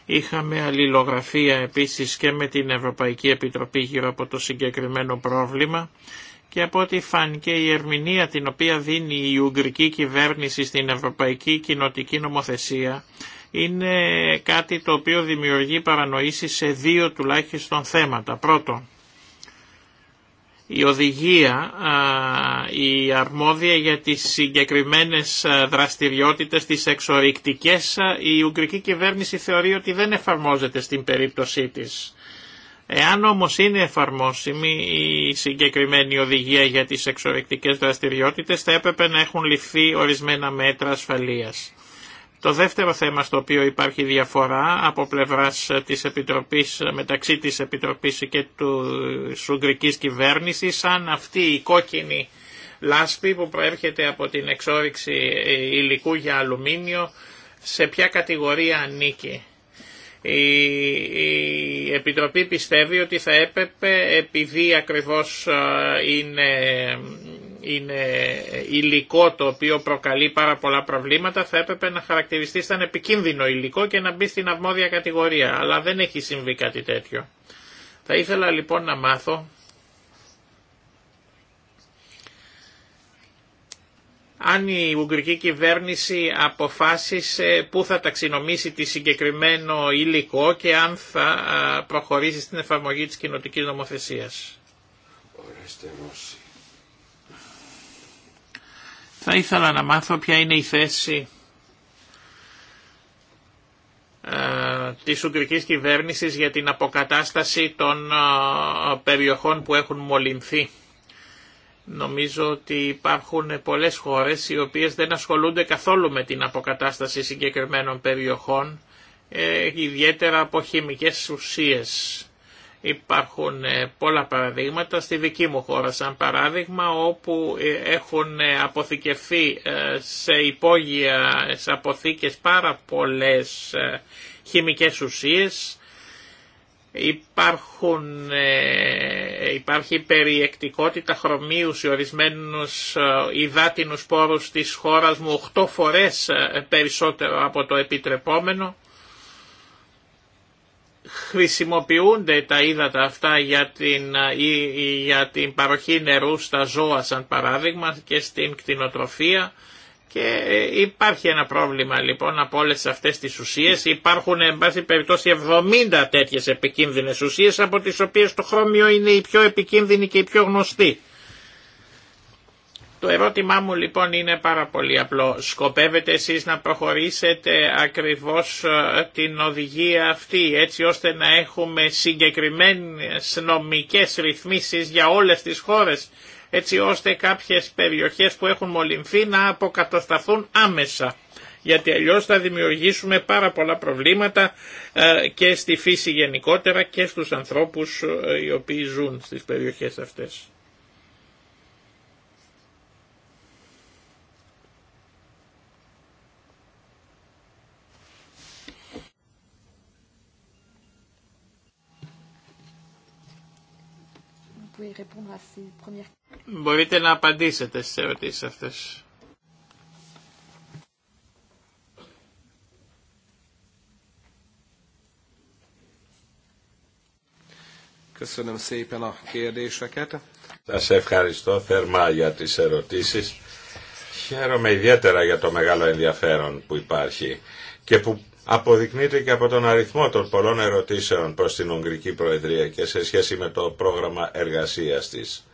Είχαμε αλληλογραφία επίσης και με την Ευρωπαϊκή Επιτροπή γύρω από το συγκεκριμένο πρόβλημα και από ό,τι φάνηκε η ερμηνεία την οποία δίνει η Ουγγρική κυβέρνηση στην Ευρωπαϊκή Κοινοτική Νομοθεσία είναι κάτι το οποίο δημιουργεί παρανοήσεις σε δύο τουλάχιστον θέματα. Πρώτο, η οδηγία, η αρμόδια για τις συγκεκριμένες δραστηριότητες, τις εξορρυκτικές, η Ουγγρική κυβέρνηση θεωρεί ότι δεν εφαρμόζεται στην περίπτωσή της. Εάν όμως είναι εφαρμόσιμη η συγκεκριμένη οδηγία για τις εξορρυκτικές δραστηριότητες, θα έπρεπε να έχουν ληφθεί ορισμένα μέτρα ασφαλείας. Το δεύτερο θέμα στο οποίο υπάρχει διαφορά από πλευράς της Επιτροπής, μεταξύ της Επιτροπής και του Ουγγρικής Κυβέρνησης, αν αυτή η κόκκινη λάσπη που προέρχεται από την εξόριξη υλικού για αλουμίνιο, σε ποια κατηγορία ανήκει. Η Επιτροπή πιστεύει ότι θα έπρεπε, επειδή ακριβώς ε, είναι είναι υλικό το οποίο προκαλεί πάρα πολλά προβλήματα θα έπρεπε να χαρακτηριστεί σαν επικίνδυνο υλικό και να μπει στην αρμόδια κατηγορία. Αλλά δεν έχει συμβεί κάτι τέτοιο. Θα ήθελα λοιπόν να μάθω αν η Ουγγρική κυβέρνηση αποφάσισε πού θα ταξινομήσει τη συγκεκριμένο υλικό και αν θα προχωρήσει στην εφαρμογή της κοινοτικής νομοθεσίας. Θα ήθελα να μάθω ποια είναι η θέση ε, της Ουγγρικής κυβέρνησης για την αποκατάσταση των ε, περιοχών που έχουν μολυνθεί. Νομίζω ότι υπάρχουν πολλές χώρες οι οποίες δεν ασχολούνται καθόλου με την αποκατάσταση συγκεκριμένων περιοχών, ε, ιδιαίτερα από χημικές ουσίες. Υπάρχουν ε, πολλά παραδείγματα στη δική μου χώρα σαν παράδειγμα όπου ε, έχουν ε, αποθηκευθεί σε υπόγεια σε αποθήκες πάρα πολλές χημικές ουσίες. Υπάρχουν, υπάρχει περιεκτικότητα χρωμίου σε ορισμένους υδάτινους πόρους της χώρας μου 8 φορές περισσότερο από το επιτρεπόμενο χρησιμοποιούνται τα ύδατα αυτά για την, ε, για την παροχή νερού στα ζώα σαν παράδειγμα και στην κτηνοτροφία και ε, υπάρχει ένα πρόβλημα λοιπόν από όλες αυτές τις ουσίες. Υπάρχουν εν πάση περιπτώσει 70 τέτοιες επικίνδυνες ουσίες από τις οποίες το χρώμιο είναι η πιο επικίνδυνη και η πιο γνωστή. Το ερώτημά μου λοιπόν είναι πάρα πολύ απλό. Σκοπεύετε εσείς να προχωρήσετε ακριβώς ε, την οδηγία αυτή έτσι ώστε να έχουμε συγκεκριμένες νομικές ρυθμίσεις για όλες τις χώρες έτσι ώστε κάποιες περιοχές που έχουν μολυνθεί να αποκατασταθούν άμεσα γιατί αλλιώς θα δημιουργήσουμε πάρα πολλά προβλήματα ε, και στη φύση γενικότερα και στους ανθρώπους ε, οι οποίοι ζουν στις περιοχές αυτές. Μπορείτε να απαντήσετε στις ερωτήσεις αυτές. Σας ευχαριστώ θερμά για τις ερωτήσεις. Χαίρομαι ιδιαίτερα για το μεγάλο ενδιαφέρον που υπάρχει και που αποδεικνύεται και από τον αριθμό των πολλών ερωτήσεων προς την Ουγγρική Προεδρία και σε σχέση με το πρόγραμμα εργασίας της.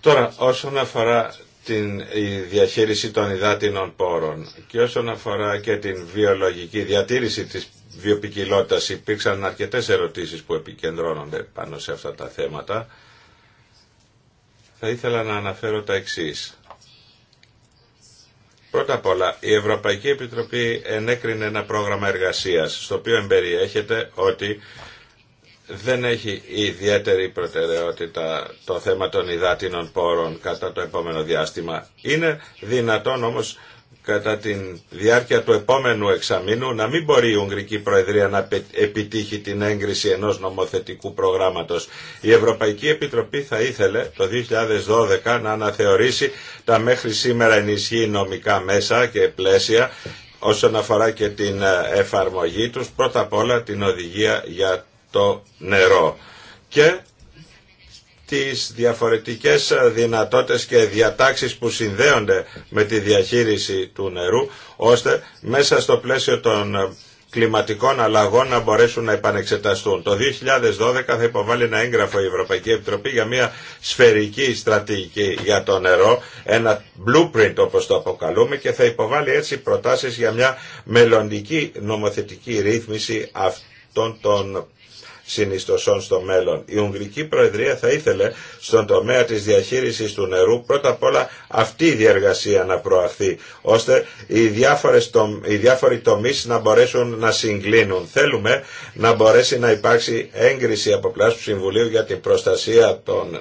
Τώρα, όσον αφορά την διαχείριση των υδάτινων πόρων και όσον αφορά και την βιολογική διατήρηση της βιοπικιλότητας υπήρξαν αρκετές ερωτήσεις που επικεντρώνονται πάνω σε αυτά τα θέματα. Θα ήθελα να αναφέρω τα εξής. Πρώτα απ' όλα, η Ευρωπαϊκή Επιτροπή ενέκρινε ένα πρόγραμμα εργασίας, στο οποίο εμπεριέχεται ότι δεν έχει ιδιαίτερη προτεραιότητα το θέμα των υδάτινων πόρων κατά το επόμενο διάστημα. Είναι δυνατόν όμως κατά τη διάρκεια του επόμενου εξαμήνου να μην μπορεί η Ουγγρική Προεδρία να επιτύχει την έγκριση ενός νομοθετικού προγράμματος. Η Ευρωπαϊκή Επιτροπή θα ήθελε το 2012 να αναθεωρήσει τα μέχρι σήμερα ενισχύει νομικά μέσα και πλαίσια όσον αφορά και την ε, εφαρμογή τους, πρώτα απ' όλα την οδηγία για το νερό. Και τις διαφορετικές δυνατότητες και διατάξεις που συνδέονται με τη διαχείριση του νερού, ώστε μέσα στο πλαίσιο των κλιματικών αλλαγών να μπορέσουν να επανεξεταστούν. Το 2012 θα υποβάλει ένα έγγραφο η Ευρωπαϊκή Επιτροπή για μια σφαιρική στρατηγική για το νερό, ένα blueprint όπως το αποκαλούμε και θα υποβάλει έτσι προτάσεις για μια μελλοντική νομοθετική ρύθμιση αυτών των συνιστοσών στο μέλλον. Η Ουγγρική Προεδρία θα ήθελε στον τομέα της διαχείρισης του νερού πρώτα απ' όλα αυτή η διεργασία να προαχθεί, ώστε οι, διάφορες, οι διάφοροι τομείς να μπορέσουν να συγκλίνουν. Θέλουμε να μπορέσει να υπάρξει έγκριση από πλάσου του Συμβουλίου για την προστασία των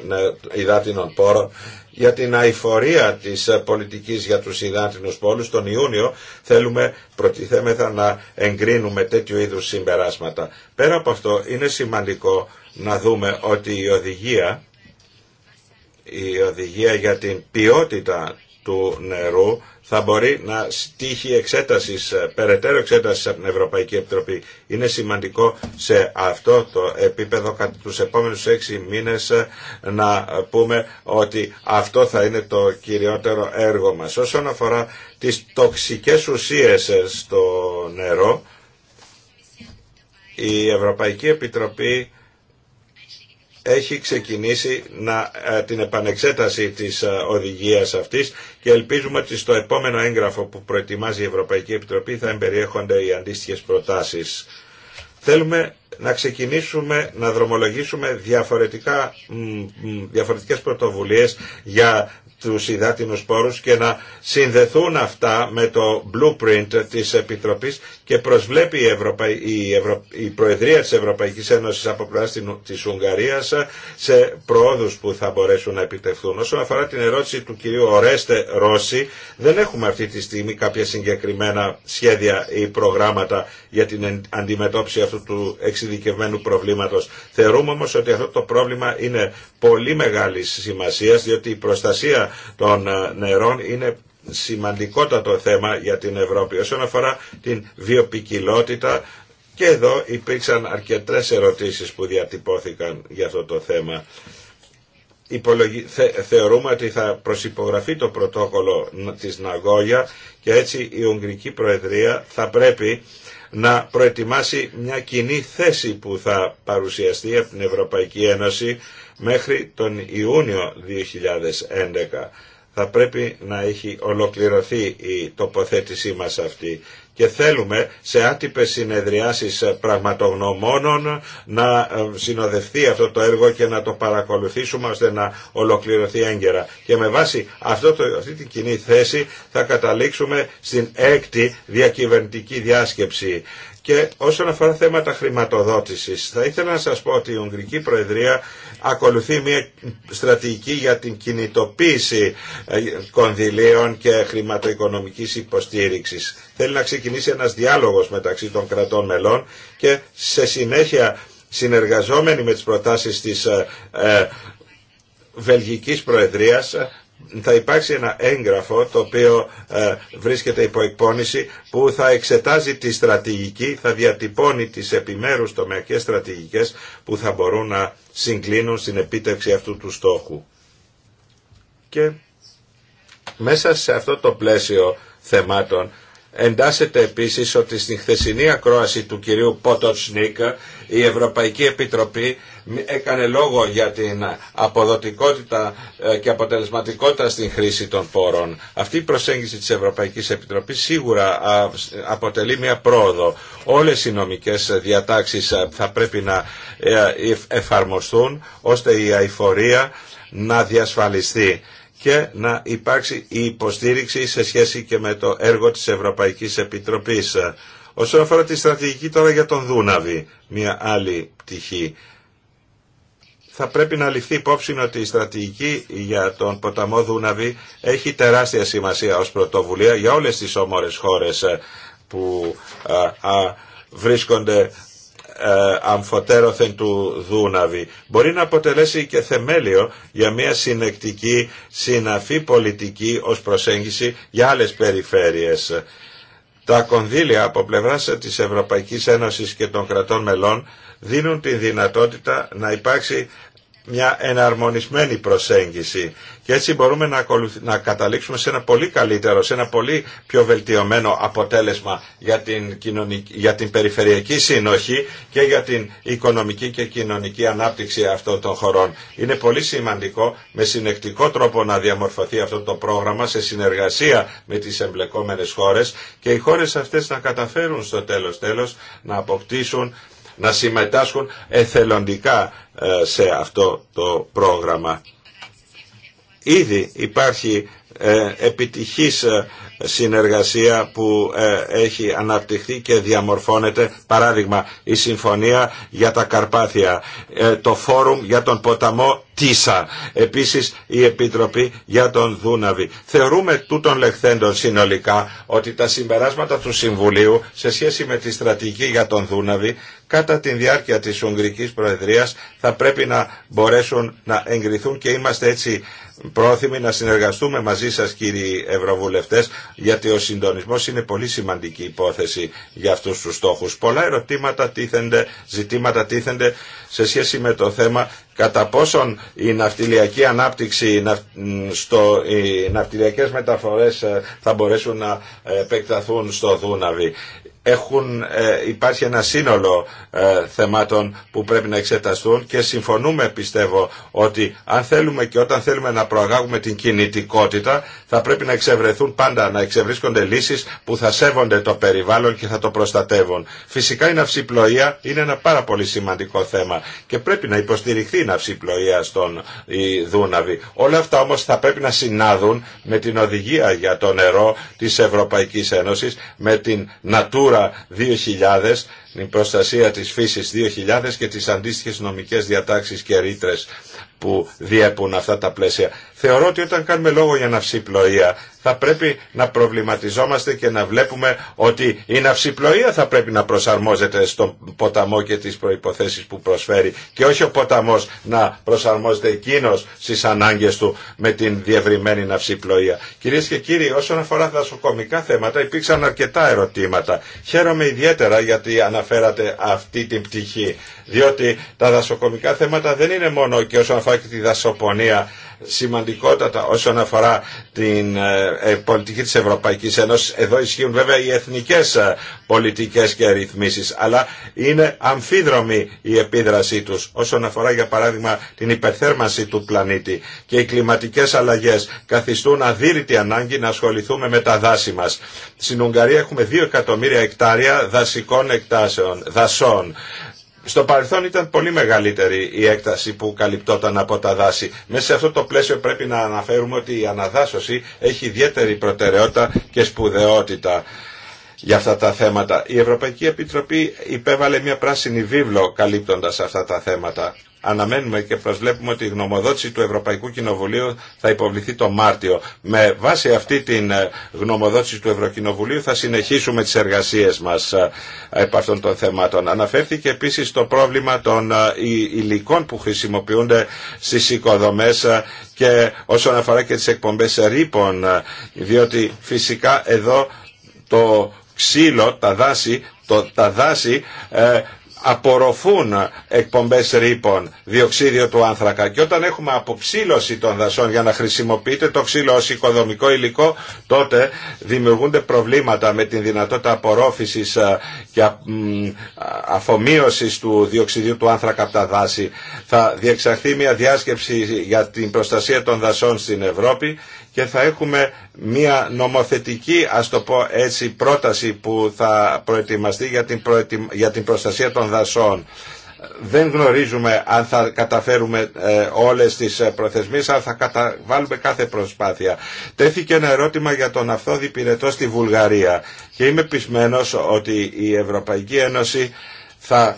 υδάτινων πόρων για την αηφορία της πολιτικής για τους υδάτινους πόλους τον Ιούνιο θέλουμε προτιθέμεθα να εγκρίνουμε τέτοιου είδους συμπεράσματα. Πέρα από αυτό είναι σημαντικό να δούμε ότι η οδηγία, η οδηγία για την ποιότητα του νερού θα μπορεί να στήχει εξέτασης, ε, περαιτέρω εξέτασης από την Ευρωπαϊκή Επιτροπή. Είναι σημαντικό σε αυτό το επίπεδο κατά τους επόμενους έξι μήνες ε, να πούμε ότι αυτό θα είναι το κυριότερο έργο μας. Όσον αφορά τις τοξικές ουσίες ε, στο νερό, η Ευρωπαϊκή Επιτροπή έχει ξεκινήσει να, ε, την επανεξέταση της ε, οδηγίας αυτής και ελπίζουμε ότι στο επόμενο έγγραφο που προετοιμάζει η Ευρωπαϊκή Επιτροπή θα εμπεριέχονται οι αντίστοιχες προτάσεις. Θέλουμε να ξεκινήσουμε να δρομολογήσουμε διαφορετικά, διαφορετικές πρωτοβουλίες για τους υδάτινους πόρους και να συνδεθούν αυτά με το blueprint της Επιτροπής και προσβλέπει η, Ευρωπα... η, η Προεδρία της Ευρωπαϊκής Ένωσης από πλευρά της Ουγγαρίας σε προόδους που θα μπορέσουν να επιτευχθούν. Όσον αφορά την ερώτηση του κυρίου Ορέστε Ρώση, δεν έχουμε αυτή τη στιγμή κάποια συγκεκριμένα σχέδια ή προγράμματα για την αντιμετώπιση αυτού του εξειδικευμένου προβλήματος. Θεωρούμε όμως ότι αυτό το πρόβλημα είναι πολύ μεγάλη σημασία, διότι η προστασία των ε, νερών είναι σημαντικότατο θέμα για την Ευρώπη όσον αφορά την βιοπικιλότητα και εδώ υπήρξαν αρκετές ερωτήσεις που διατυπώθηκαν για αυτό το θέμα. Θεωρούμε ότι θα προσυπογραφεί το πρωτόκολλο της Ναγόγια και έτσι η Ουγγρική Προεδρία θα πρέπει να προετοιμάσει μια κοινή θέση που θα παρουσιαστεί από την Ευρωπαϊκή Ένωση μέχρι τον Ιούνιο 2011 θα πρέπει να έχει ολοκληρωθεί η τοποθέτησή μας αυτή και θέλουμε σε άτυπες συνεδριάσεις πραγματογνωμόνων να ε, συνοδευτεί αυτό το έργο και να το παρακολουθήσουμε ώστε να ολοκληρωθεί έγκαιρα. Και με βάση αυτό το, αυτή την κοινή θέση θα καταλήξουμε στην έκτη διακυβερνητική διάσκεψη και όσον αφορά θέματα χρηματοδότησης, θα ήθελα να σας πω ότι η Ουγγρική Προεδρία ακολουθεί μια στρατηγική για την κινητοποίηση ε, κονδυλίων και χρηματοοικονομικής υποστήριξης. Θέλει να ξεκινήσει ένας διάλογος μεταξύ των κρατών μελών και σε συνέχεια συνεργαζόμενοι με τις προτάσεις της ε, ε, Βελγικής Προεδρίας θα υπάρξει ένα έγγραφο το οποίο ε, βρίσκεται υπό που θα εξετάζει τη στρατηγική, θα διατυπώνει τις επιμέρους τομεακές στρατηγικές που θα μπορούν να συγκλίνουν στην επίτευξη αυτού του στόχου. Και μέσα σε αυτό το πλαίσιο θεμάτων Εντάσσεται επίσης ότι στην χθεσινή ακρόαση του κυρίου Ποτοτσνίκ η Ευρωπαϊκή Επιτροπή έκανε λόγο για την αποδοτικότητα ε, και αποτελεσματικότητα στην χρήση των πόρων. Αυτή η προσέγγιση της Ευρωπαϊκής Επιτροπής σίγουρα αποτελεί μια πρόοδο. Όλες οι νομικές διατάξεις ε, θα πρέπει να ε, εφαρμοστούν ώστε η αηφορία να διασφαλιστεί και να υπάρξει η υποστήριξη σε σχέση και με το έργο της Ευρωπαϊκής Επιτροπής. Όσον αφορά τη στρατηγική τώρα για τον Δούναβη, μια άλλη πτυχή, θα πρέπει να ληφθεί υπόψη ότι η στρατηγική για τον ποταμό Δούναβη έχει τεράστια σημασία ως πρωτοβουλία για όλες τις όμορες χώρες ε, που ε, βρίσκονται ε, αμφωτέρωθεν του Δούναβη. Μπορεί να αποτελέσει και θεμέλιο για μια συνεκτική, συναφή πολιτική ως προσέγγιση για άλλες περιφέρειες. Τα κονδύλια από πλευράς της Ευρωπαϊκής Ένωσης και των κρατών μελών δίνουν τη δυνατότητα να υπάρξει μια εναρμονισμένη προσέγγιση και έτσι μπορούμε να, να καταλήξουμε σε ένα πολύ καλύτερο, σε ένα πολύ πιο βελτιωμένο αποτέλεσμα για την, κοινωνική, για την περιφερειακή συνοχή και για την οικονομική και κοινωνική ανάπτυξη αυτών των χωρών. Είναι πολύ σημαντικό με συνεκτικό τρόπο να διαμορφωθεί αυτό το πρόγραμμα σε συνεργασία με τις εμπλεκόμενες χώρες και οι χώρες αυτές να καταφέρουν στο τέλος τέλος να αποκτήσουν να συμμετάσχουν εθελοντικά ε, σε αυτό το πρόγραμμα. Ήδη υπάρχει ε, επιτυχής ε, συνεργασία που έχει αναπτυχθεί και διαμορφώνεται. Παράδειγμα, η Συμφωνία για τα Καρπάθια, το Φόρουμ για τον ποταμό Τίσα, επίσης η Επιτροπή για τον Δούναβη. Θεωρούμε τούτων λεχθέντων συνολικά ότι τα συμπεράσματα του Συμβουλίου σε σχέση με τη στρατηγική για τον Δούναβη κατά τη διάρκεια της Ουγγρικής Προεδρίας θα πρέπει να μπορέσουν να εγκριθούν και είμαστε έτσι πρόθυμοι να συνεργαστούμε μαζί σας κύριοι Ευρωβουλευτές γιατί ο συντονισμός είναι πολύ σημαντική υπόθεση για αυτούς τους στόχους. Πολλά ερωτήματα τίθενται, ζητήματα τίθενται σε σχέση με το θέμα κατά πόσον η ναυτιλιακή ανάπτυξη, στο, οι ναυτιλιακές μεταφορές ε, θα μπορέσουν να ε, επεκταθούν στο Δούναβι έχουν ε, υπάρχει ένα σύνολο ε, θεμάτων που πρέπει να εξεταστούν και συμφωνούμε πιστεύω ότι αν θέλουμε και όταν θέλουμε να προαγάγουμε την κινητικότητα θα πρέπει να εξευρεθούν πάντα να εξευρίσκονται λύσεις που θα σέβονται το περιβάλλον και θα το προστατεύουν. Φυσικά η ναυσιπλοεία είναι ένα πάρα πολύ σημαντικό θέμα και πρέπει να υποστηριχθεί η ναυσιπλοεία στον η Δούναβη. Όλα αυτά όμως θα πρέπει να συνάδουν με την οδηγία για το νερό της Ευρωπαϊκής Ένωσης, με την νατούρα Natura 2000, την προστασία της φύσης 2000 και τις αντίστοιχες νομικές διατάξεις και ρήτρες που διέπουν αυτά τα πλαίσια θεωρώ ότι όταν κάνουμε λόγο για ναυσιπλοεία θα πρέπει να προβληματιζόμαστε και να βλέπουμε ότι η ναυσιπλοεία θα πρέπει να προσαρμόζεται στον ποταμό και τις προϋποθέσεις που προσφέρει και όχι ο ποταμός να προσαρμόζεται εκείνος στις ανάγκες του με την διευρυμένη ναυσιπλοεία. Κυρίες και κύριοι, όσον αφορά τα δασοκομικά θέματα υπήρξαν αρκετά ερωτήματα. Χαίρομαι ιδιαίτερα γιατί αναφέρατε αυτή την πτυχή, διότι τα δασοκομικά θέματα δεν είναι μόνο και όσον αφορά και τη δασοπονία σημαντικότατα όσον αφορά την ε, ε, πολιτική της Ευρωπαϊκής Ένωσης. Εδώ ισχύουν βέβαια οι εθνικές ε, πολιτικές και ρυθμίσεις, αλλά είναι αμφίδρομη η επίδρασή τους όσον αφορά για παράδειγμα την υπερθέρμανση του πλανήτη και οι κλιματικές αλλαγές καθιστούν αδύρυτη ανάγκη να ασχοληθούμε με τα δάση μας. Στην Ουγγαρία έχουμε 2 εκατομμύρια εκτάρια δασικών εκτάσεων, δασών. Στο παρελθόν ήταν πολύ μεγαλύτερη η έκταση που καλυπτόταν από τα δάση. Μέσα σε αυτό το πλαίσιο πρέπει να αναφέρουμε ότι η αναδάσωση έχει ιδιαίτερη προτεραιότητα και σπουδαιότητα για αυτά τα θέματα. Η Ευρωπαϊκή Επιτροπή υπέβαλε μια πράσινη βίβλο καλύπτοντας αυτά τα θέματα αναμένουμε και προσβλέπουμε ότι η γνωμοδότηση του Ευρωπαϊκού Κοινοβουλίου θα υποβληθεί το Μάρτιο. Με βάση αυτή την ε, γνωμοδότηση του Ευρωκοινοβουλίου θα συνεχίσουμε τις εργασίες μας ε, επ' αυτών των θεμάτων. Αναφέρθηκε επίσης το πρόβλημα των ε, υλικών που χρησιμοποιούνται στις οικοδομές και όσον αφορά και τις εκπομπές ρήπων, διότι φυσικά εδώ το ξύλο, τα δάση, το, απορροφούν εκπομπές ρήπων διοξίδιο του άνθρακα και όταν έχουμε αποψήλωση των δασών για να χρησιμοποιείται το ξύλο ως οικοδομικό υλικό τότε δημιουργούνται προβλήματα με την δυνατότητα απορρόφησης ε, και αφομοίωσης του διοξιδιού του άνθρακα από τα δάση. Θα διεξαχθεί μια διάσκεψη για την προστασία των δασών στην Ευρώπη και θα έχουμε μια νομοθετική ας το πω έτσι πρόταση που θα προετοιμαστεί για την, για την προστασία των δασών. Δεν γνωρίζουμε αν θα καταφέρουμε ε, όλες τις ε, προθεσμίες, αλλά θα καταβάλουμε κάθε προσπάθεια. Τέθηκε ένα ερώτημα για τον αυθόδη πυρετό στη Βουλγαρία και είμαι πισμένος ότι η Ευρωπαϊκή Ένωση θα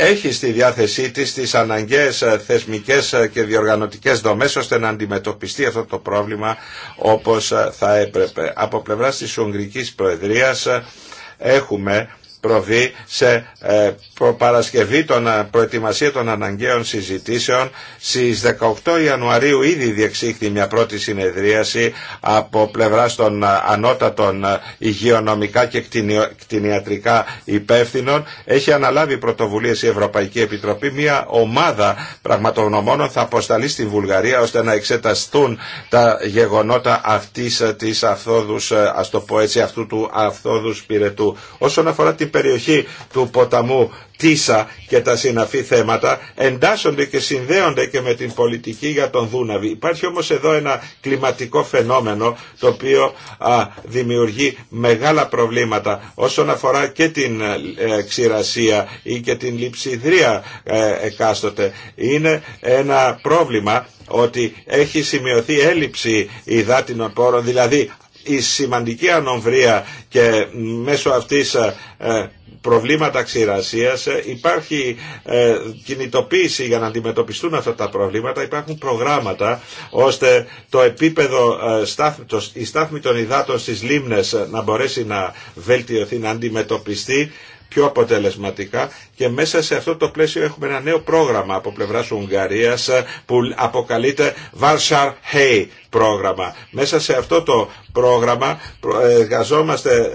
έχει στη διάθεσή της τις αναγκαίες ε, θεσμικές ε, και διοργανωτικές δομές ώστε να αντιμετωπιστεί αυτό το πρόβλημα όπως ε, θα έπρεπε. Από πλευράς της Ουγγρικής Προεδρίας έχουμε προβεί σε ε, παρασκευή των ε, προετοιμασία των αναγκαίων συζητήσεων. Στις 18 Ιανουαρίου ήδη διεξήχθη μια πρώτη συνεδρίαση από πλευράς των ε, ανώτατων υγειονομικά και κτηνιατρικά υπεύθυνων. Έχει αναλάβει πρωτοβουλίες η Ευρωπαϊκή Επιτροπή. Μια ομάδα πραγματογνωμόνων θα αποσταλεί στη Βουλγαρία ώστε να εξεταστούν τα γεγονότα αυτής της αυθόδους, ας το πω αυτού του αυθόδους πυρετού περιοχή του ποταμού Τίσα και τα συναφή θέματα εντάσσονται και συνδέονται και με την πολιτική για τον Δούναβη. Υπάρχει όμως εδώ ένα κλιματικό φαινόμενο το οποίο α, δημιουργεί μεγάλα προβλήματα όσον αφορά και την ε, ξηρασία ή και την λειψιδρία ε, εκάστοτε. Είναι ένα πρόβλημα ότι έχει σημειωθεί έλλειψη υδάτινων πόρων, δηλαδή η σημαντική ανομβρία και μέσω αυτής ε, ε, προβλήματα ξηρασίας, ε, υπάρχει κινητοποίηση για να αντιμετωπιστούν αυτά τα προβλήματα, υπάρχουν προγράμματα ώστε το επίπεδο, η στάθμη των υδάτων στις λίμνες να μπορέσει να βελτιωθεί, να αντιμετωπιστεί πιο αποτελεσματικά και μέσα σε αυτό το πλαίσιο έχουμε ένα νέο πρόγραμμα από πλευράς Ουγγαρίας ε, που αποκαλείται βαρσαρ Hey πρόγραμμα. Μέσα σε αυτό το πρόγραμμα ε, εργαζόμαστε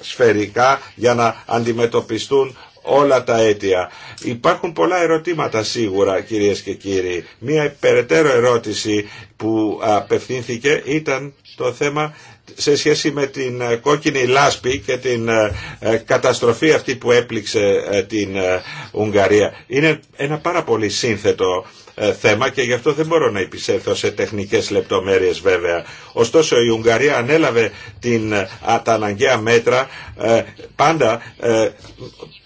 σφαιρικά για να αντιμετωπιστούν όλα τα αίτια. Υπάρχουν πολλά ερωτήματα σίγουρα κυρίες και κύριοι. Μία περαιτέρω ερώτηση που απευθύνθηκε ήταν το θέμα σε σχέση με την ε, κόκκινη λάσπη και την ε, ε, καταστροφή αυτή που έπληξε την Ουγγαρία. Είναι ένα πάρα πολύ σύνθετο ε, θέμα και γι' αυτό δεν μπορώ να επισέλθω σε τεχνικές λεπτομέρειες βέβαια. Ωστόσο η Ουγγαρία ανέλαβε την, ε, τα αναγκαία μέτρα ε, πάντα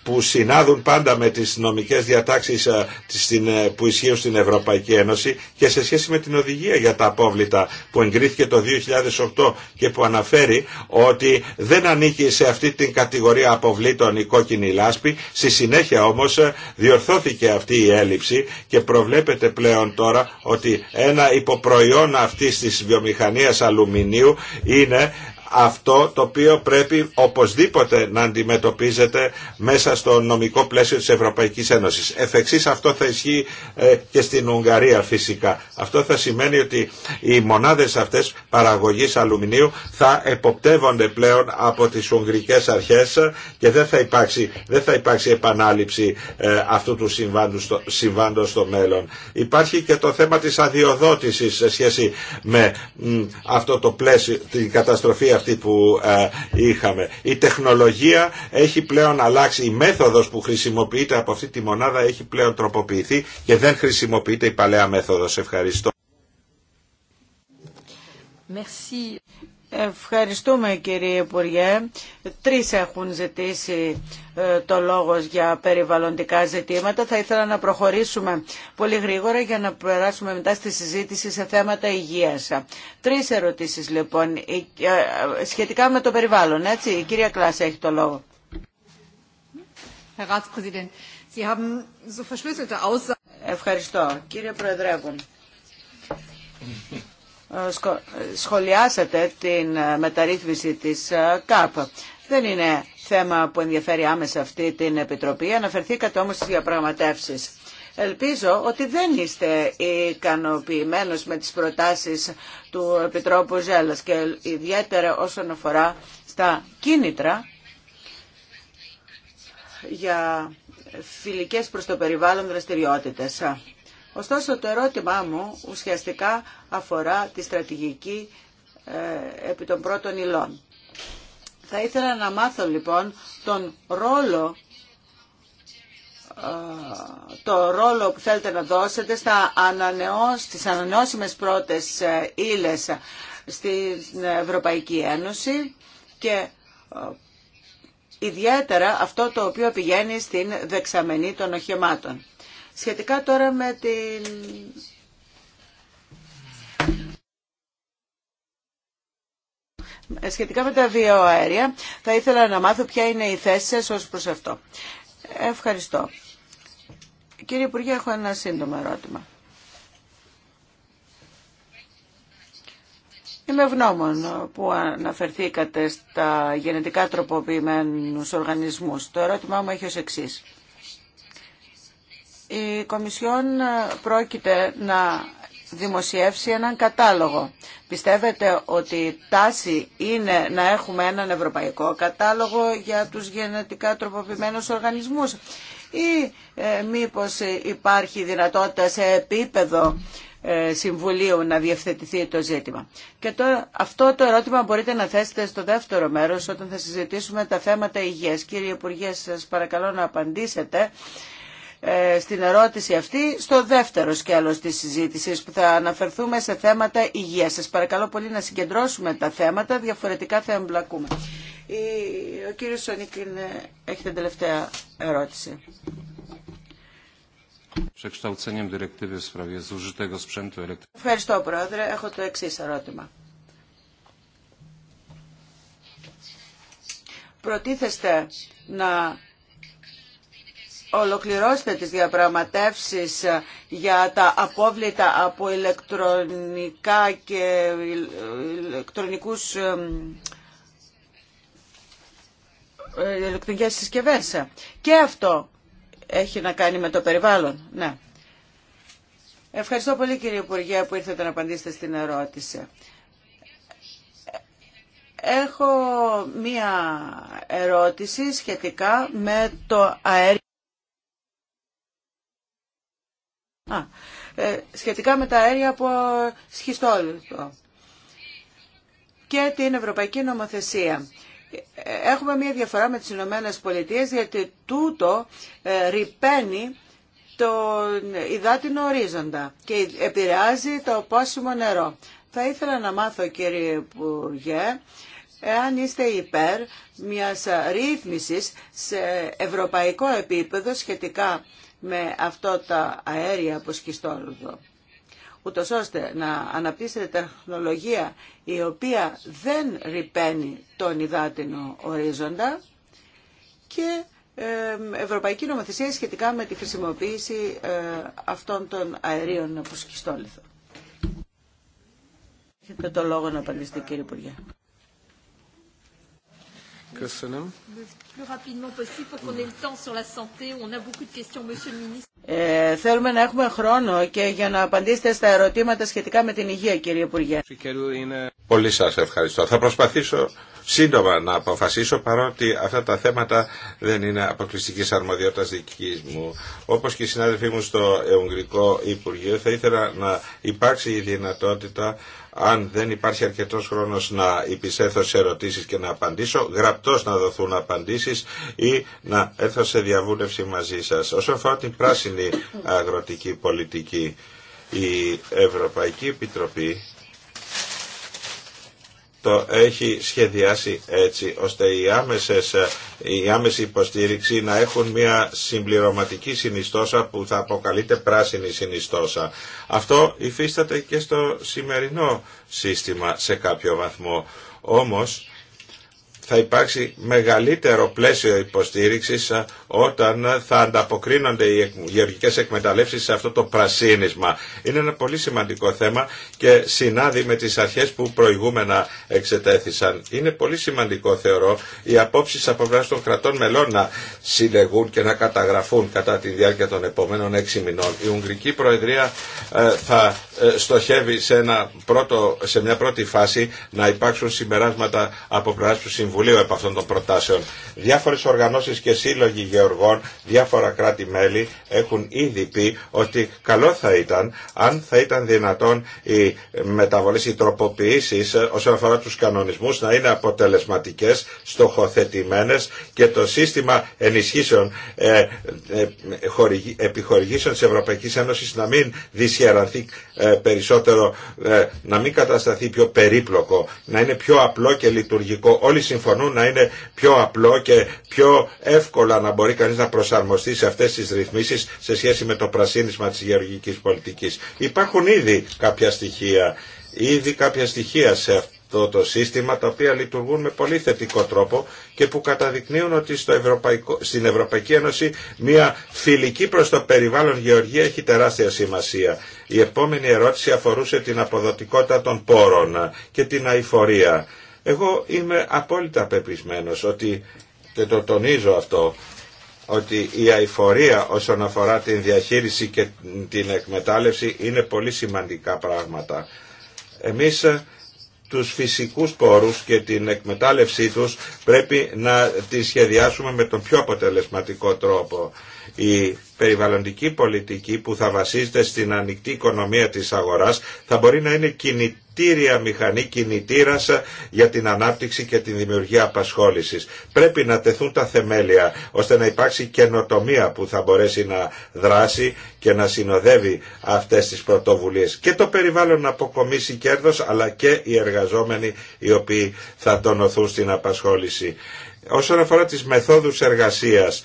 που συνάδουν πάντα με τις νομικές διατάξεις που ισχύουν στην Ευρωπαϊκή Ένωση και σε σχέση με την οδηγία για τα απόβλητα που εγκρίθηκε το 2008 και που αναφέρει ότι δεν ανήκει σε αυτή την κατηγορία αποβλήτων η κόκκινη λάσπη. Στη συνέχεια όμως διορθώθηκε αυτή η έλλειψη και προβλέπεται φαίνεται πλέον τώρα ότι ένα υποπροϊόν αυτής της βιομηχανίας αλουμινίου είναι αυτό το οποίο πρέπει οπωσδήποτε να αντιμετωπίζεται μέσα στο νομικό πλαίσιο της Ευρωπαϊκής Ένωσης. Εφεξής αυτό θα ισχύει ε, και στην Ουγγαρία φυσικά. Αυτό θα σημαίνει ότι οι μονάδες αυτές παραγωγής αλουμινίου θα εποπτεύονται πλέον από τις Ουγγρικές αρχές και δεν θα υπάρξει, δεν θα υπάρξει επανάληψη ε, αυτού του συμβάντος στο, μέλλον. Υπάρχει και το θέμα της αδειοδότησης σε σχέση με αυτό το πλαίσιο, την καταστροφή αυτή που ε, είχαμε. Η τεχνολογία έχει πλέον αλλάξει, η μέθοδος που χρησιμοποιείται από αυτή τη μονάδα έχει πλέον τροποποιηθεί και δεν χρησιμοποιείται η παλαιά μέθοδος. Ευχαριστώ. Ευχαριστούμε κύριε Υπουργέ. Τρεις έχουν ζητήσει ε, το λόγο για περιβαλλοντικά ζητήματα. Θα ήθελα να προχωρήσουμε πολύ γρήγορα για να περάσουμε μετά στη συζήτηση σε θέματα υγείας. Τρεις ερωτήσεις λοιπόν ε, ε, σχετικά με το περιβάλλον. Έτσι, η κυρία Κλάση έχει το λόγο. Ευχαριστώ. Κύριε Προεδρεύον, σχολιάσατε την ε, μεταρρύθμιση της ε, ΚΑΠ. Δεν είναι θέμα που ενδιαφέρει άμεσα αυτή την Επιτροπή. Αναφερθήκατε όμως στις διαπραγματεύσεις. Ελπίζω ότι δεν είστε ικανοποιημένος με τις προτάσεις του Επιτρόπου Ζέλλας και ιδιαίτερα όσον αφορά στα κίνητρα για φιλικές προς το περιβάλλον δραστηριότητες. Ωστόσο το ερώτημά μου ουσιαστικά αφορά τη στρατηγική ε, επί των πρώτων υλών. Θα ήθελα να μάθω λοιπόν τον ρόλο ε, το ρόλο που θέλετε να δώσετε στα ανανεώς, στις ανανεώσιμες πρώτες ε, ύλες στην Ευρωπαϊκή Ένωση και ιδιαίτερα αυτό το οποίο πηγαίνει στην δεξαμενή των οχημάτων. Σχετικά τώρα με την Σχετικά με τα βιοαέρια, θα ήθελα να μάθω ποια είναι η θέση σας ως προς αυτό. Ευχαριστώ. Κύριε Υπουργέ, έχω ένα σύντομο ερώτημα. Είμαι ευγνώμων που αναφερθήκατε στα γενετικά τροποποιημένους οργανισμούς. Το ερώτημά μου έχει ως εξής η Κομισιόν ε, πρόκειται να δημοσιεύσει έναν κατάλογο. Πιστεύετε ότι η τάση είναι να έχουμε έναν ευρωπαϊκό κατάλογο για τους γενετικά τροποποιημένους οργανισμούς ή ε, μήπως υπάρχει δυνατότητα σε επίπεδο ε, Συμβουλίου να διευθετηθεί το ζήτημα. Και τώρα αυτό το ερώτημα μπορείτε να θέσετε στο δεύτερο μέρος όταν θα συζητήσουμε τα θέματα υγείας. Κύριε Υπουργέ, σας παρακαλώ να απαντήσετε ε, στην ερώτηση αυτή στο δεύτερο σκέλος της συζήτησης που θα αναφερθούμε σε θέματα υγείας. Σας παρακαλώ πολύ να συγκεντρώσουμε τα θέματα, διαφορετικά θα εμπλακούμε. Ο κύριος ε, έχει την τελευταία ερώτηση. Ευχαριστώ, Πρόεδρε. Έχω το εξή ερώτημα. Προτίθεστε να Ολοκληρώστε τις διαπραγματεύσεις ε, για τα απόβλητα από ηλεκτρονικά και ηλεκτρονικούς ε, ε, ηλεκτρονικές συσκευές. Και αυτό έχει να κάνει με το περιβάλλον. Ναι. Ευχαριστώ πολύ κύριε Υπουργέ που ήρθατε να απαντήσετε στην ερώτηση. Έχω μία ερώτηση σχετικά με το αέριο. Ε, σχετικά με τα αέρια από ε, σχιστόλυτο και την Ευρωπαϊκή Νομοθεσία. Ε, έχουμε μία διαφορά με τις Ηνωμένε Πολιτείε γιατί τούτο ε, ρηπαίνει τον υδάτινο ορίζοντα και επηρεάζει το πόσιμο νερό. Θα ήθελα να μάθω κύριε Υπουργέ, εάν είστε υπέρ μιας ρύθμισης σε ευρωπαϊκό επίπεδο σχετικά με αυτό τα αέρια από σκιστόλουδο, ούτως ώστε να αναπτύσσεται τεχνολογία η οποία δεν ρηπαίνει τον υδάτινο ορίζοντα και ευρωπαϊκή νομοθεσία σχετικά με τη χρησιμοποίηση ε, αυτών των αερίων από σκιστόλιθο. Έχετε το λόγο να απαντήσετε κύριε Υπουργέ. Ε, θέλουμε να έχουμε χρόνο και για να απαντήσετε στα ερωτήματα σχετικά με την υγεία, κύριε Υπουργέ. Πολύ σας ευχαριστώ. Θα προσπαθήσω σύντομα να αποφασίσω παρότι αυτά τα θέματα δεν είναι αποκλειστική αρμοδιότητα δική μου. Όπω και οι συνάδελφοί μου στο Ουγγρικό Υπουργείο, θα ήθελα να υπάρξει η δυνατότητα αν δεν υπάρχει αρκετός χρόνος να υπησέθω σε ερωτήσεις και να απαντήσω, γραπτός να δοθούν απαντήσεις ή να έρθω σε διαβούλευση μαζί σας. Όσον αφορά την πράσινη αγροτική πολιτική, η Ευρωπαϊκή Επιτροπή το έχει σχεδιάσει έτσι ώστε οι άμεσες, η ε, άμεση υποστήριξη να έχουν μια συμπληρωματική συνιστόσα που θα αποκαλείται πράσινη συνιστόσα. Αυτό υφίσταται και στο σημερινό σύστημα σε κάποιο βαθμό. Όμως θα υπάρξει μεγαλύτερο πλαίσιο υποστήριξης όταν θα ανταποκρίνονται οι γεωργικές εκμεταλλεύσεις σε αυτό το πρασίνισμα. Είναι ένα πολύ σημαντικό θέμα και συνάδει με τις αρχές που προηγούμενα εξετέθησαν. Είναι πολύ σημαντικό θεωρώ οι απόψεις από των κρατών μελών να συλλεγούν και να καταγραφούν κατά τη διάρκεια των επόμενων έξι μηνών. Η Ουγγρική Προεδρία ε, θα ε, στοχεύει σε, ένα πρώτο, σε μια πρώτη φάση να υπάρξουν συμπεράσματα από πλευρά του Συμβουλίου Συμβουλίου επ' αυτών των προτάσεων. Διάφορες οργανώσεις και σύλλογοι γεωργών, διάφορα κράτη-μέλη έχουν ήδη πει ότι καλό θα ήταν αν θα ήταν δυνατόν οι μεταβολές, οι τροποποιήσεις ε, όσον αφορά τους κανονισμούς να είναι αποτελεσματικές, στοχοθετημένες και το σύστημα ενισχύσεων ε, ε, επιχορηγήσεων της Ευρωπαϊκής Ένωσης να μην δυσχερανθεί ε, περισσότερο, ε, να μην κατασταθεί πιο περίπλοκο, να είναι πιο απλό και λειτουργικό. Όλοι συμφωνούν συμφωνούν να είναι πιο απλό και πιο εύκολα να μπορεί κανείς να προσαρμοστεί σε αυτές τις ρυθμίσεις σε σχέση με το πρασίνισμα της γεωργικής πολιτικής. Υπάρχουν ήδη κάποια στοιχεία, ήδη κάποια στοιχεία σε αυτό το, σύστημα τα οποία λειτουργούν με πολύ θετικό τρόπο και που καταδεικνύουν ότι στο Ευρωπαϊκό, στην Ευρωπαϊκή Ένωση μια φιλική προς το περιβάλλον γεωργία έχει τεράστια σημασία. Η επόμενη ερώτηση αφορούσε την αποδοτικότητα των πόρων και την αηφορία. Εγώ είμαι απόλυτα πεπισμένος ότι, και το τονίζω αυτό, ότι η αηφορία όσον αφορά την διαχείριση και την εκμετάλλευση είναι πολύ σημαντικά πράγματα. Εμείς ε, τους φυσικούς πόρους και την εκμετάλλευσή τους πρέπει να τη σχεδιάσουμε με τον πιο αποτελεσματικό τρόπο. Η περιβαλλοντική πολιτική που θα βασίζεται στην ανοιχτή οικονομία της αγοράς θα μπορεί να είναι κινητή κινητήρια μηχανή, κινητήρας ε, για την ανάπτυξη και την δημιουργία απασχόλησης. Πρέπει να τεθούν τα θεμέλια ώστε να υπάρξει καινοτομία που θα μπορέσει να δράσει και να συνοδεύει αυτές τις πρωτοβουλίες. Και το περιβάλλον να αποκομίσει κέρδος αλλά και οι εργαζόμενοι οι οποίοι θα τονωθούν στην απασχόληση. Όσον αφορά τις μεθόδους εργασίας,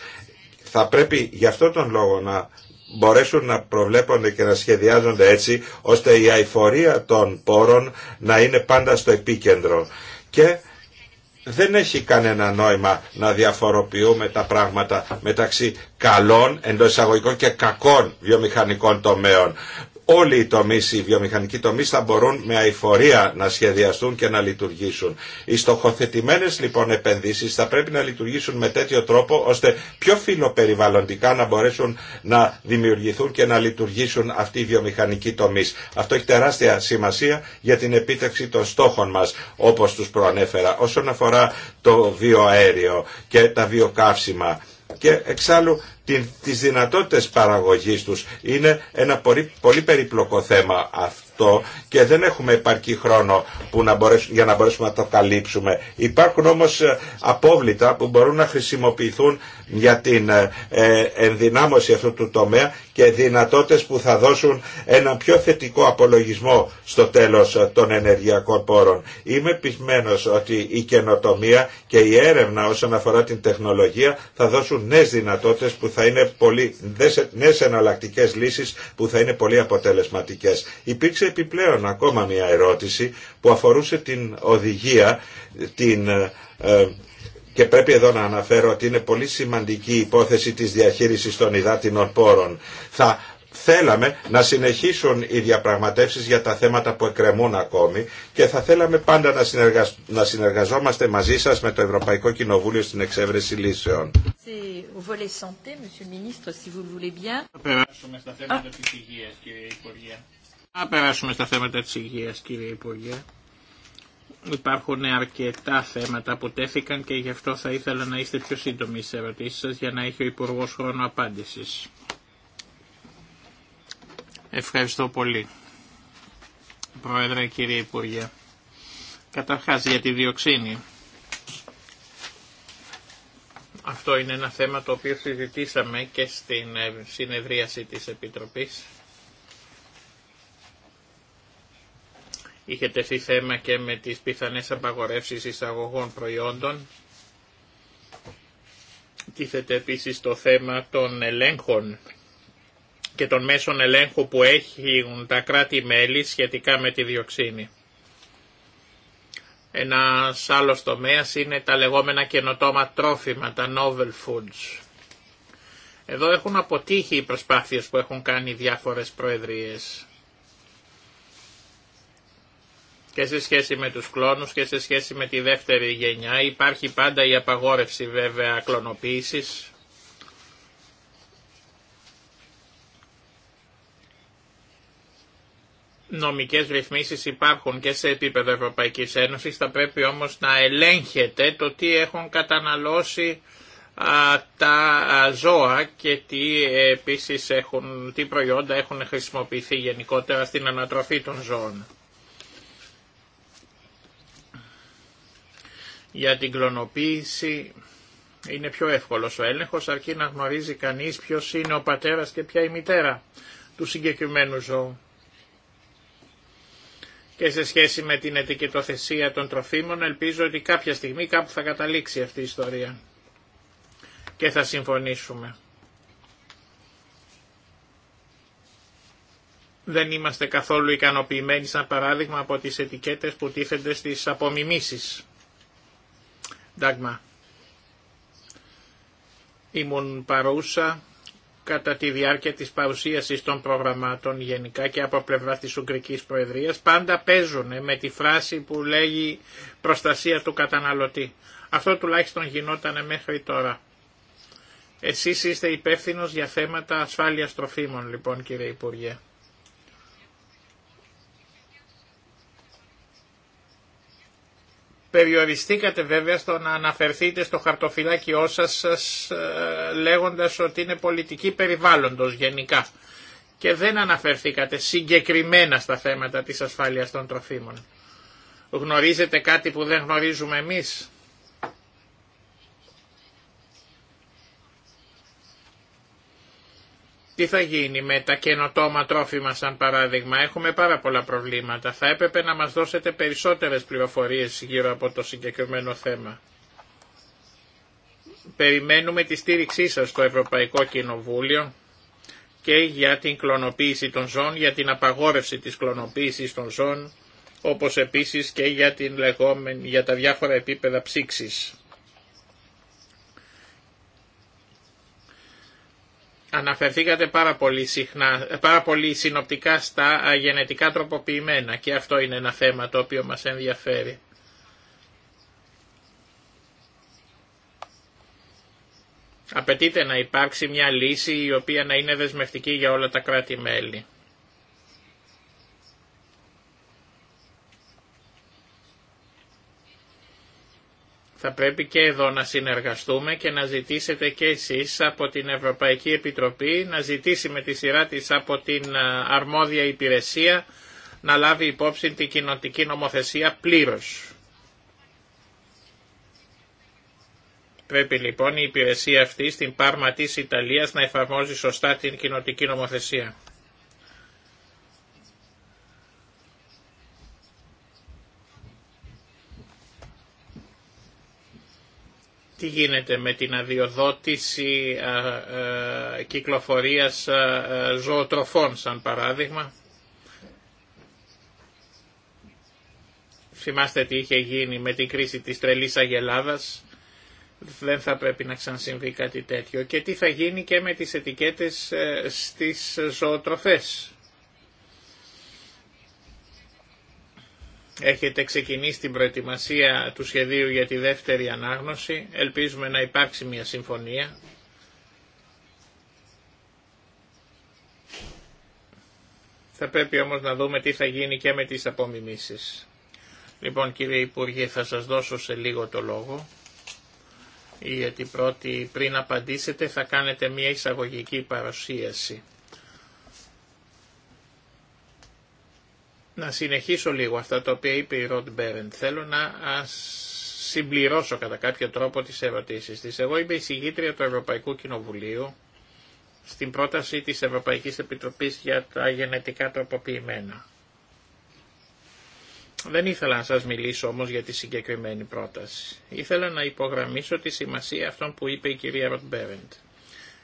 θα πρέπει γι' αυτό τον λόγο να μπορέσουν να προβλέπονται και να σχεδιάζονται έτσι ώστε η αηφορία των πόρων να είναι πάντα στο επίκεντρο. Και δεν έχει κανένα νόημα να διαφοροποιούμε τα πράγματα μεταξύ καλών εντό εισαγωγικών και κακών βιομηχανικών τομέων όλοι οι τομείς, οι βιομηχανικοί τομείς θα μπορούν με αηφορία να σχεδιαστούν και να λειτουργήσουν. Οι στοχοθετημένες λοιπόν επενδύσεις θα πρέπει να λειτουργήσουν με τέτοιο τρόπο ώστε πιο φιλοπεριβαλλοντικά να μπορέσουν να δημιουργηθούν και να λειτουργήσουν αυτοί οι βιομηχανικοί τομείς. Αυτό έχει τεράστια σημασία για την επίτευξη των στόχων μας όπως τους προανέφερα όσον αφορά το βιοαέριο και τα βιοκαύσιμα. Και εξάλλου τις δυνατότητες παραγωγής τους. Είναι ένα πολύ, πολύ περιπλοκό θέμα αυτό και δεν έχουμε επαρκή χρόνο που να για να μπορέσουμε να το καλύψουμε. Υπάρχουν όμως ε, απόβλητα που μπορούν να χρησιμοποιηθούν για την ε, ε, ενδυνάμωση αυτού του τομέα και δυνατότητες που θα δώσουν ένα πιο θετικό απολογισμό στο τέλος ε, των ενεργειακών πόρων. Είμαι πεισμένος ότι η καινοτομία και η έρευνα όσον αφορά την τεχνολογία θα δώσουν νέες δυνατότητες που θα είναι πολύ, νέες εναλλακτικές λύσεις που θα είναι πολύ αποτελεσματικές. Υπήρξε επιπλέον ακόμα μια ερώτηση που αφορούσε την οδηγία, την ε, ε, και πρέπει εδώ να αναφέρω ότι είναι πολύ σημαντική η υπόθεση της διαχείρισης των υδάτινων πόρων. Θα θέλαμε να συνεχίσουν οι διαπραγματεύσεις για τα θέματα που εκκρεμούν ακόμη και θα θέλαμε πάντα να, συνεργαζόμαστε μαζί σας με το Ευρωπαϊκό Κοινοβούλιο στην εξέβρεση λύσεων. Θα περάσουμε στα θέματα της υγείας, κύριε Υπουργέ. Υπάρχουν αρκετά θέματα που τέθηκαν και γι' αυτό θα ήθελα να είστε πιο σύντομοι σε ερωτήσεις σας για να έχει ο Υπουργός χρόνο απάντησης. Ευχαριστώ πολύ. Πρόεδρε, κύριε Υπουργέ. Καταρχάς για τη διοξίνη. Αυτό είναι ένα θέμα το οποίο συζητήσαμε και στην ε, συνεδρίαση της Επιτροπής Είχε τεθεί θέμα και με τις πιθανές απαγορεύσεις εισαγωγών προϊόντων. Τίθεται επίσης το θέμα των ελέγχων και των μέσων ελέγχου που έχουν τα κράτη-μέλη σχετικά με τη διοξίνη. Ένα άλλο τομέα είναι τα λεγόμενα καινοτόμα τρόφιμα, τα novel foods. Εδώ έχουν αποτύχει οι προσπάθειες που έχουν κάνει διάφορες προεδρίες και σε σχέση με τους κλόνους και σε σχέση με τη δεύτερη γενιά. Υπάρχει πάντα η απαγόρευση βέβαια κλωνοποίησης. Νομικές ρυθμίσεις υπάρχουν και σε επίπεδο Ευρωπαϊκής Ένωσης, θα πρέπει όμως να ελέγχεται το τι έχουν καταναλώσει τα ζώα και τι, ε, επίσης έχουν, τι προϊόντα έχουν χρησιμοποιηθεί γενικότερα στην ανατροφή των ζώων. Για την κλωνοποίηση είναι πιο εύκολος ο έλεγχος αρκεί να γνωρίζει κανείς ποιος είναι ο πατέρας και ποια η μητέρα του συγκεκριμένου ζώου. Και σε σχέση με την ετικετοθεσία των τροφίμων ελπίζω ότι κάποια στιγμή κάπου θα καταλήξει αυτή η ιστορία και θα συμφωνήσουμε. Δεν είμαστε καθόλου ικανοποιημένοι σαν παράδειγμα από τις ετικέτες που τίθενται στις απομιμήσεις. Ντάγμα. Ήμουν παρούσα κατά τη διάρκεια της παρουσίασης των προγραμμάτων γενικά και από πλευρά της Ουγγρικής Προεδρίας πάντα παίζουν με τη φράση που λέγει προστασία του καταναλωτή. Αυτό τουλάχιστον γινόταν μέχρι τώρα. Εσείς είστε υπεύθυνος για θέματα ασφάλειας τροφίμων λοιπόν κύριε Υπουργέ. Περιοριστήκατε βέβαια στο να αναφερθείτε στο χαρτοφυλάκιό σας, σας ε, λέγοντας ότι είναι πολιτική περιβάλλοντος γενικά και δεν αναφερθήκατε συγκεκριμένα στα θέματα της ασφάλειας των τροφίμων. Γνωρίζετε κάτι που δεν γνωρίζουμε εμείς. Τι θα γίνει με τα καινοτόμα τρόφιμα σαν παράδειγμα. Έχουμε πάρα πολλά προβλήματα. Θα έπρεπε να μας δώσετε περισσότερες πληροφορίες γύρω από το συγκεκριμένο θέμα. Περιμένουμε τη στήριξή σας στο Ευρωπαϊκό Κοινοβούλιο και για την κλωνοποίηση των ζών, για την απαγόρευση της κλωνοποίησης των ζών, όπως επίσης και για, την λεγόμενη, για τα διάφορα επίπεδα ψήξης. Αναφερθήκατε πάρα πολύ, συχνά, πάρα πολύ συνοπτικά στα γενετικά τροποποιημένα και αυτό είναι ένα θέμα το οποίο μας ενδιαφέρει. Απαιτείται να υπάρξει μια λύση η οποία να είναι δεσμευτική για όλα τα κράτη-μέλη. Θα πρέπει και εδώ να συνεργαστούμε και να ζητήσετε και εσείς από την Ευρωπαϊκή Επιτροπή να ζητήσει με τη σειρά της από την ε, αρμόδια υπηρεσία να λάβει υπόψη την κοινοτική νομοθεσία πλήρως. Πρέπει λοιπόν η υπηρεσία αυτή στην Πάρμα της Ιταλίας να εφαρμόζει σωστά την κοινοτική νομοθεσία. τι γίνεται με την αδειοδότηση κυκλοφορίας ζωοτροφών σαν παράδειγμα. Θυμάστε τι είχε γίνει με την κρίση της τρελής αγελάδας. Δεν θα πρέπει να ξανσυμβεί κάτι τέτοιο. Και τι θα γίνει και με τις ετικέτες ε, στις ζωοτροφές. Έχετε ξεκινήσει την προετοιμασία του σχεδίου για τη δεύτερη ανάγνωση. Ελπίζουμε να υπάρξει μια συμφωνία. Θα πρέπει όμως να δούμε τι θα γίνει και με τις απομιμήσεις. Λοιπόν κύριε Υπουργέ θα σας δώσω σε λίγο το λόγο γιατί πρώτη πριν απαντήσετε θα κάνετε μια εισαγωγική παρουσίαση. να συνεχίσω λίγο αυτά τα οποία είπε η Ροντ Μπέρεντ. Θέλω να συμπληρώσω κατά κάποιο τρόπο τις ερωτήσεις της. Εγώ είμαι η συγγήτρια του Ευρωπαϊκού Κοινοβουλίου στην πρόταση της Ευρωπαϊκής Επιτροπής για τα γενετικά τροποποιημένα. Δεν ήθελα να σας μιλήσω όμως για τη συγκεκριμένη πρόταση. Ήθελα να υπογραμμίσω τη σημασία αυτών που είπε η κυρία Ροτ Μπέρεντ.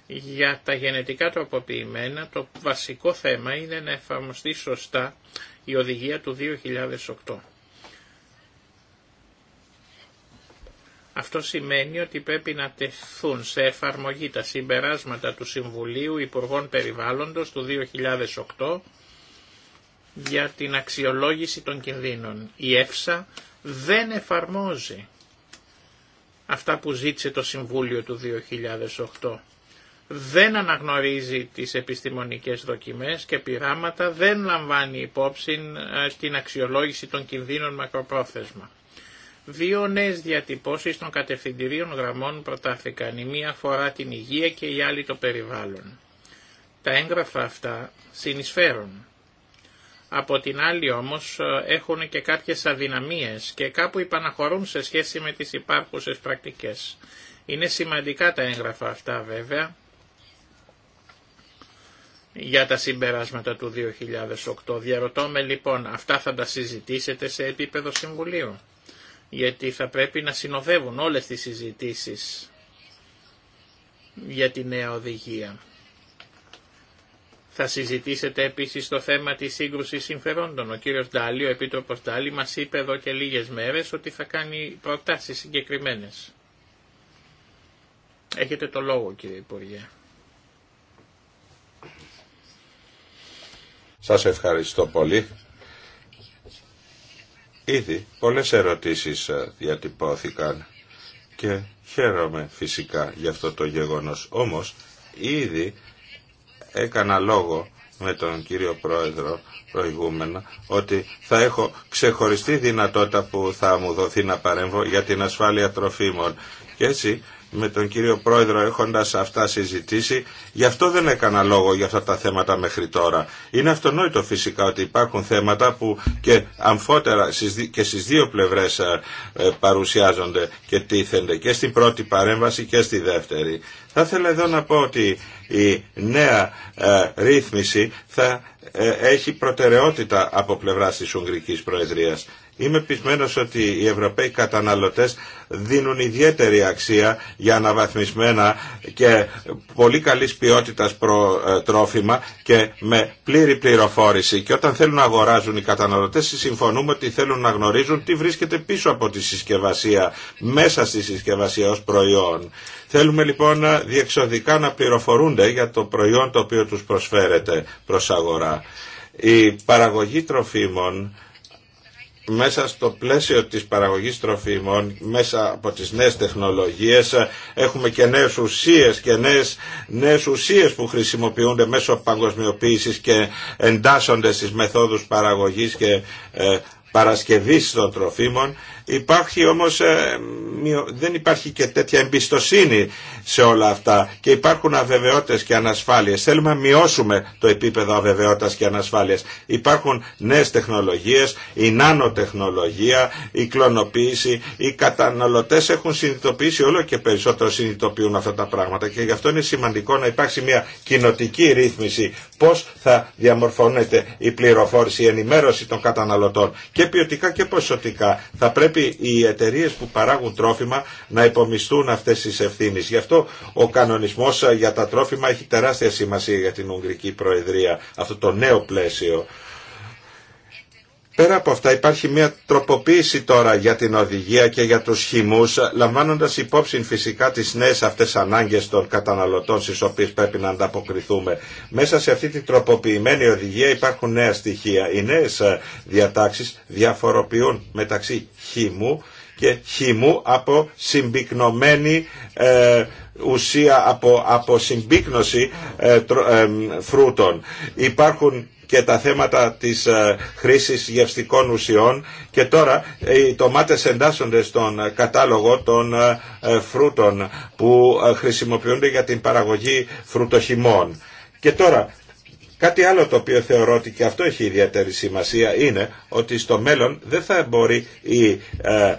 Για τα γενετικά τροποποιημένα το βασικό θέμα είναι να εφαρμοστεί σωστά η οδηγία του 2008. Αυτό σημαίνει ότι πρέπει να τεθούν σε εφαρμογή τα συμπεράσματα του Συμβουλίου Υπουργών Περιβάλλοντος του 2008 για την αξιολόγηση των κινδύνων. Η ΕΦΣΑ δεν εφαρμόζει αυτά που ζήτησε το Συμβούλιο του 2008 δεν αναγνωρίζει τις επιστημονικές δοκιμές και πειράματα, δεν λαμβάνει υπόψη ε, στην αξιολόγηση των κινδύνων μακροπρόθεσμα. Δύο νέες διατυπώσεις των κατευθυντηρίων γραμμών προτάθηκαν, η μία αφορά την υγεία και η άλλη το περιβάλλον. Τα έγγραφα αυτά συνεισφέρουν. Από την άλλη όμως ε, έχουν και κάποιες αδυναμίες και κάπου υπαναχωρούν σε σχέση με τις υπάρχουσες πρακτικές. Είναι σημαντικά τα έγγραφα αυτά βέβαια, για τα συμπεράσματα του 2008. Διαρωτώ με λοιπόν, αυτά θα τα συζητήσετε σε επίπεδο συμβουλίου, γιατί θα πρέπει να συνοδεύουν όλες τις συζητήσεις για τη νέα οδηγία. Θα συζητήσετε επίσης το θέμα της σύγκρουσης συμφερόντων. Ο κύριος Ντάλι, ο Επίτροπος Ντάλι, μας είπε εδώ και λίγες μέρες ότι θα κάνει προτάσεις συγκεκριμένες. Έχετε το λόγο κύριε Υπουργέ. Σας ευχαριστώ πολύ. Ήδη πολλές ερωτήσεις ε, διατυπώθηκαν και χαίρομαι φυσικά για αυτό το γεγονός. Όμως ήδη έκανα λόγο με τον κύριο Πρόεδρο προηγούμενα ότι θα έχω ξεχωριστή δυνατότητα που θα μου δοθεί να παρέμβω για την ασφάλεια τροφίμων. Και έτσι με τον κύριο Πρόεδρο έχοντας αυτά συζητήσει. Γι' αυτό δεν έκανα λόγο για αυτά τα θέματα μέχρι τώρα. Είναι αυτονόητο φυσικά ότι υπάρχουν θέματα που και αμφότερα και στις δύο πλευρές ε, ε, παρουσιάζονται και τίθενται και στην πρώτη παρέμβαση και στη δεύτερη. Θα ήθελα εδώ να πω ότι η νέα ε, ρύθμιση θα έχει προτεραιότητα από πλευράς της Ουγγρικής Προεδρίας. Είμαι πεισμένος ότι οι Ευρωπαίοι καταναλωτές δίνουν ιδιαίτερη αξία για αναβαθμισμένα και πολύ καλής ποιότητας ε, τρόφιμα και με πλήρη πληροφόρηση. Και όταν θέλουν να αγοράζουν οι καταναλωτές συμφωνούμε ότι θέλουν να γνωρίζουν τι βρίσκεται πίσω από τη συσκευασία, μέσα στη συσκευασία ως προϊόν. Θέλουμε λοιπόν διεξοδικά να πληροφορούνται για το προϊόν το οποίο τους προσφέρεται προς αγορά. Η παραγωγή τροφίμων μέσα στο πλαίσιο της παραγωγής τροφίμων, μέσα από τις νέες τεχνολογίες, έχουμε και νέες ουσίες και νέες, νέες ουσίες που χρησιμοποιούνται μέσω παγκοσμιοποίησης και εντάσσονται στις μεθόδους παραγωγής και ε, παρασκευής των τροφίμων Υπάρχει όμως, ε, δεν υπάρχει και τέτοια εμπιστοσύνη σε όλα αυτά και υπάρχουν αβεβαιότητες και ανασφάλειες. Θέλουμε να μειώσουμε το επίπεδο αβεβαιότητας και ανασφάλειας. Υπάρχουν νέες τεχνολογίες, η νανοτεχνολογία, η κλωνοποίηση. Οι καταναλωτές έχουν συνειδητοποιήσει όλο και περισσότερο συνειδητοποιούν αυτά τα πράγματα και γι' αυτό είναι σημαντικό να υπάρξει μια κοινοτική ρύθμιση πώς θα διαμορφώνεται η πληροφόρηση, η ενημέρωση των καταναλωτών και ποιοτικά και ποσοτικά. Θα πρέπει οι εταιρείε που παράγουν τρόφιμα να υπομισθούν αυτέ τι ευθύνε. Γι' αυτό ο κανονισμό για τα τρόφιμα έχει τεράστια σημασία για την Ουγγρική Προεδρία, αυτό το νέο πλαίσιο. Πέρα από αυτά υπάρχει μια τροποποίηση τώρα για την οδηγία και για τους χυμούς, λαμβάνοντας υπόψη φυσικά τις νέες αυτές ανάγκες των καταναλωτών στις οποίες πρέπει να ανταποκριθούμε. Μέσα σε αυτή την τροποποιημένη οδηγία υπάρχουν νέα στοιχεία. Οι νέες ε, διατάξεις διαφοροποιούν μεταξύ χυμού και χυμού από συμπυκνωμένη ε, ουσία, από, από συμπύκνωση ε, φρούτων. Υπάρχουν και τα θέματα της ε, χρήσης γευστικών ουσιών και τώρα ε, οι ντομάτες εντάσσονται στον ε, κατάλογο των φρούτων που χρησιμοποιούνται για την παραγωγή φρουτοχυμών. Και τώρα Κάτι άλλο το οποίο θεωρώ ότι και αυτό έχει ιδιαίτερη σημασία είναι ότι στο μέλλον δεν θα μπορεί η ε,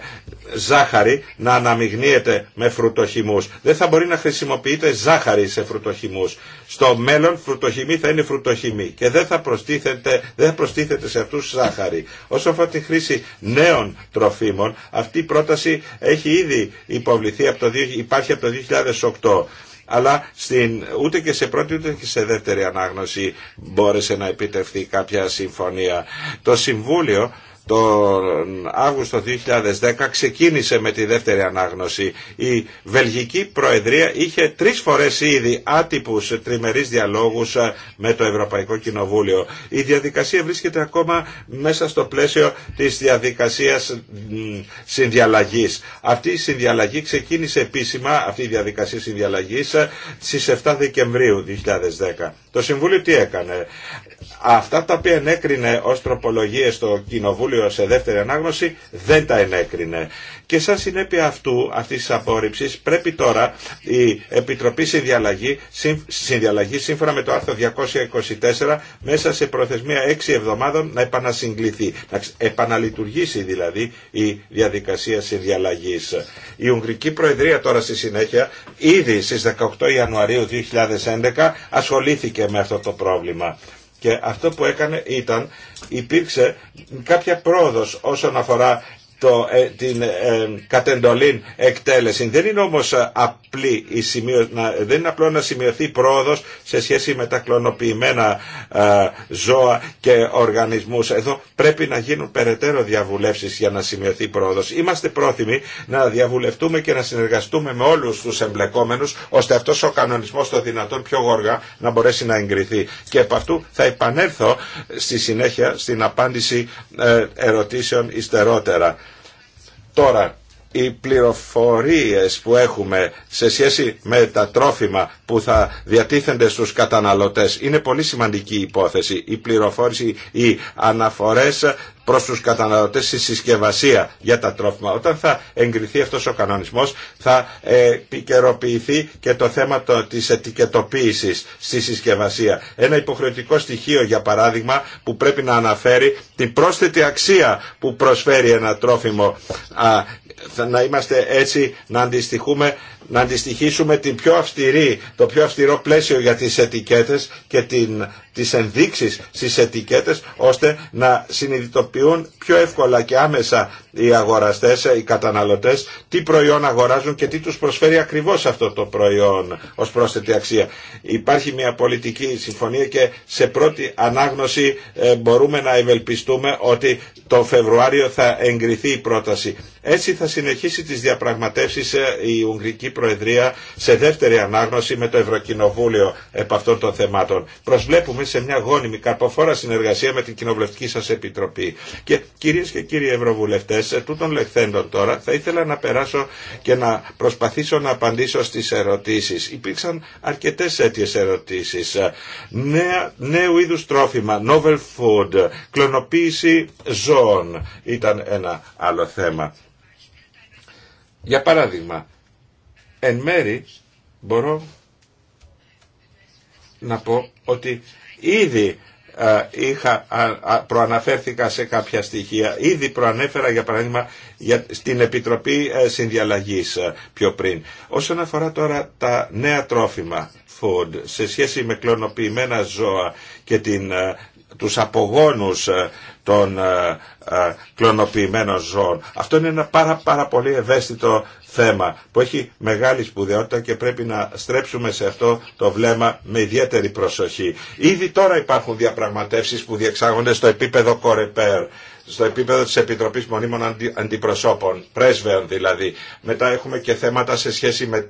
ζάχαρη να αναμειγνύεται με φρουτοχυμούς. Δεν θα μπορεί να χρησιμοποιείται ζάχαρη σε φρουτοχυμούς. Στο μέλλον φρουτοχυμή θα είναι φρουτοχυμή και δεν θα προστίθεται, δεν προστίθεται σε αυτούς ζάχαρη. Όσο αφορά τη χρήση νέων τροφίμων, αυτή η πρόταση έχει ήδη υποβληθεί υπάρχει από το 2008 αλλά στην, ούτε και σε πρώτη ούτε και σε δεύτερη ανάγνωση μπόρεσε να επιτευχθεί κάποια συμφωνία. Το Συμβούλιο τον Αύγουστο 2010 ξεκίνησε με τη δεύτερη ανάγνωση. Η Βελγική Προεδρία είχε τρεις φορές ήδη άτυπους τριμερείς διαλόγους ε, με το Ευρωπαϊκό Κοινοβούλιο. Η διαδικασία βρίσκεται ακόμα μέσα στο πλαίσιο της διαδικασίας συνδιαλλαγής. Αυτή η συνδιαλλαγή ξεκίνησε επίσημα, αυτή η διαδικασία συνδιαλλαγής, ε, στις 7 Δεκεμβρίου 2010. Το Συμβούλιο τι έκανε. Αυτά τα οποία ενέκρινε ως Κοινοβούλιο συμβούλιο σε δεύτερη ανάγνωση δεν τα ενέκρινε. Και σαν συνέπεια αυτού, αυτής της απόρριψης, πρέπει τώρα η Επιτροπή Συνδιαλλαγή, συνδιαλλαγή σύμφωνα με το άρθρο 224 μέσα σε προθεσμία 6 εβδομάδων να επανασυγκληθεί, να επαναλειτουργήσει δηλαδή η διαδικασία συνδιαλλαγής. Η Ουγγρική Προεδρία τώρα στη συνέχεια ήδη στις 18 Ιανουαρίου 2011 ασχολήθηκε με αυτό το πρόβλημα. Και αυτό που έκανε ήταν, υπήρξε κάποια πρόοδος όσον αφορά το, ε, την ε, εκτέλεση. Δεν είναι όμως ε, απλή η σημείο, να, δεν είναι απλό να σημειωθεί πρόοδος σε σχέση με τα κλωνοποιημένα ε, ζώα και οργανισμούς. Εδώ πρέπει να γίνουν περαιτέρω διαβουλεύσεις για να σημειωθεί πρόοδος. Είμαστε πρόθυμοι να διαβουλευτούμε και να συνεργαστούμε με όλους τους εμπλεκόμενους ώστε αυτός ο κανονισμός το δυνατόν πιο γοργά να μπορέσει να εγκριθεί. Και από αυτού θα επανέλθω στη συνέχεια στην απάντηση ε, ερωτήσεων υστερότερα. Τώρα, οι πληροφορίες που έχουμε σε σχέση με τα τρόφιμα που θα διατίθενται στους καταναλωτές είναι πολύ σημαντική υπόθεση. Η πληροφόρηση, οι αναφορές προς τους καταναλωτές στη συσκευασία για τα τρόφιμα. Όταν θα εγκριθεί αυτός ο κανονισμός θα ε, επικαιροποιηθεί και το θέμα τη της ετικετοποίησης στη συσκευασία. Ένα υποχρεωτικό στοιχείο για παράδειγμα που πρέπει να αναφέρει την πρόσθετη αξία που προσφέρει ένα τρόφιμο. Α, να είμαστε έτσι να αντιστοιχούμε αντιστοιχίσουμε το πιο αυστηρό πλαίσιο για τις ετικέτες και την τις ενδείξεις στις ετικέτες ώστε να συνειδητοποιούν πιο εύκολα και άμεσα οι αγοραστές, οι καταναλωτές τι προϊόν αγοράζουν και τι τους προσφέρει ακριβώς αυτό το προϊόν ως πρόσθετη αξία. Υπάρχει μια πολιτική συμφωνία και σε πρώτη ανάγνωση ε, μπορούμε να ευελπιστούμε ότι το Φεβρουάριο θα εγκριθεί η πρόταση. Έτσι θα συνεχίσει τις διαπραγματεύσεις ε, η Ουγγρική Προεδρία σε δεύτερη ανάγνωση με το Ευρωκοινοβούλιο επ' αυτών των θεμάτων. Προσβλέπουμε σε μια γόνιμη καρποφόρα συνεργασία με την Κοινοβουλευτική σας Επιτροπή. Και κυρίες και κύριοι Ευρωβουλευτές, ε, τούτων λεχθέντων τώρα θα ήθελα να περάσω και να προσπαθήσω να απαντήσω στις ερωτήσεις. Υπήρξαν αρκετές αίτιε ερωτήσεις. Ε, νέου είδου τρόφιμα, novel food, κλωνοποίηση ζώων ήταν ένα άλλο θέμα. Για παράδειγμα, εν μέρη μπορώ να πω ότι Ήδη είχα, προαναφέρθηκα σε κάποια στοιχεία. Ήδη προανέφερα για παράδειγμα για, στην Επιτροπή ε, Συνδιαλλαγής ε, πιο πριν. Όσον αφορά τώρα τα νέα τρόφιμα, food, σε σχέση με κλωνοποιημένα ζώα και την ε, τους απογόνους ε, των ε, ε, κλωνοποιημένων ζώων. Αυτό είναι ένα πάρα, πάρα πολύ ευαίσθητο θέμα που έχει μεγάλη σπουδαιότητα και πρέπει να στρέψουμε σε αυτό το βλέμμα με ιδιαίτερη προσοχή. Ήδη τώρα υπάρχουν διαπραγματεύσεις που διεξάγονται στο επίπεδο κορεπέρ στο επίπεδο της Επιτροπής Μονίμων Αντιπροσώπων, πρέσβεων δηλαδή. Μετά έχουμε και θέματα σε σχέση με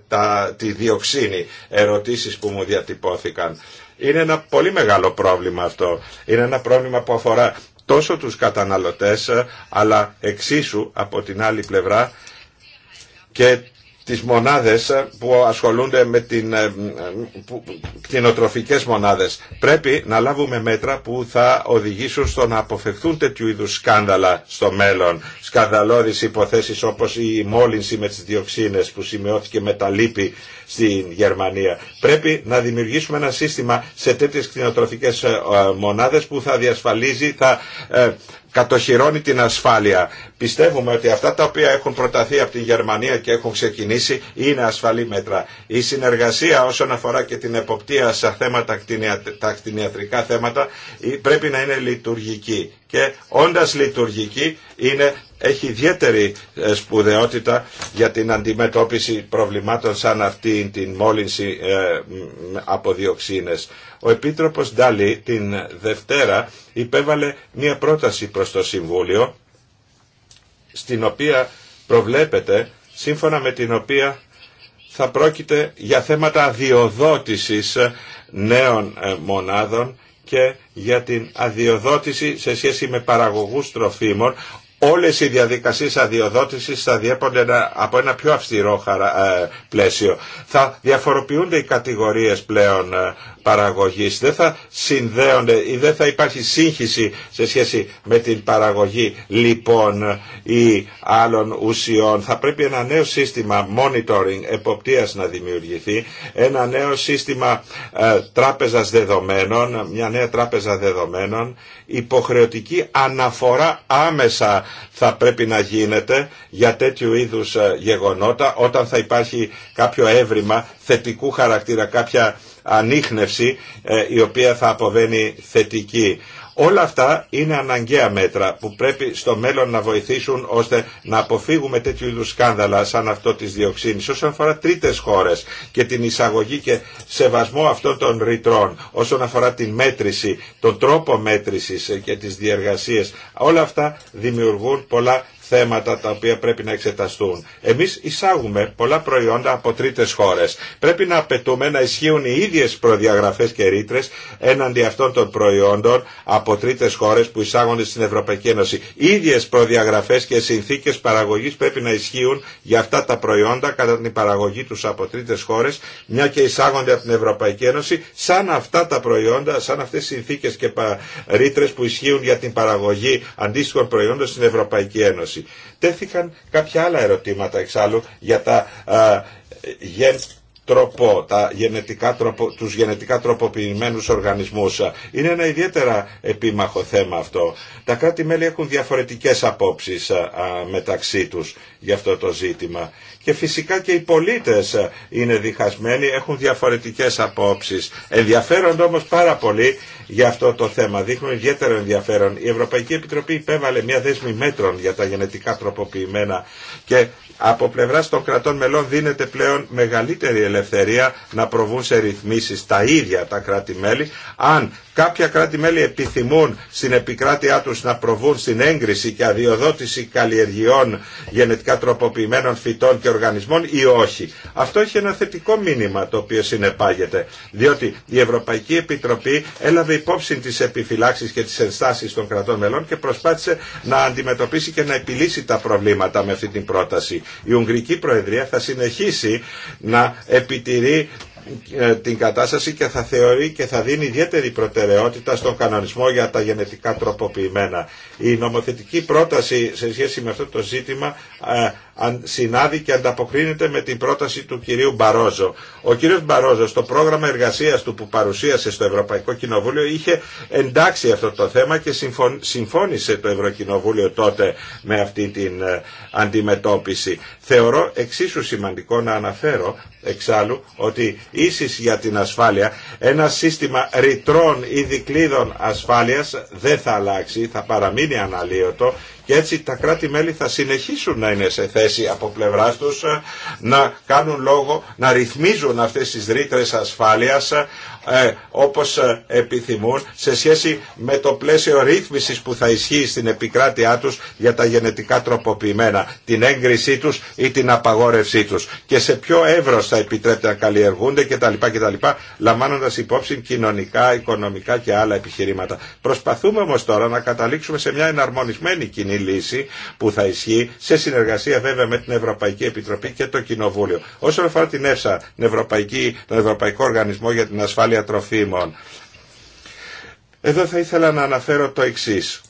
τη διοξίνη, ερωτήσεις που μου διατυπώθηκαν. Είναι ένα πολύ μεγάλο πρόβλημα αυτό. Είναι ένα πρόβλημα που αφορά τόσο τους καταναλωτές ε, αλλά εξίσου από την άλλη πλευρά και τις μονάδες ε, που ασχολούνται με την ε, που, κτηνοτροφικές μονάδες. Πρέπει να λάβουμε μέτρα που θα οδηγήσουν στο να αποφευθούν τέτοιου είδους σκάνδαλα στο μέλλον. Σκανδαλώδεις υποθέσεις όπως η μόλυνση με τις διοξίνες που σημειώθηκε με τα λύπη στην Γερμανία. Πρέπει να δημιουργήσουμε ένα σύστημα σε τέτοιες κτηνοτροφικές ε, ε, μονάδες που θα διασφαλίζει, θα ε, κατοχυρώνει την ασφάλεια. Πιστεύουμε ότι αυτά τα οποία έχουν προταθεί από την Γερμανία και έχουν ξεκινήσει είναι ασφαλή μέτρα. Η συνεργασία όσον αφορά και την εποπτεία σε θέματα, τα κτηνιατρικά θέματα πρέπει να είναι λειτουργική. Και όντας λειτουργική είναι έχει ιδιαίτερη ε, σπουδαιότητα για την αντιμετώπιση προβλημάτων σαν αυτή την μόλυνση ε, από διοξίνες. Ο Επίτροπος Ντάλι την Δευτέρα υπέβαλε μία πρόταση προς το Συμβούλιο στην οποία προβλέπεται, σύμφωνα με την οποία θα πρόκειται για θέματα αδειοδότησης ε, νέων μονάδων και για την αδειοδότηση σε σχέση με παραγωγούς τροφίμων όλες οι διαδικασίες αδειοδότησης θα διέπονται από ένα πιο αυστηρό ε, πλαίσιο. Θα διαφοροποιούνται οι κατηγορίες πλέον ε, παραγωγής. Δεν θα συνδέονται ή δεν θα υπάρχει σύγχυση σε σχέση με την παραγωγή λοιπόν ή άλλων ουσιών. Θα πρέπει ένα νέο σύστημα monitoring, εποπτείας να δημιουργηθεί, ένα νέο σύστημα ε, τράπεζας δεδομένων, μια νέα τράπεζα δεδομένων, υποχρεωτική αναφορά άμεσα θα πρέπει να γίνεται για τέτοιου είδους ε, γεγονότα όταν θα υπάρχει κάποιο έβριμα θετικού χαρακτήρα, κάποια ανείχνευση ε, η οποία θα αποβαίνει θετική. Όλα αυτά είναι αναγκαία μέτρα που πρέπει στο μέλλον να βοηθήσουν ώστε να αποφύγουμε τέτοιου είδου σκάνδαλα σαν αυτό τη διοξίνη όσον αφορά τρίτε χώρε και την εισαγωγή και σεβασμό αυτών των ρητρών, όσον αφορά την μέτρηση, τον τρόπο μέτρηση ε, και τις διεργασίε. Όλα αυτά δημιουργούν πολλά θέματα τα οποία πρέπει να εξεταστούν. Εμείς εισάγουμε πολλά προϊόντα από τρίτες χώρες. Πρέπει να απαιτούμε να ισχύουν οι ίδιες προδιαγραφές και ρήτρες έναντι αυτών των προϊόντων από τρίτες χώρες που εισάγονται στην Ευρωπαϊκή Ένωση. Οι ίδιες προδιαγραφές και συνθήκες παραγωγής πρέπει να ισχύουν για αυτά τα προϊόντα κατά την παραγωγή τους από τρίτες χώρες, μια και εισάγονται από την Ευρωπαϊκή Ένωση, σαν αυτά τα προϊόντα, σαν αυτές οι συνθήκες και ρήτρε που ισχύουν για την παραγωγή αντίστοιχων προϊόντων στην Ευρωπαϊκή Ένωση. Τέθηκαν κάποια άλλα ερωτήματα εξάλλου για τα τρόπο, τα γενετικά τροπο, τους γενετικά τροποποιημένους οργανισμούς. Είναι ένα ιδιαίτερα επίμαχο θέμα αυτό. Τα κράτη-μέλη έχουν διαφορετικές απόψεις μεταξύ τους για αυτό το ζήτημα. Και φυσικά και οι πολίτες είναι διχασμένοι, έχουν διαφορετικές απόψεις. Ενδιαφέρονται όμως πάρα πολύ για αυτό το θέμα. Δείχνουν ιδιαίτερο ενδιαφέρον. Η Ευρωπαϊκή Επιτροπή υπέβαλε μια δέσμη μέτρων για τα γενετικά τροποποιημένα και από πλευράς των κρατών μελών δίνεται πλέον μεγαλύτερη ελευθερία να προβούν σε ρυθμίσει τα ίδια τα κράτη-μέλη. Αν κάποια κράτη-μέλη επιθυμούν στην επικράτειά του να προβούν στην έγκριση και αδειοδότηση καλλιεργειών γενετικά τροποποιημένων φυτών και οργανισμών ή όχι. Αυτό έχει ένα θετικό μήνυμα το οποίο συνεπάγεται, διότι η Ευρωπαϊκή Επιτροπή έλαβε υπόψη τι επιφυλάξει και τι ενστάσει των κρατών μελών και προσπάθησε να αντιμετωπίσει και να επιλύσει τα προβλήματα με αυτή την πρόταση. Η Ουγγρική Προεδρία θα συνεχίσει να επιτηρεί ε, την κατάσταση και θα θεωρεί και θα δίνει ιδιαίτερη προτεραιότητα στον κανονισμό για τα γενετικά τροποποιημένα. Η νομοθετική πρόταση σε σχέση με αυτό το ζήτημα ε, συνάδει και ανταποκρίνεται με την πρόταση του κυρίου Μπαρόζο. Ο κύριος Μπαρόζο στο πρόγραμμα εργασίας του που παρουσίασε στο Ευρωπαϊκό Κοινοβούλιο είχε εντάξει αυτό το θέμα και συμφώνησε το Ευρωκοινοβούλιο τότε με αυτή την ε, αντιμετώπιση. Θεωρώ εξίσου σημαντικό να αναφέρω εξάλλου ότι ίσως για την ασφάλεια ένα σύστημα ρητρών ή δικλείδων ασφάλειας δεν θα αλλάξει, θα παραμείνει αναλύωτο και έτσι τα κράτη-μέλη θα συνεχίσουν να είναι σε θέση από πλευρά τους ε, να κάνουν λόγο, να ρυθμίζουν αυτές τις ρήτρες ασφάλειας ε, ε, όπως ε, επιθυμούν σε σχέση με το πλαίσιο ρύθμισης που θα ισχύει στην επικράτειά τους για τα γενετικά τροποποιημένα, την έγκρισή τους ή την απαγόρευσή τους και σε ποιο εύρος θα επιτρέπεται να καλλιεργούνται κτλ. κτλ υπόψη κοινωνικά, οικονομικά και άλλα επιχειρήματα. Προσπαθούμε όμως τώρα να καταλήξουμε σε μια εναρμονισμένη κοινή λύση που θα ισχύει σε συνεργασία βέβαια με την Ευρωπαϊκή Επιτροπή και το Κοινοβούλιο. Όσον αφορά την ΕΦΣΑ, τον Ευρωπαϊκό Οργανισμό για την Ασφάλεια ασφάλεια τροφίμων. Εδώ θα ήθελα να αναφέρω το εξής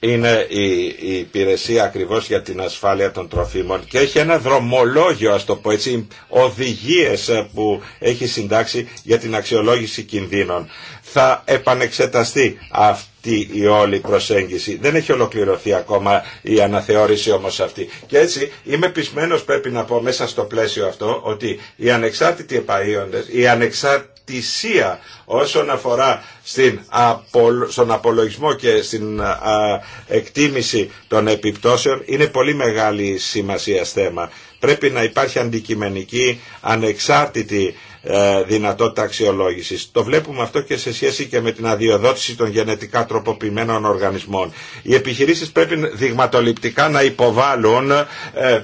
είναι η υπηρεσία ακριβώς για την ασφάλεια των τροφίμων και έχει ένα δρομολόγιο, ας το πω έτσι, οδηγίες ε, που έχει συντάξει για την αξιολόγηση κινδύνων. Θα επανεξεταστεί αυτή η όλη προσέγγιση. Δεν έχει ολοκληρωθεί ακόμα η αναθεώρηση όμως αυτή. Και έτσι είμαι πεισμένος πρέπει να πω μέσα στο πλαίσιο αυτό ότι οι ανεξάρτητοι επαΐοντες, οι ανεξάρτητοι ετησία όσον αφορά στην, στον απολογισμό και στην εκτίμηση των επιπτώσεων είναι πολύ μεγάλη σημασία θέμα. Πρέπει να υπάρχει αντικειμενική, ανεξάρτητη ε, δυνατότητα αξιολόγηση. Το βλέπουμε αυτό και σε σχέση και με την αδειοδότηση των γενετικά τροποποιημένων οργανισμών. Οι επιχειρήσεις πρέπει δειγματοληπτικά να υποβάλουν ε,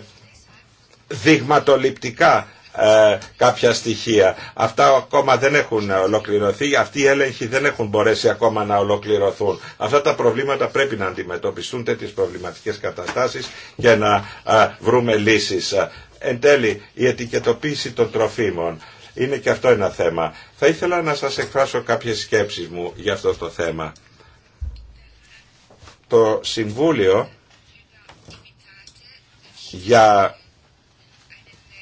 δειγματοληπτικά ε, κάποια στοιχεία. Αυτά ακόμα δεν έχουν ολοκληρωθεί, αυτοί οι έλεγχοι δεν έχουν μπορέσει ακόμα να ολοκληρωθούν. Αυτά τα προβλήματα πρέπει να αντιμετωπιστούν, τέτοιες προβληματικές καταστάσεις και να ε, βρούμε λύσεις. Εν τέλει, η ετικετοποίηση των τροφίμων είναι και αυτό ένα θέμα. Θα ήθελα να σας εκφράσω κάποιες σκέψεις μου για αυτό το θέμα. Το Συμβούλιο για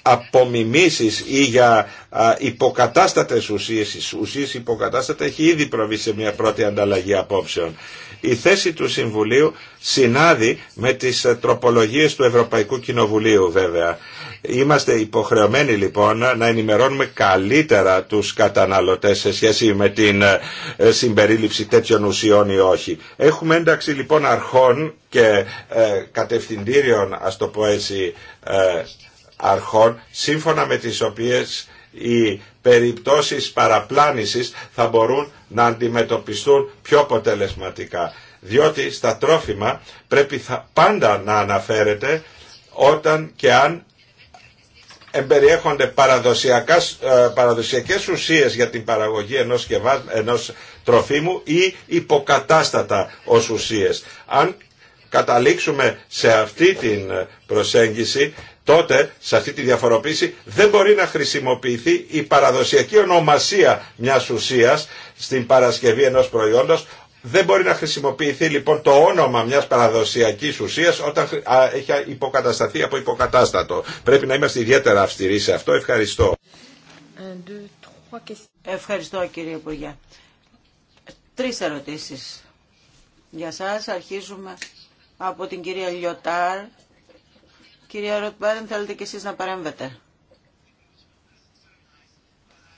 απομιμήσεις ή για υποκατάστατες ουσίες, ουσίες υποκατάστατα έχει ήδη προβεί σε μια πρώτη ανταλλαγή απόψεων. Η θέση του Συμβουλίου συνάδει με τις ε, τροπολογίες του Ευρωπαϊκού Κοινοβουλίου βέβαια. Είμαστε υποχρεωμένοι λοιπόν να ενημερώνουμε καλύτερα τους καταναλωτές σε σχέση με την ε, ε, συμπερίληψη τέτοιων ουσιών ή όχι. Έχουμε ένταξη λοιπόν αρχών και κατευθυντήριων, ας το πω έτσι, αρχών σύμφωνα με τις οποίες οι περιπτώσεις παραπλάνησης θα μπορούν να αντιμετωπιστούν πιο αποτελεσματικά. Διότι στα τρόφιμα πρέπει πάντα να αναφέρεται όταν και αν εμπεριέχονται παραδοσιακές, ε, παραδοσιακές ουσίες για την παραγωγή ενός, ενός τροφίμου ή υποκατάστατα ως ουσίες. Αν καταλήξουμε σε αυτή την προσέγγιση τότε σε αυτή τη διαφοροποίηση δεν μπορεί να χρησιμοποιηθεί η παραδοσιακή ονομασία μιας ουσίας στην παρασκευή ενός προϊόντος δεν μπορεί να χρησιμοποιηθεί λοιπόν το όνομα μιας παραδοσιακής ουσίας όταν έχει υποκατασταθεί από υποκατάστατο. Πρέπει να είμαστε ιδιαίτερα αυστηροί σε αυτό. Ευχαριστώ. Ευχαριστώ κύριε Υπουργέ. Τρεις ερωτήσεις για σας. Αρχίζουμε από την κυρία Λιωτάρ Κυρία Ροτμπάρεν, θέλετε και εσείς να παρέμβετε.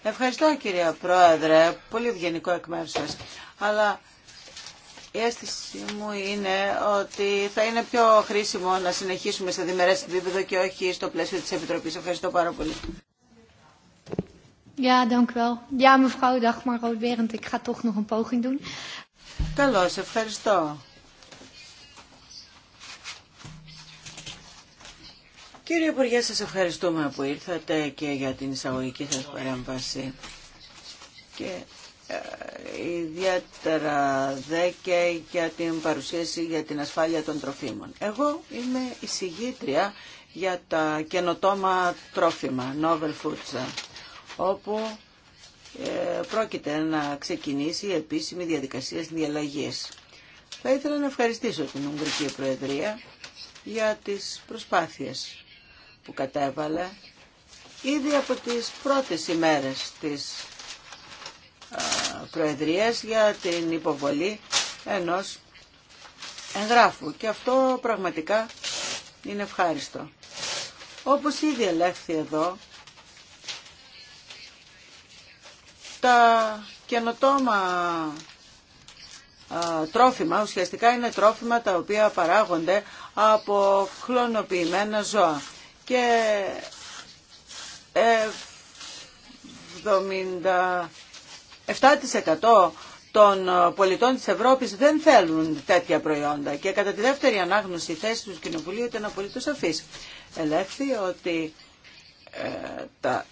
Ευχαριστώ κυρία Πρόεδρε, πολύ ευγενικό εκ μέρους σας. Αλλά η αίσθηση μου είναι ότι θα είναι πιο χρήσιμο να συνεχίσουμε σε διμερές επίπεδο και όχι στο πλαίσιο της Επιτροπής. Ευχαριστώ πάρα πολύ. Ja, Καλώς, ευχαριστώ. Κύριε Υπουργέ, σας ευχαριστούμε που ήρθατε και για την εισαγωγική σας παρέμβαση. Και ε, ιδιαίτερα δε και για την παρουσίαση για την ασφάλεια των τροφίμων. Εγώ είμαι η συγγήτρια για τα καινοτόμα τρόφιμα, novel foods, όπου ε, πρόκειται να ξεκινήσει η επίσημη διαδικασία συνδιαλλαγής. Θα ήθελα να ευχαριστήσω την Ουγγρική Προεδρία για τις προσπάθειες που κατέβαλε ήδη από τις πρώτες ημέρες της Προεδρίας για την υποβολή ενός εγγράφου. Και αυτό πραγματικά είναι ευχάριστο. Όπως ήδη ελέγχθη εδώ, τα καινοτόμα τρόφιμα, ουσιαστικά είναι τρόφιμα τα οποία παράγονται από κλωνοποιημένα ζώα και 77% ε, των ε, πολιτών της Ευρώπης δεν θέλουν τέτοια προϊόντα και κατά τη δεύτερη ανάγνωση η θέση του Κοινοβουλίου ήταν απολύτως σαφής. Ελέγχθη ότι ε, τα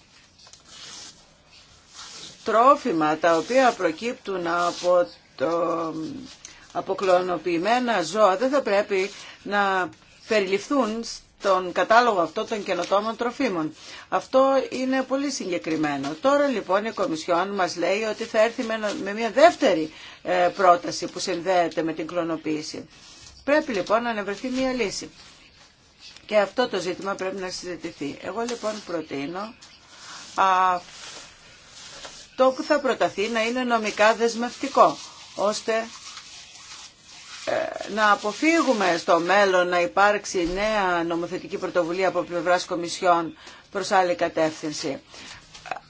τρόφιμα τα οποία προκύπτουν από, το, από ζώα δεν θα πρέπει να περιληφθούν τον κατάλογο αυτό των καινοτόμων τροφίμων. Αυτό είναι πολύ συγκεκριμένο. Τώρα λοιπόν η Κομισιόν μας λέει ότι θα έρθει με μια δεύτερη ε, πρόταση που συνδέεται με την κλωνοποίηση. Πρέπει λοιπόν να ανεβρεθεί μια λύση. Και αυτό το ζήτημα πρέπει να συζητηθεί. Εγώ λοιπόν προτείνω το που θα προταθεί να είναι νομικά δεσμευτικό, ώστε ε, να αποφύγουμε στο μέλλον να υπάρξει νέα νομοθετική πρωτοβουλία από πλευράς Κομισιόν προς άλλη κατεύθυνση.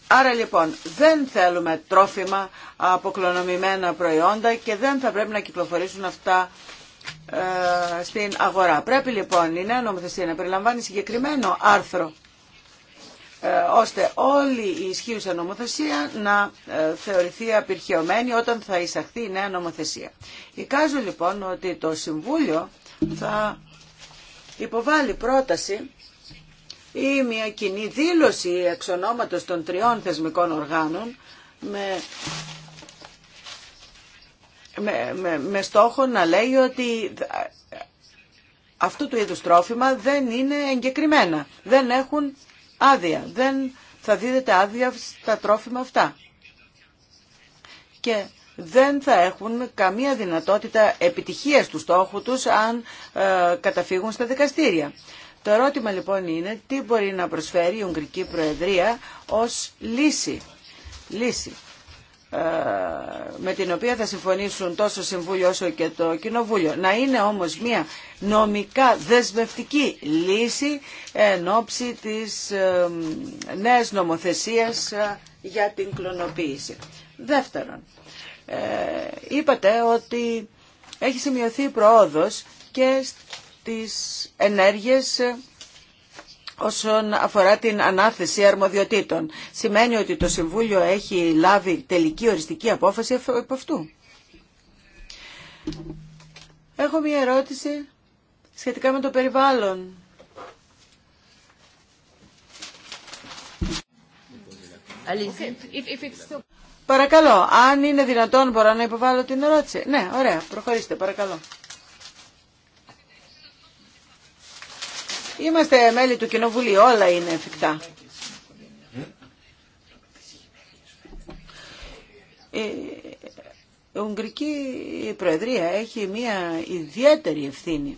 Άρα λοιπόν δεν θέλουμε τρόφιμα από κλωνομημένα προϊόντα και δεν θα πρέπει να κυκλοφορήσουν αυτά ε, στην αγορά. Πρέπει λοιπόν η νέα νομοθεσία να περιλαμβάνει συγκεκριμένο άρθρο ε, ώστε όλη η ισχύουσα νομοθεσία να ε, θεωρηθεί απειρχαιωμένη όταν θα εισαχθεί η νέα νομοθεσία. Εικάζω λοιπόν ότι το Συμβούλιο θα υποβάλει πρόταση ή μια κοινή δήλωση εξ των τριών θεσμικών οργάνων με, με, με, στόχο να λέει ότι ε, αυτού του είδους τρόφιμα δεν είναι εγκεκριμένα, δεν έχουν άδεια. Δεν θα δίδεται άδεια στα τρόφιμα αυτά. Και δεν θα έχουν καμία δυνατότητα επιτυχίας του στόχου τους αν ε, καταφύγουν στα δικαστήρια. Το ερώτημα λοιπόν είναι τι μπορεί να προσφέρει η Ουγγρική Προεδρία ως λύση. λύση με την οποία θα συμφωνήσουν τόσο Συμβούλιο όσο και το Κοινοβούλιο. Να είναι όμως μια νομικά δεσμευτική λύση εν ώψη της νέας νομοθεσίας ε, για την κλωνοποίηση. Δεύτερον, ε, είπατε ότι έχει σημειωθεί προόδος και στις ενέργειες όσον αφορά την ανάθεση αρμοδιοτήτων. Σημαίνει ότι το Συμβούλιο έχει λάβει τελική οριστική απόφαση από αυτού. Έχω μία ερώτηση σχετικά με το περιβάλλον. Παρακαλώ, αν είναι δυνατόν μπορώ να υποβάλω την ερώτηση. Ναι, ωραία, προχωρήστε, παρακαλώ. Είμαστε μέλη του Κοινοβουλίου, όλα είναι εφικτά. Η Ουγγρική Προεδρία έχει μια ιδιαίτερη ευθύνη.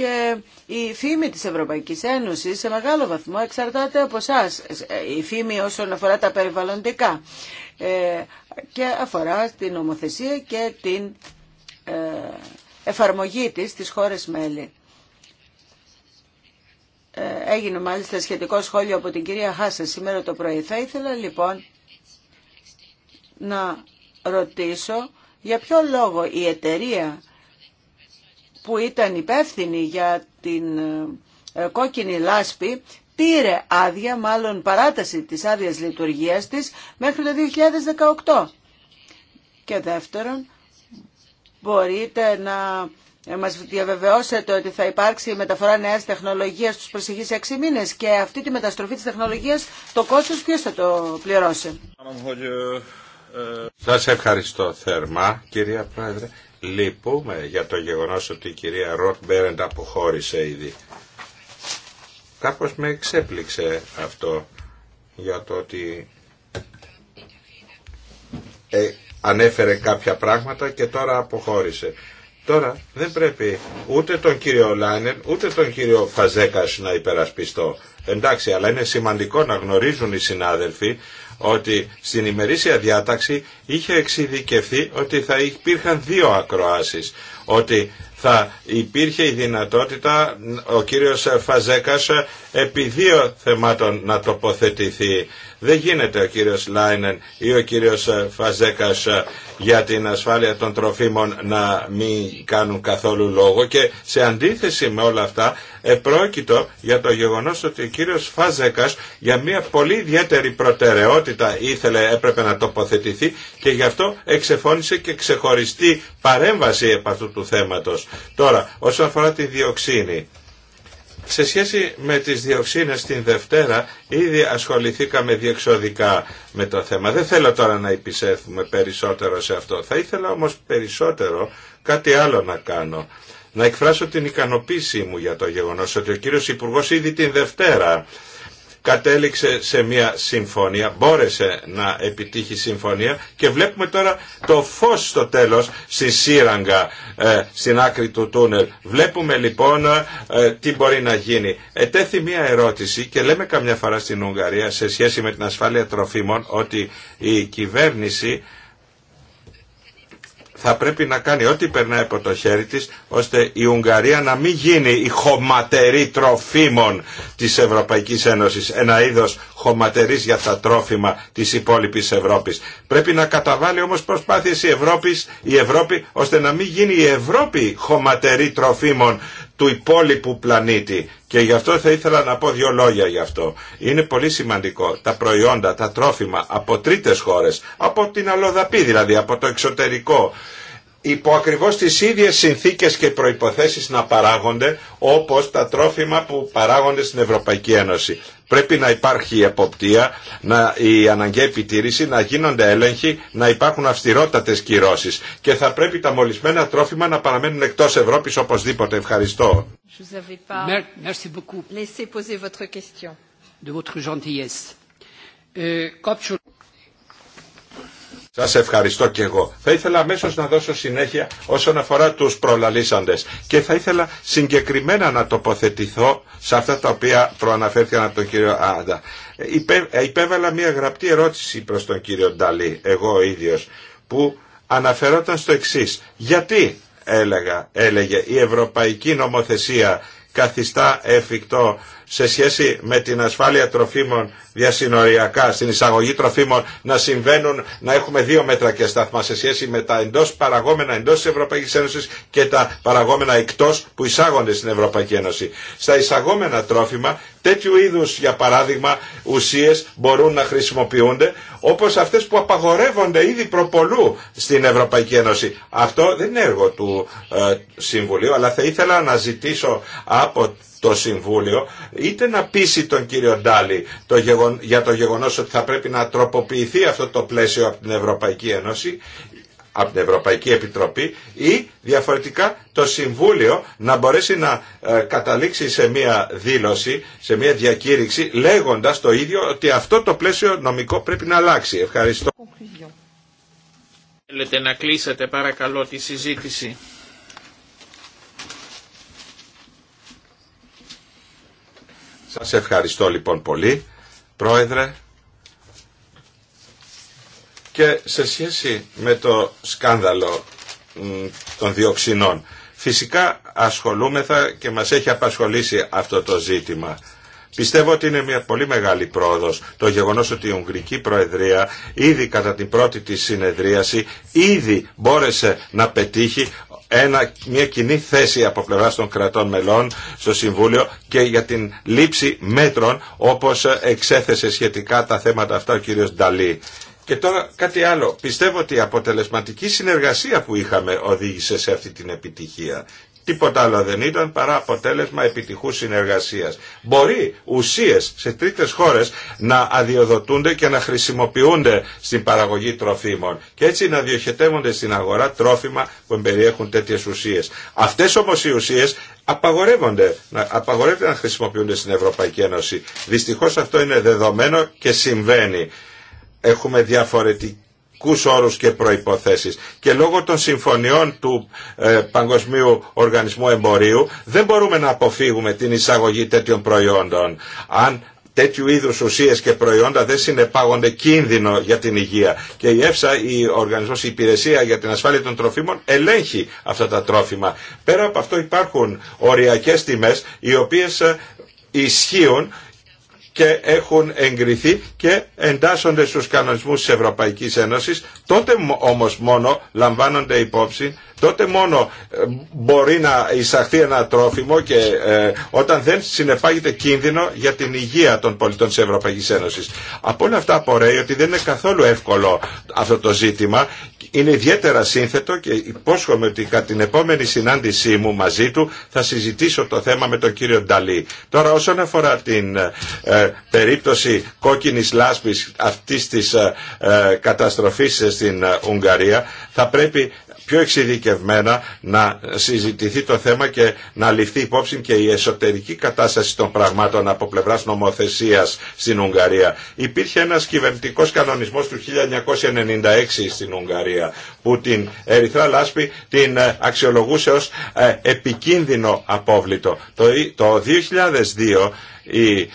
και η φήμη της Ευρωπαϊκής Ένωσης σε μεγάλο βαθμό εξαρτάται από εσά. Η φήμη όσον αφορά τα περιβαλλοντικά ε, και αφορά την νομοθεσία και την ε, εφαρμογή της στις χώρες μέλη. Ε, έγινε μάλιστα σχετικό σχόλιο από την κυρία Χάσα σήμερα το πρωί. Θα ήθελα λοιπόν να ρωτήσω για ποιο λόγο η εταιρεία που ήταν υπεύθυνη για την ε, κόκκινη λάσπη πήρε άδεια, μάλλον παράταση της άδειας λειτουργίας της μέχρι το 2018. Και δεύτερον, μπορείτε να ε, μας διαβεβαιώσετε ότι θα υπάρξει μεταφορά νέας τεχνολογίας στους προσεχείς 6 μήνες και αυτή τη μεταστροφή της τεχνολογίας το κόστος ποιος θα το πληρώσει. Σας ευχαριστώ θερμά κυρία Πρόεδρε. Λυπούμε για το γεγονός ότι η κυρία Ροτ Μπέρεντ αποχώρησε ήδη. Κάπως με εξέπληξε αυτό για το ότι ε, ανέφερε κάποια πράγματα και τώρα αποχώρησε. Τώρα δεν πρέπει ούτε τον κύριο Λάινεν ούτε τον κύριο Φαζέκα να υπερασπιστώ. Εντάξει, αλλά είναι σημαντικό να γνωρίζουν οι συνάδελφοι ότι στην ημερήσια διάταξη είχε εξειδικευθεί ότι θα υπήρχαν δύο ακροάσεις. Ότι θα υπήρχε η δυνατότητα ο κύριος Φαζέκας επί δύο θεμάτων να τοποθετηθεί δεν γίνεται ο κύριος Λάινεν ή ο κύριος ε, Φαζέκας ε, για την ασφάλεια των τροφίμων να μην κάνουν καθόλου λόγο και σε αντίθεση με όλα αυτά επρόκειτο για το γεγονός ότι ο κύριος Φαζέκας για μια πολύ ιδιαίτερη προτεραιότητα ήθελε έπρεπε να τοποθετηθεί και γι' αυτό εξεφώνησε και ξεχωριστή παρέμβαση επ' αυτού του θέματος. Τώρα όσον αφορά τη διοξίνη σε σχέση με τις διοξίνες την Δευτέρα ήδη ασχοληθήκαμε διεξοδικά με το θέμα. Δεν θέλω τώρα να υπησέθουμε περισσότερο σε αυτό. Θα ήθελα όμως περισσότερο κάτι άλλο να κάνω. Να εκφράσω την ικανοποίησή μου για το γεγονός ότι ο κύριος Υπουργός ήδη την Δευτέρα κατέληξε σε μια συμφωνία, μπόρεσε να επιτύχει συμφωνία και βλέπουμε τώρα το φως στο τέλος στη σύραγγα, ε, στην άκρη του τούνελ. Βλέπουμε λοιπόν ε, τι μπορεί να γίνει. Ετέθη μια ερώτηση και λέμε καμιά φορά στην Ουγγαρία σε σχέση με την ασφάλεια τροφίμων ότι η κυβέρνηση θα πρέπει να κάνει ό,τι περνάει από το χέρι της ώστε η Ουγγαρία να μην γίνει η χωματερή τροφίμων της Ευρωπαϊκής Ένωσης ένα είδος χωματερής για τα τρόφιμα της υπόλοιπης Ευρώπης πρέπει να καταβάλει όμως προσπάθειες η, Ευρώπη, η Ευρώπη ώστε να μην γίνει η Ευρώπη χωματερή τροφίμων του υπόλοιπου πλανήτη. Και γι' αυτό θα ήθελα να πω δύο λόγια γι' αυτό. Είναι πολύ σημαντικό τα προϊόντα, τα τρόφιμα από τρίτες χώρες, από την αλλοδαπή δηλαδή, από το εξωτερικό, υπό ακριβώς τις ίδιες συνθήκες και προϋποθέσεις να παράγονται όπως τα τρόφιμα που παράγονται στην Ευρωπαϊκή Ένωση. Πρέπει να υπάρχει η εποπτεία, να, η αναγκαία επιτήρηση, να γίνονται έλεγχοι, να υπάρχουν αυστηρότατες κυρώσεις και θα πρέπει τα μολυσμένα τρόφιμα να παραμένουν εκτός Ευρώπης οπωσδήποτε. Ευχαριστώ. Σας ευχαριστώ και εγώ. Θα ήθελα αμέσω να δώσω συνέχεια όσον αφορά τους προλαλήσαντες και θα ήθελα συγκεκριμένα να τοποθετηθώ σε αυτά τα οποία προαναφέρθηκαν από τον κύριο Άντα. Υπέ, ε, υπέβαλα μια γραπτή ερώτηση προς τον κύριο Νταλή, εγώ ο ίδιος, που αναφερόταν στο εξή. Γιατί έλεγα, έλεγε η ευρωπαϊκή νομοθεσία καθιστά εφικτό σε σχέση με την ασφάλεια τροφίμων διασυνοριακά, στην εισαγωγή τροφίμων να συμβαίνουν, να έχουμε δύο μέτρα και σταθμά σε σχέση με τα εντό παραγόμενα εντό τη Ευρωπαϊκή Ένωση και τα παραγόμενα εκτό που εισάγονται στην Ευρωπαϊκή Ένωση. Στα εισαγόμενα τρόφιμα, τέτοιου είδου, για παράδειγμα, ουσίε μπορούν να χρησιμοποιούνται όπω αυτέ που απαγορεύονται ήδη προπολού στην Ευρωπαϊκή Ένωση. Αυτό δεν είναι έργο του ε, Συμβουλίου, αλλά θα ήθελα να ζητήσω από το Συμβούλιο είτε να πείσει τον κύριο Ντάλι το γεγον, για το γεγονός ότι θα πρέπει να τροποποιηθεί αυτό το πλαίσιο από την Ευρωπαϊκή Ένωση από την Ευρωπαϊκή Επιτροπή ή διαφορετικά το Συμβούλιο να μπορέσει να ε, καταλήξει σε μια δήλωση, σε μια διακήρυξη λέγοντας το ίδιο ότι αυτό το πλαίσιο νομικό πρέπει να αλλάξει. Ευχαριστώ. Θέλετε να κλείσετε παρακαλώ τη συζήτηση. Σας ευχαριστώ λοιπόν πολύ, Πρόεδρε. Και σε σχέση με το σκάνδαλο των διοξινών, φυσικά ασχολούμεθα και μας έχει απασχολήσει αυτό το ζήτημα. Πιστεύω ότι είναι μια πολύ μεγάλη πρόοδος το γεγονός ότι η Ουγγρική Προεδρία ήδη κατά την πρώτη της συνεδρίαση ήδη μπόρεσε να πετύχει ένα, μια κοινή θέση από πλευρά των κρατών μελών στο Συμβούλιο και για την λήψη μέτρων όπως εξέθεσε σχετικά τα θέματα αυτά ο κύριος Νταλή. Και τώρα κάτι άλλο. Πιστεύω ότι η αποτελεσματική συνεργασία που είχαμε οδήγησε σε αυτή την επιτυχία. Τίποτα άλλο δεν ήταν παρά αποτέλεσμα επιτυχούς συνεργασίας. Μπορεί ουσίες σε τρίτες χώρες να αδειοδοτούνται και να χρησιμοποιούνται στην παραγωγή τροφίμων και έτσι να διοχετεύονται στην αγορά τρόφιμα που εμπεριέχουν τέτοιες ουσίες. Αυτές όμως οι ουσίες απαγορεύονται, να χρησιμοποιούνται στην Ευρωπαϊκή Ένωση. Δυστυχώς αυτό είναι δεδομένο και συμβαίνει. Έχουμε διαφορετική ορους όρους και προϋποθέσεις. Και λόγω των συμφωνιών του ε, Παγκοσμίου Οργανισμού Εμπορίου δεν μπορούμε να αποφύγουμε την εισαγωγή τέτοιων προϊόντων. Αν τέτοιου είδους ουσίες και προϊόντα δεν συνεπάγονται κίνδυνο για την υγεία. Και η ΕΦΣΑ, η Οργανισμός η Υπηρεσία για την Ασφάλεια των Τροφίμων, ελέγχει αυτά τα τρόφιμα. Πέρα από αυτό υπάρχουν οριακές τιμές οι οποίες ε, ισχύουν και έχουν εγκριθεί και εντάσσονται στους κανονισμούς της Ευρωπαϊκής Ένωσης, τότε όμως μόνο λαμβάνονται υπόψη, τότε μόνο ε, μπορεί να εισαχθεί ένα τρόφιμο και ε, όταν δεν συνεπάγεται κίνδυνο για την υγεία των πολιτών της Ευρωπαϊκής Ένωσης. Από όλα αυτά απορρέει ότι δεν είναι καθόλου εύκολο αυτό το ζήτημα είναι ιδιαίτερα σύνθετο και υπόσχομαι ότι κατά την επόμενη συνάντησή μου μαζί του θα συζητήσω το θέμα με τον κύριο Νταλή. Τώρα όσον αφορά την ε, περίπτωση κόκκινης λάσπης αυτής της ε, ε καταστροφής στην ε, Ουγγαρία θα πρέπει πιο εξειδικευμένα να συζητηθεί το θέμα και να ληφθεί υπόψη και η εσωτερική κατάσταση των πραγμάτων από πλευρά νομοθεσία στην Ουγγαρία. Υπήρχε ένα κυβερνητικό κανονισμό του 1996 στην Ουγγαρία που την Ερυθρά Λάσπη την ε, αξιολογούσε ω ε, επικίνδυνο απόβλητο. Το 2002 η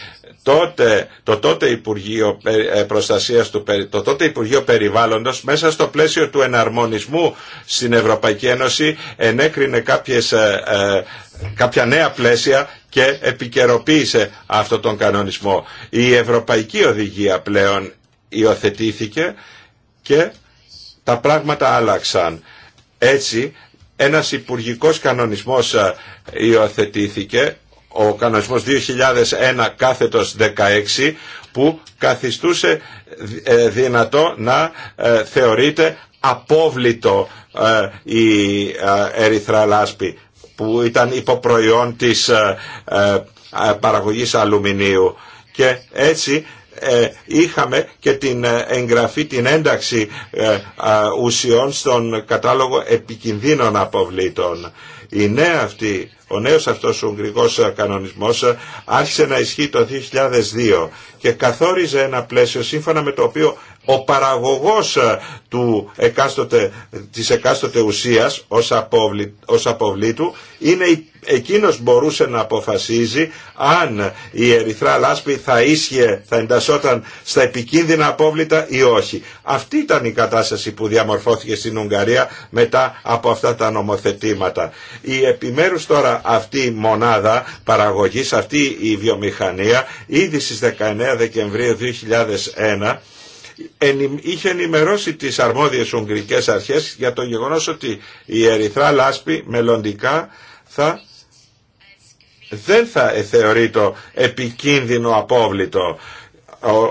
τότε, το τότε Υπουργείο ε, Προστασίας του το τότε Υπουργείο Περιβάλλοντος μέσα στο πλαίσιο του εναρμονισμού στην Ευρωπαϊκή Ένωση ενέκρινε κάποιες, ε, ε, κάποια νέα πλαίσια και επικαιροποίησε αυτο τον κανονισμό. Η Ευρωπαϊκή Οδηγία πλέον υιοθετήθηκε και τα πράγματα άλλαξαν. Έτσι, ένας υπουργικός κανονισμός υιοθετήθηκε ο κανονισμός 2001 κάθετος 16 που καθιστούσε ε, δυνατό να ε, θεωρείται απόβλητο ε, η ερυθρά λάσπη που ήταν υποπροϊόν της παραγωγής αλουμινίου και έτσι είχαμε και την εγγραφή, την ένταξη ουσιών στον κατάλογο επικινδύνων αποβλήτων. Η νέα αυτή ο νέος αυτός ουγγρικός ε, κανονισμός ε, άρχισε να ισχύει το 2002 και καθόριζε ένα πλαίσιο σύμφωνα με το οποίο ο παραγωγός ε, του εκάστοτε, της εκάστοτε ουσίας ως, αποβλη, ως αποβλήτου είναι εκείνος μπορούσε να αποφασίζει αν η ερυθρά λάσπη θα ίσχυε, θα εντασσόταν στα επικίνδυνα απόβλητα ή όχι. Αυτή ήταν η κατάσταση που διαμορφώθηκε στην Ουγγαρία μετά από αυτά τα νομοθετήματα. Η επιμέρους τώρα αυτή η μονάδα παραγωγής, αυτή η βιομηχανία ήδη στις 19 Δεκεμβρίου 2001 είχε ενημερώσει τις αρμόδιες ουγγρικές αρχές για το γεγονός ότι η ερυθρά λάσπη μελλοντικά θα δεν θα θεωρεί το επικίνδυνο απόβλητο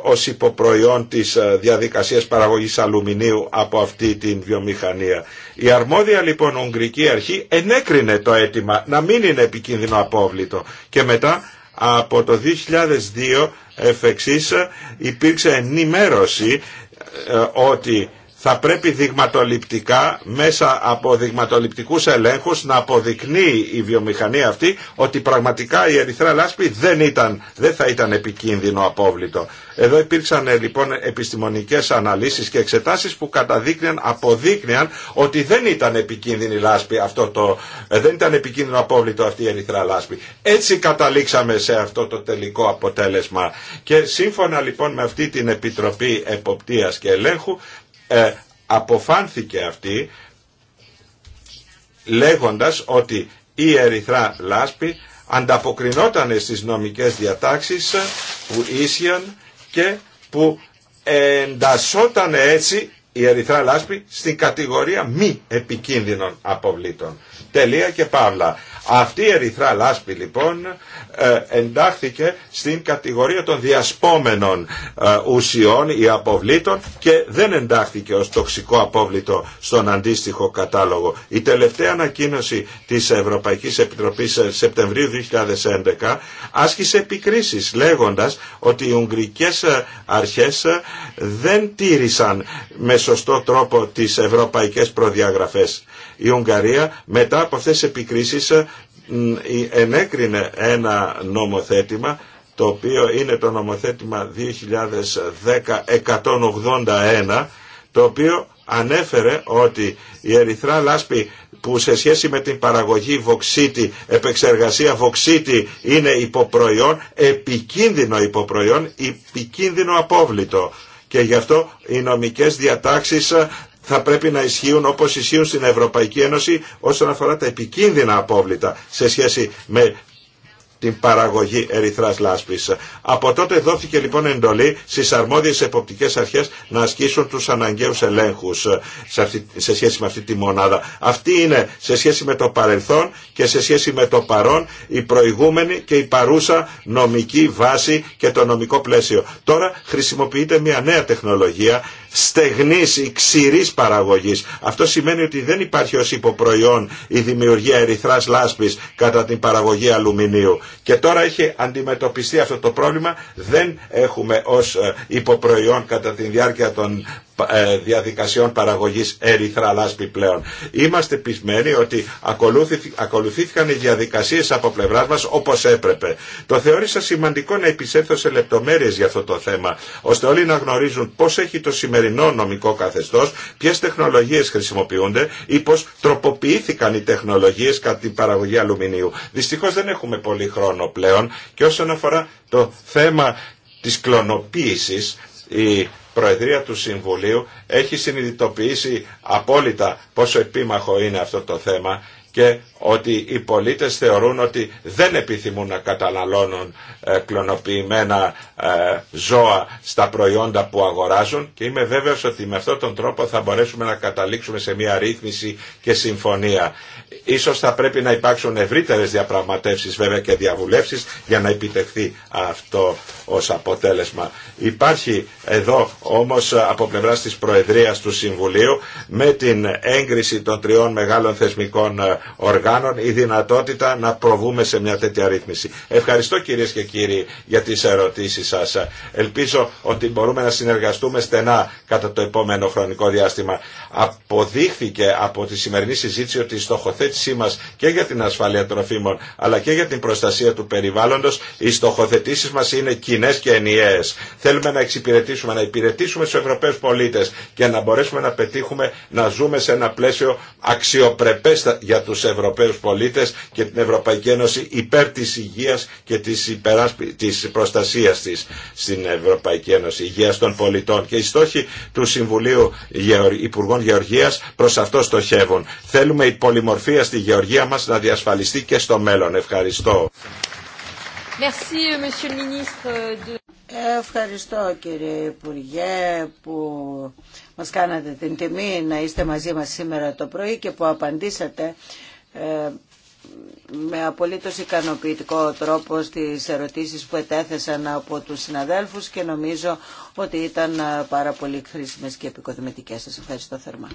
ως υποπροϊόν της ε, διαδικασίας παραγωγής αλουμινίου από αυτή την βιομηχανία. Η αρμόδια λοιπόν Ουγγρική Αρχή ενέκρινε το αίτημα να μην είναι επικίνδυνο απόβλητο και μετά από το 2002 Εφ' εξής, υπήρξε ενημέρωση ε, ότι θα πρέπει δειγματοληπτικά μέσα από δειγματοληπτικούς ελέγχους να αποδεικνύει η βιομηχανία αυτή ότι πραγματικά η ερυθρά λάσπη δεν, ήταν, δεν θα ήταν επικίνδυνο απόβλητο. Εδώ υπήρξαν ε, λοιπόν επιστημονικές αναλύσεις και εξετάσεις που καταδείκνυαν, αποδείκνυαν ότι δεν ήταν επικίνδυνη λάσπη αυτό το, ε, δεν ήταν επικίνδυνο απόβλητο αυτή η ερυθρά λάσπη. Έτσι καταλήξαμε σε αυτό το τελικό αποτέλεσμα. Και σύμφωνα λοιπόν με αυτή την Επιτροπή Εποπτείας και Ελέγχου ε, αποφάνθηκε αυτή λέγοντας ότι η ερυθρά λάσπη ανταποκρινόταν στις νομικές διατάξεις που ίσιαν και που εντασσόταν έτσι η ερυθρά λάσπη στην κατηγορία μη επικίνδυνων αποβλήτων. Τελεία και παύλα. Αυτή η ερυθρά λάσπη λοιπόν ε, εντάχθηκε στην κατηγορία των διασπόμενων ε, ουσιών ή αποβλήτων και δεν εντάχθηκε ως τοξικό απόβλητο στον αντίστοιχο κατάλογο. Η τελευταία ανακοίνωση της Ευρωπαϊκής Επιτροπής ε, Σεπτεμβρίου 2011 άσκησε επικρίσεις λέγοντας ότι οι Ουγγρικές αρχές δεν τήρησαν με σωστό τρόπο τις ευρωπαϊκές προδιαγραφές η Ουγγαρία μετά από αυτές τις επικρίσεις ε, ενέκρινε ένα νομοθέτημα το οποίο είναι το νομοθέτημα 2010-181 το οποίο ανέφερε ότι η ερυθρά λάσπη που σε σχέση με την παραγωγή βοξίτη, επεξεργασία βοξίτη είναι υποπροϊόν, επικίνδυνο υποπροϊόν, επικίνδυνο απόβλητο. Και γι' αυτό οι νομικές διατάξεις ε, θα πρέπει να ισχύουν όπως ισχύουν στην Ευρωπαϊκή Ένωση όσον αφορά τα επικίνδυνα απόβλητα σε σχέση με την παραγωγή ερυθράς λάσπης. Από τότε δόθηκε λοιπόν εντολή στις αρμόδιες εποπτικές αρχές να ασκήσουν τους αναγκαίους ελέγχους σε σχέση με αυτή τη μονάδα. Αυτή είναι σε σχέση με το παρελθόν και σε σχέση με το παρόν η προηγούμενη και η παρούσα νομική βάση και το νομικό πλαίσιο. Τώρα χρησιμοποιείται μια νέα τεχνολογία στεγνής ή ξηρής παραγωγής. Αυτό σημαίνει ότι δεν υπάρχει ως υποπροϊόν η δημιουργία ερυθράς λάσπης κατά την παραγωγή αλουμινίου. Και τώρα έχει αντιμετωπιστεί αυτό το πρόβλημα, δεν έχουμε ως ε, υποπροϊόν κατά τη διάρκεια των ε, διαδικασιών παραγωγής έρυθρα λάσπη πλέον. Είμαστε πεισμένοι ότι ακολουθήθηκαν οι διαδικασίες από πλευρά μας όπως έπρεπε. Το θεώρησα σημαντικό να επισέλθω σε λεπτομέρειες για αυτό το θέμα, ώστε όλοι να γνωρίζουν πώς έχει το σημερινό νομικό καθεστώς, ποιες τεχνολογίες χρησιμοποιούνται ή πώς τροποποιήθηκαν οι τεχνολογίες κατά την παραγωγή αλουμινίου. Δυστυχώς δεν έχουμε πολύ χρόνο πλέον και όσον αφορά το θέμα της κλωνοποίησης, η Προεδρία του Συμβουλίου έχει συνειδητοποιήσει απόλυτα πόσο επίμαχο είναι αυτό το θέμα και ότι οι πολίτες θεωρούν ότι δεν επιθυμούν να καταναλώνουν ε, κλωνοποιημένα ε, ζώα στα προϊόντα που αγοράζουν και είμαι βέβαιος ότι με αυτόν τον τρόπο θα μπορέσουμε να καταλήξουμε σε μια ρύθμιση και συμφωνία. Ίσως θα πρέπει να υπάρξουν ευρύτερες διαπραγματεύσεις βέβαια και διαβουλεύσεις για να επιτευχθεί αυτό ως αποτέλεσμα. Υπάρχει εδώ όμως ε, από πλευράς της Προεδρίας του Συμβουλίου με την έγκριση των τριών μεγάλων θεσμικών οργάνων η δυνατότητα να προβούμε σε μια τέτοια ρύθμιση. Ευχαριστώ κυρίες και κύριοι για τις ερωτήσεις σας. Ελπίζω ότι μπορούμε να συνεργαστούμε στενά κατά το επόμενο χρονικό διάστημα. Αποδείχθηκε από τη σημερινή συζήτηση ότι η στοχοθέτησή μας και για την ασφάλεια τροφίμων αλλά και για την προστασία του περιβάλλοντος οι στοχοθετήσεις μας είναι κοινέ και ενιαίες. Θέλουμε να εξυπηρετήσουμε, να υπηρετήσουμε στους Ευρωπαίους πολίτες και να μπορέσουμε να πετύχουμε να ζούμε σε ένα πλαίσιο αξιοπρεπές για τους τους Ευρωπαίους πολίτες και την Ευρωπαϊκή Ένωση υπέρ της υγείας και της, υπεράσπι... της προστασίας της στην Ευρωπαϊκή Ένωση, υγείας των πολιτών. Και οι στόχοι του Συμβουλίου Υπουργών Γεωργίας προς αυτό στοχεύουν. Θέλουμε η πολυμορφία στη γεωργία μας να διασφαλιστεί και στο μέλλον. Ευχαριστώ. Ευχαριστώ κύριε μας κάνατε την τιμή να είστε μαζί μας σήμερα το πρωί και που απαντήσατε ε, με απολύτως ικανοποιητικό τρόπο στις ερωτήσεις που ετέθεσαν από τους συναδέλφους και νομίζω ότι ήταν ε, πάρα πολύ χρήσιμες και επικοδημητικές. Σας ευχαριστώ θερμά.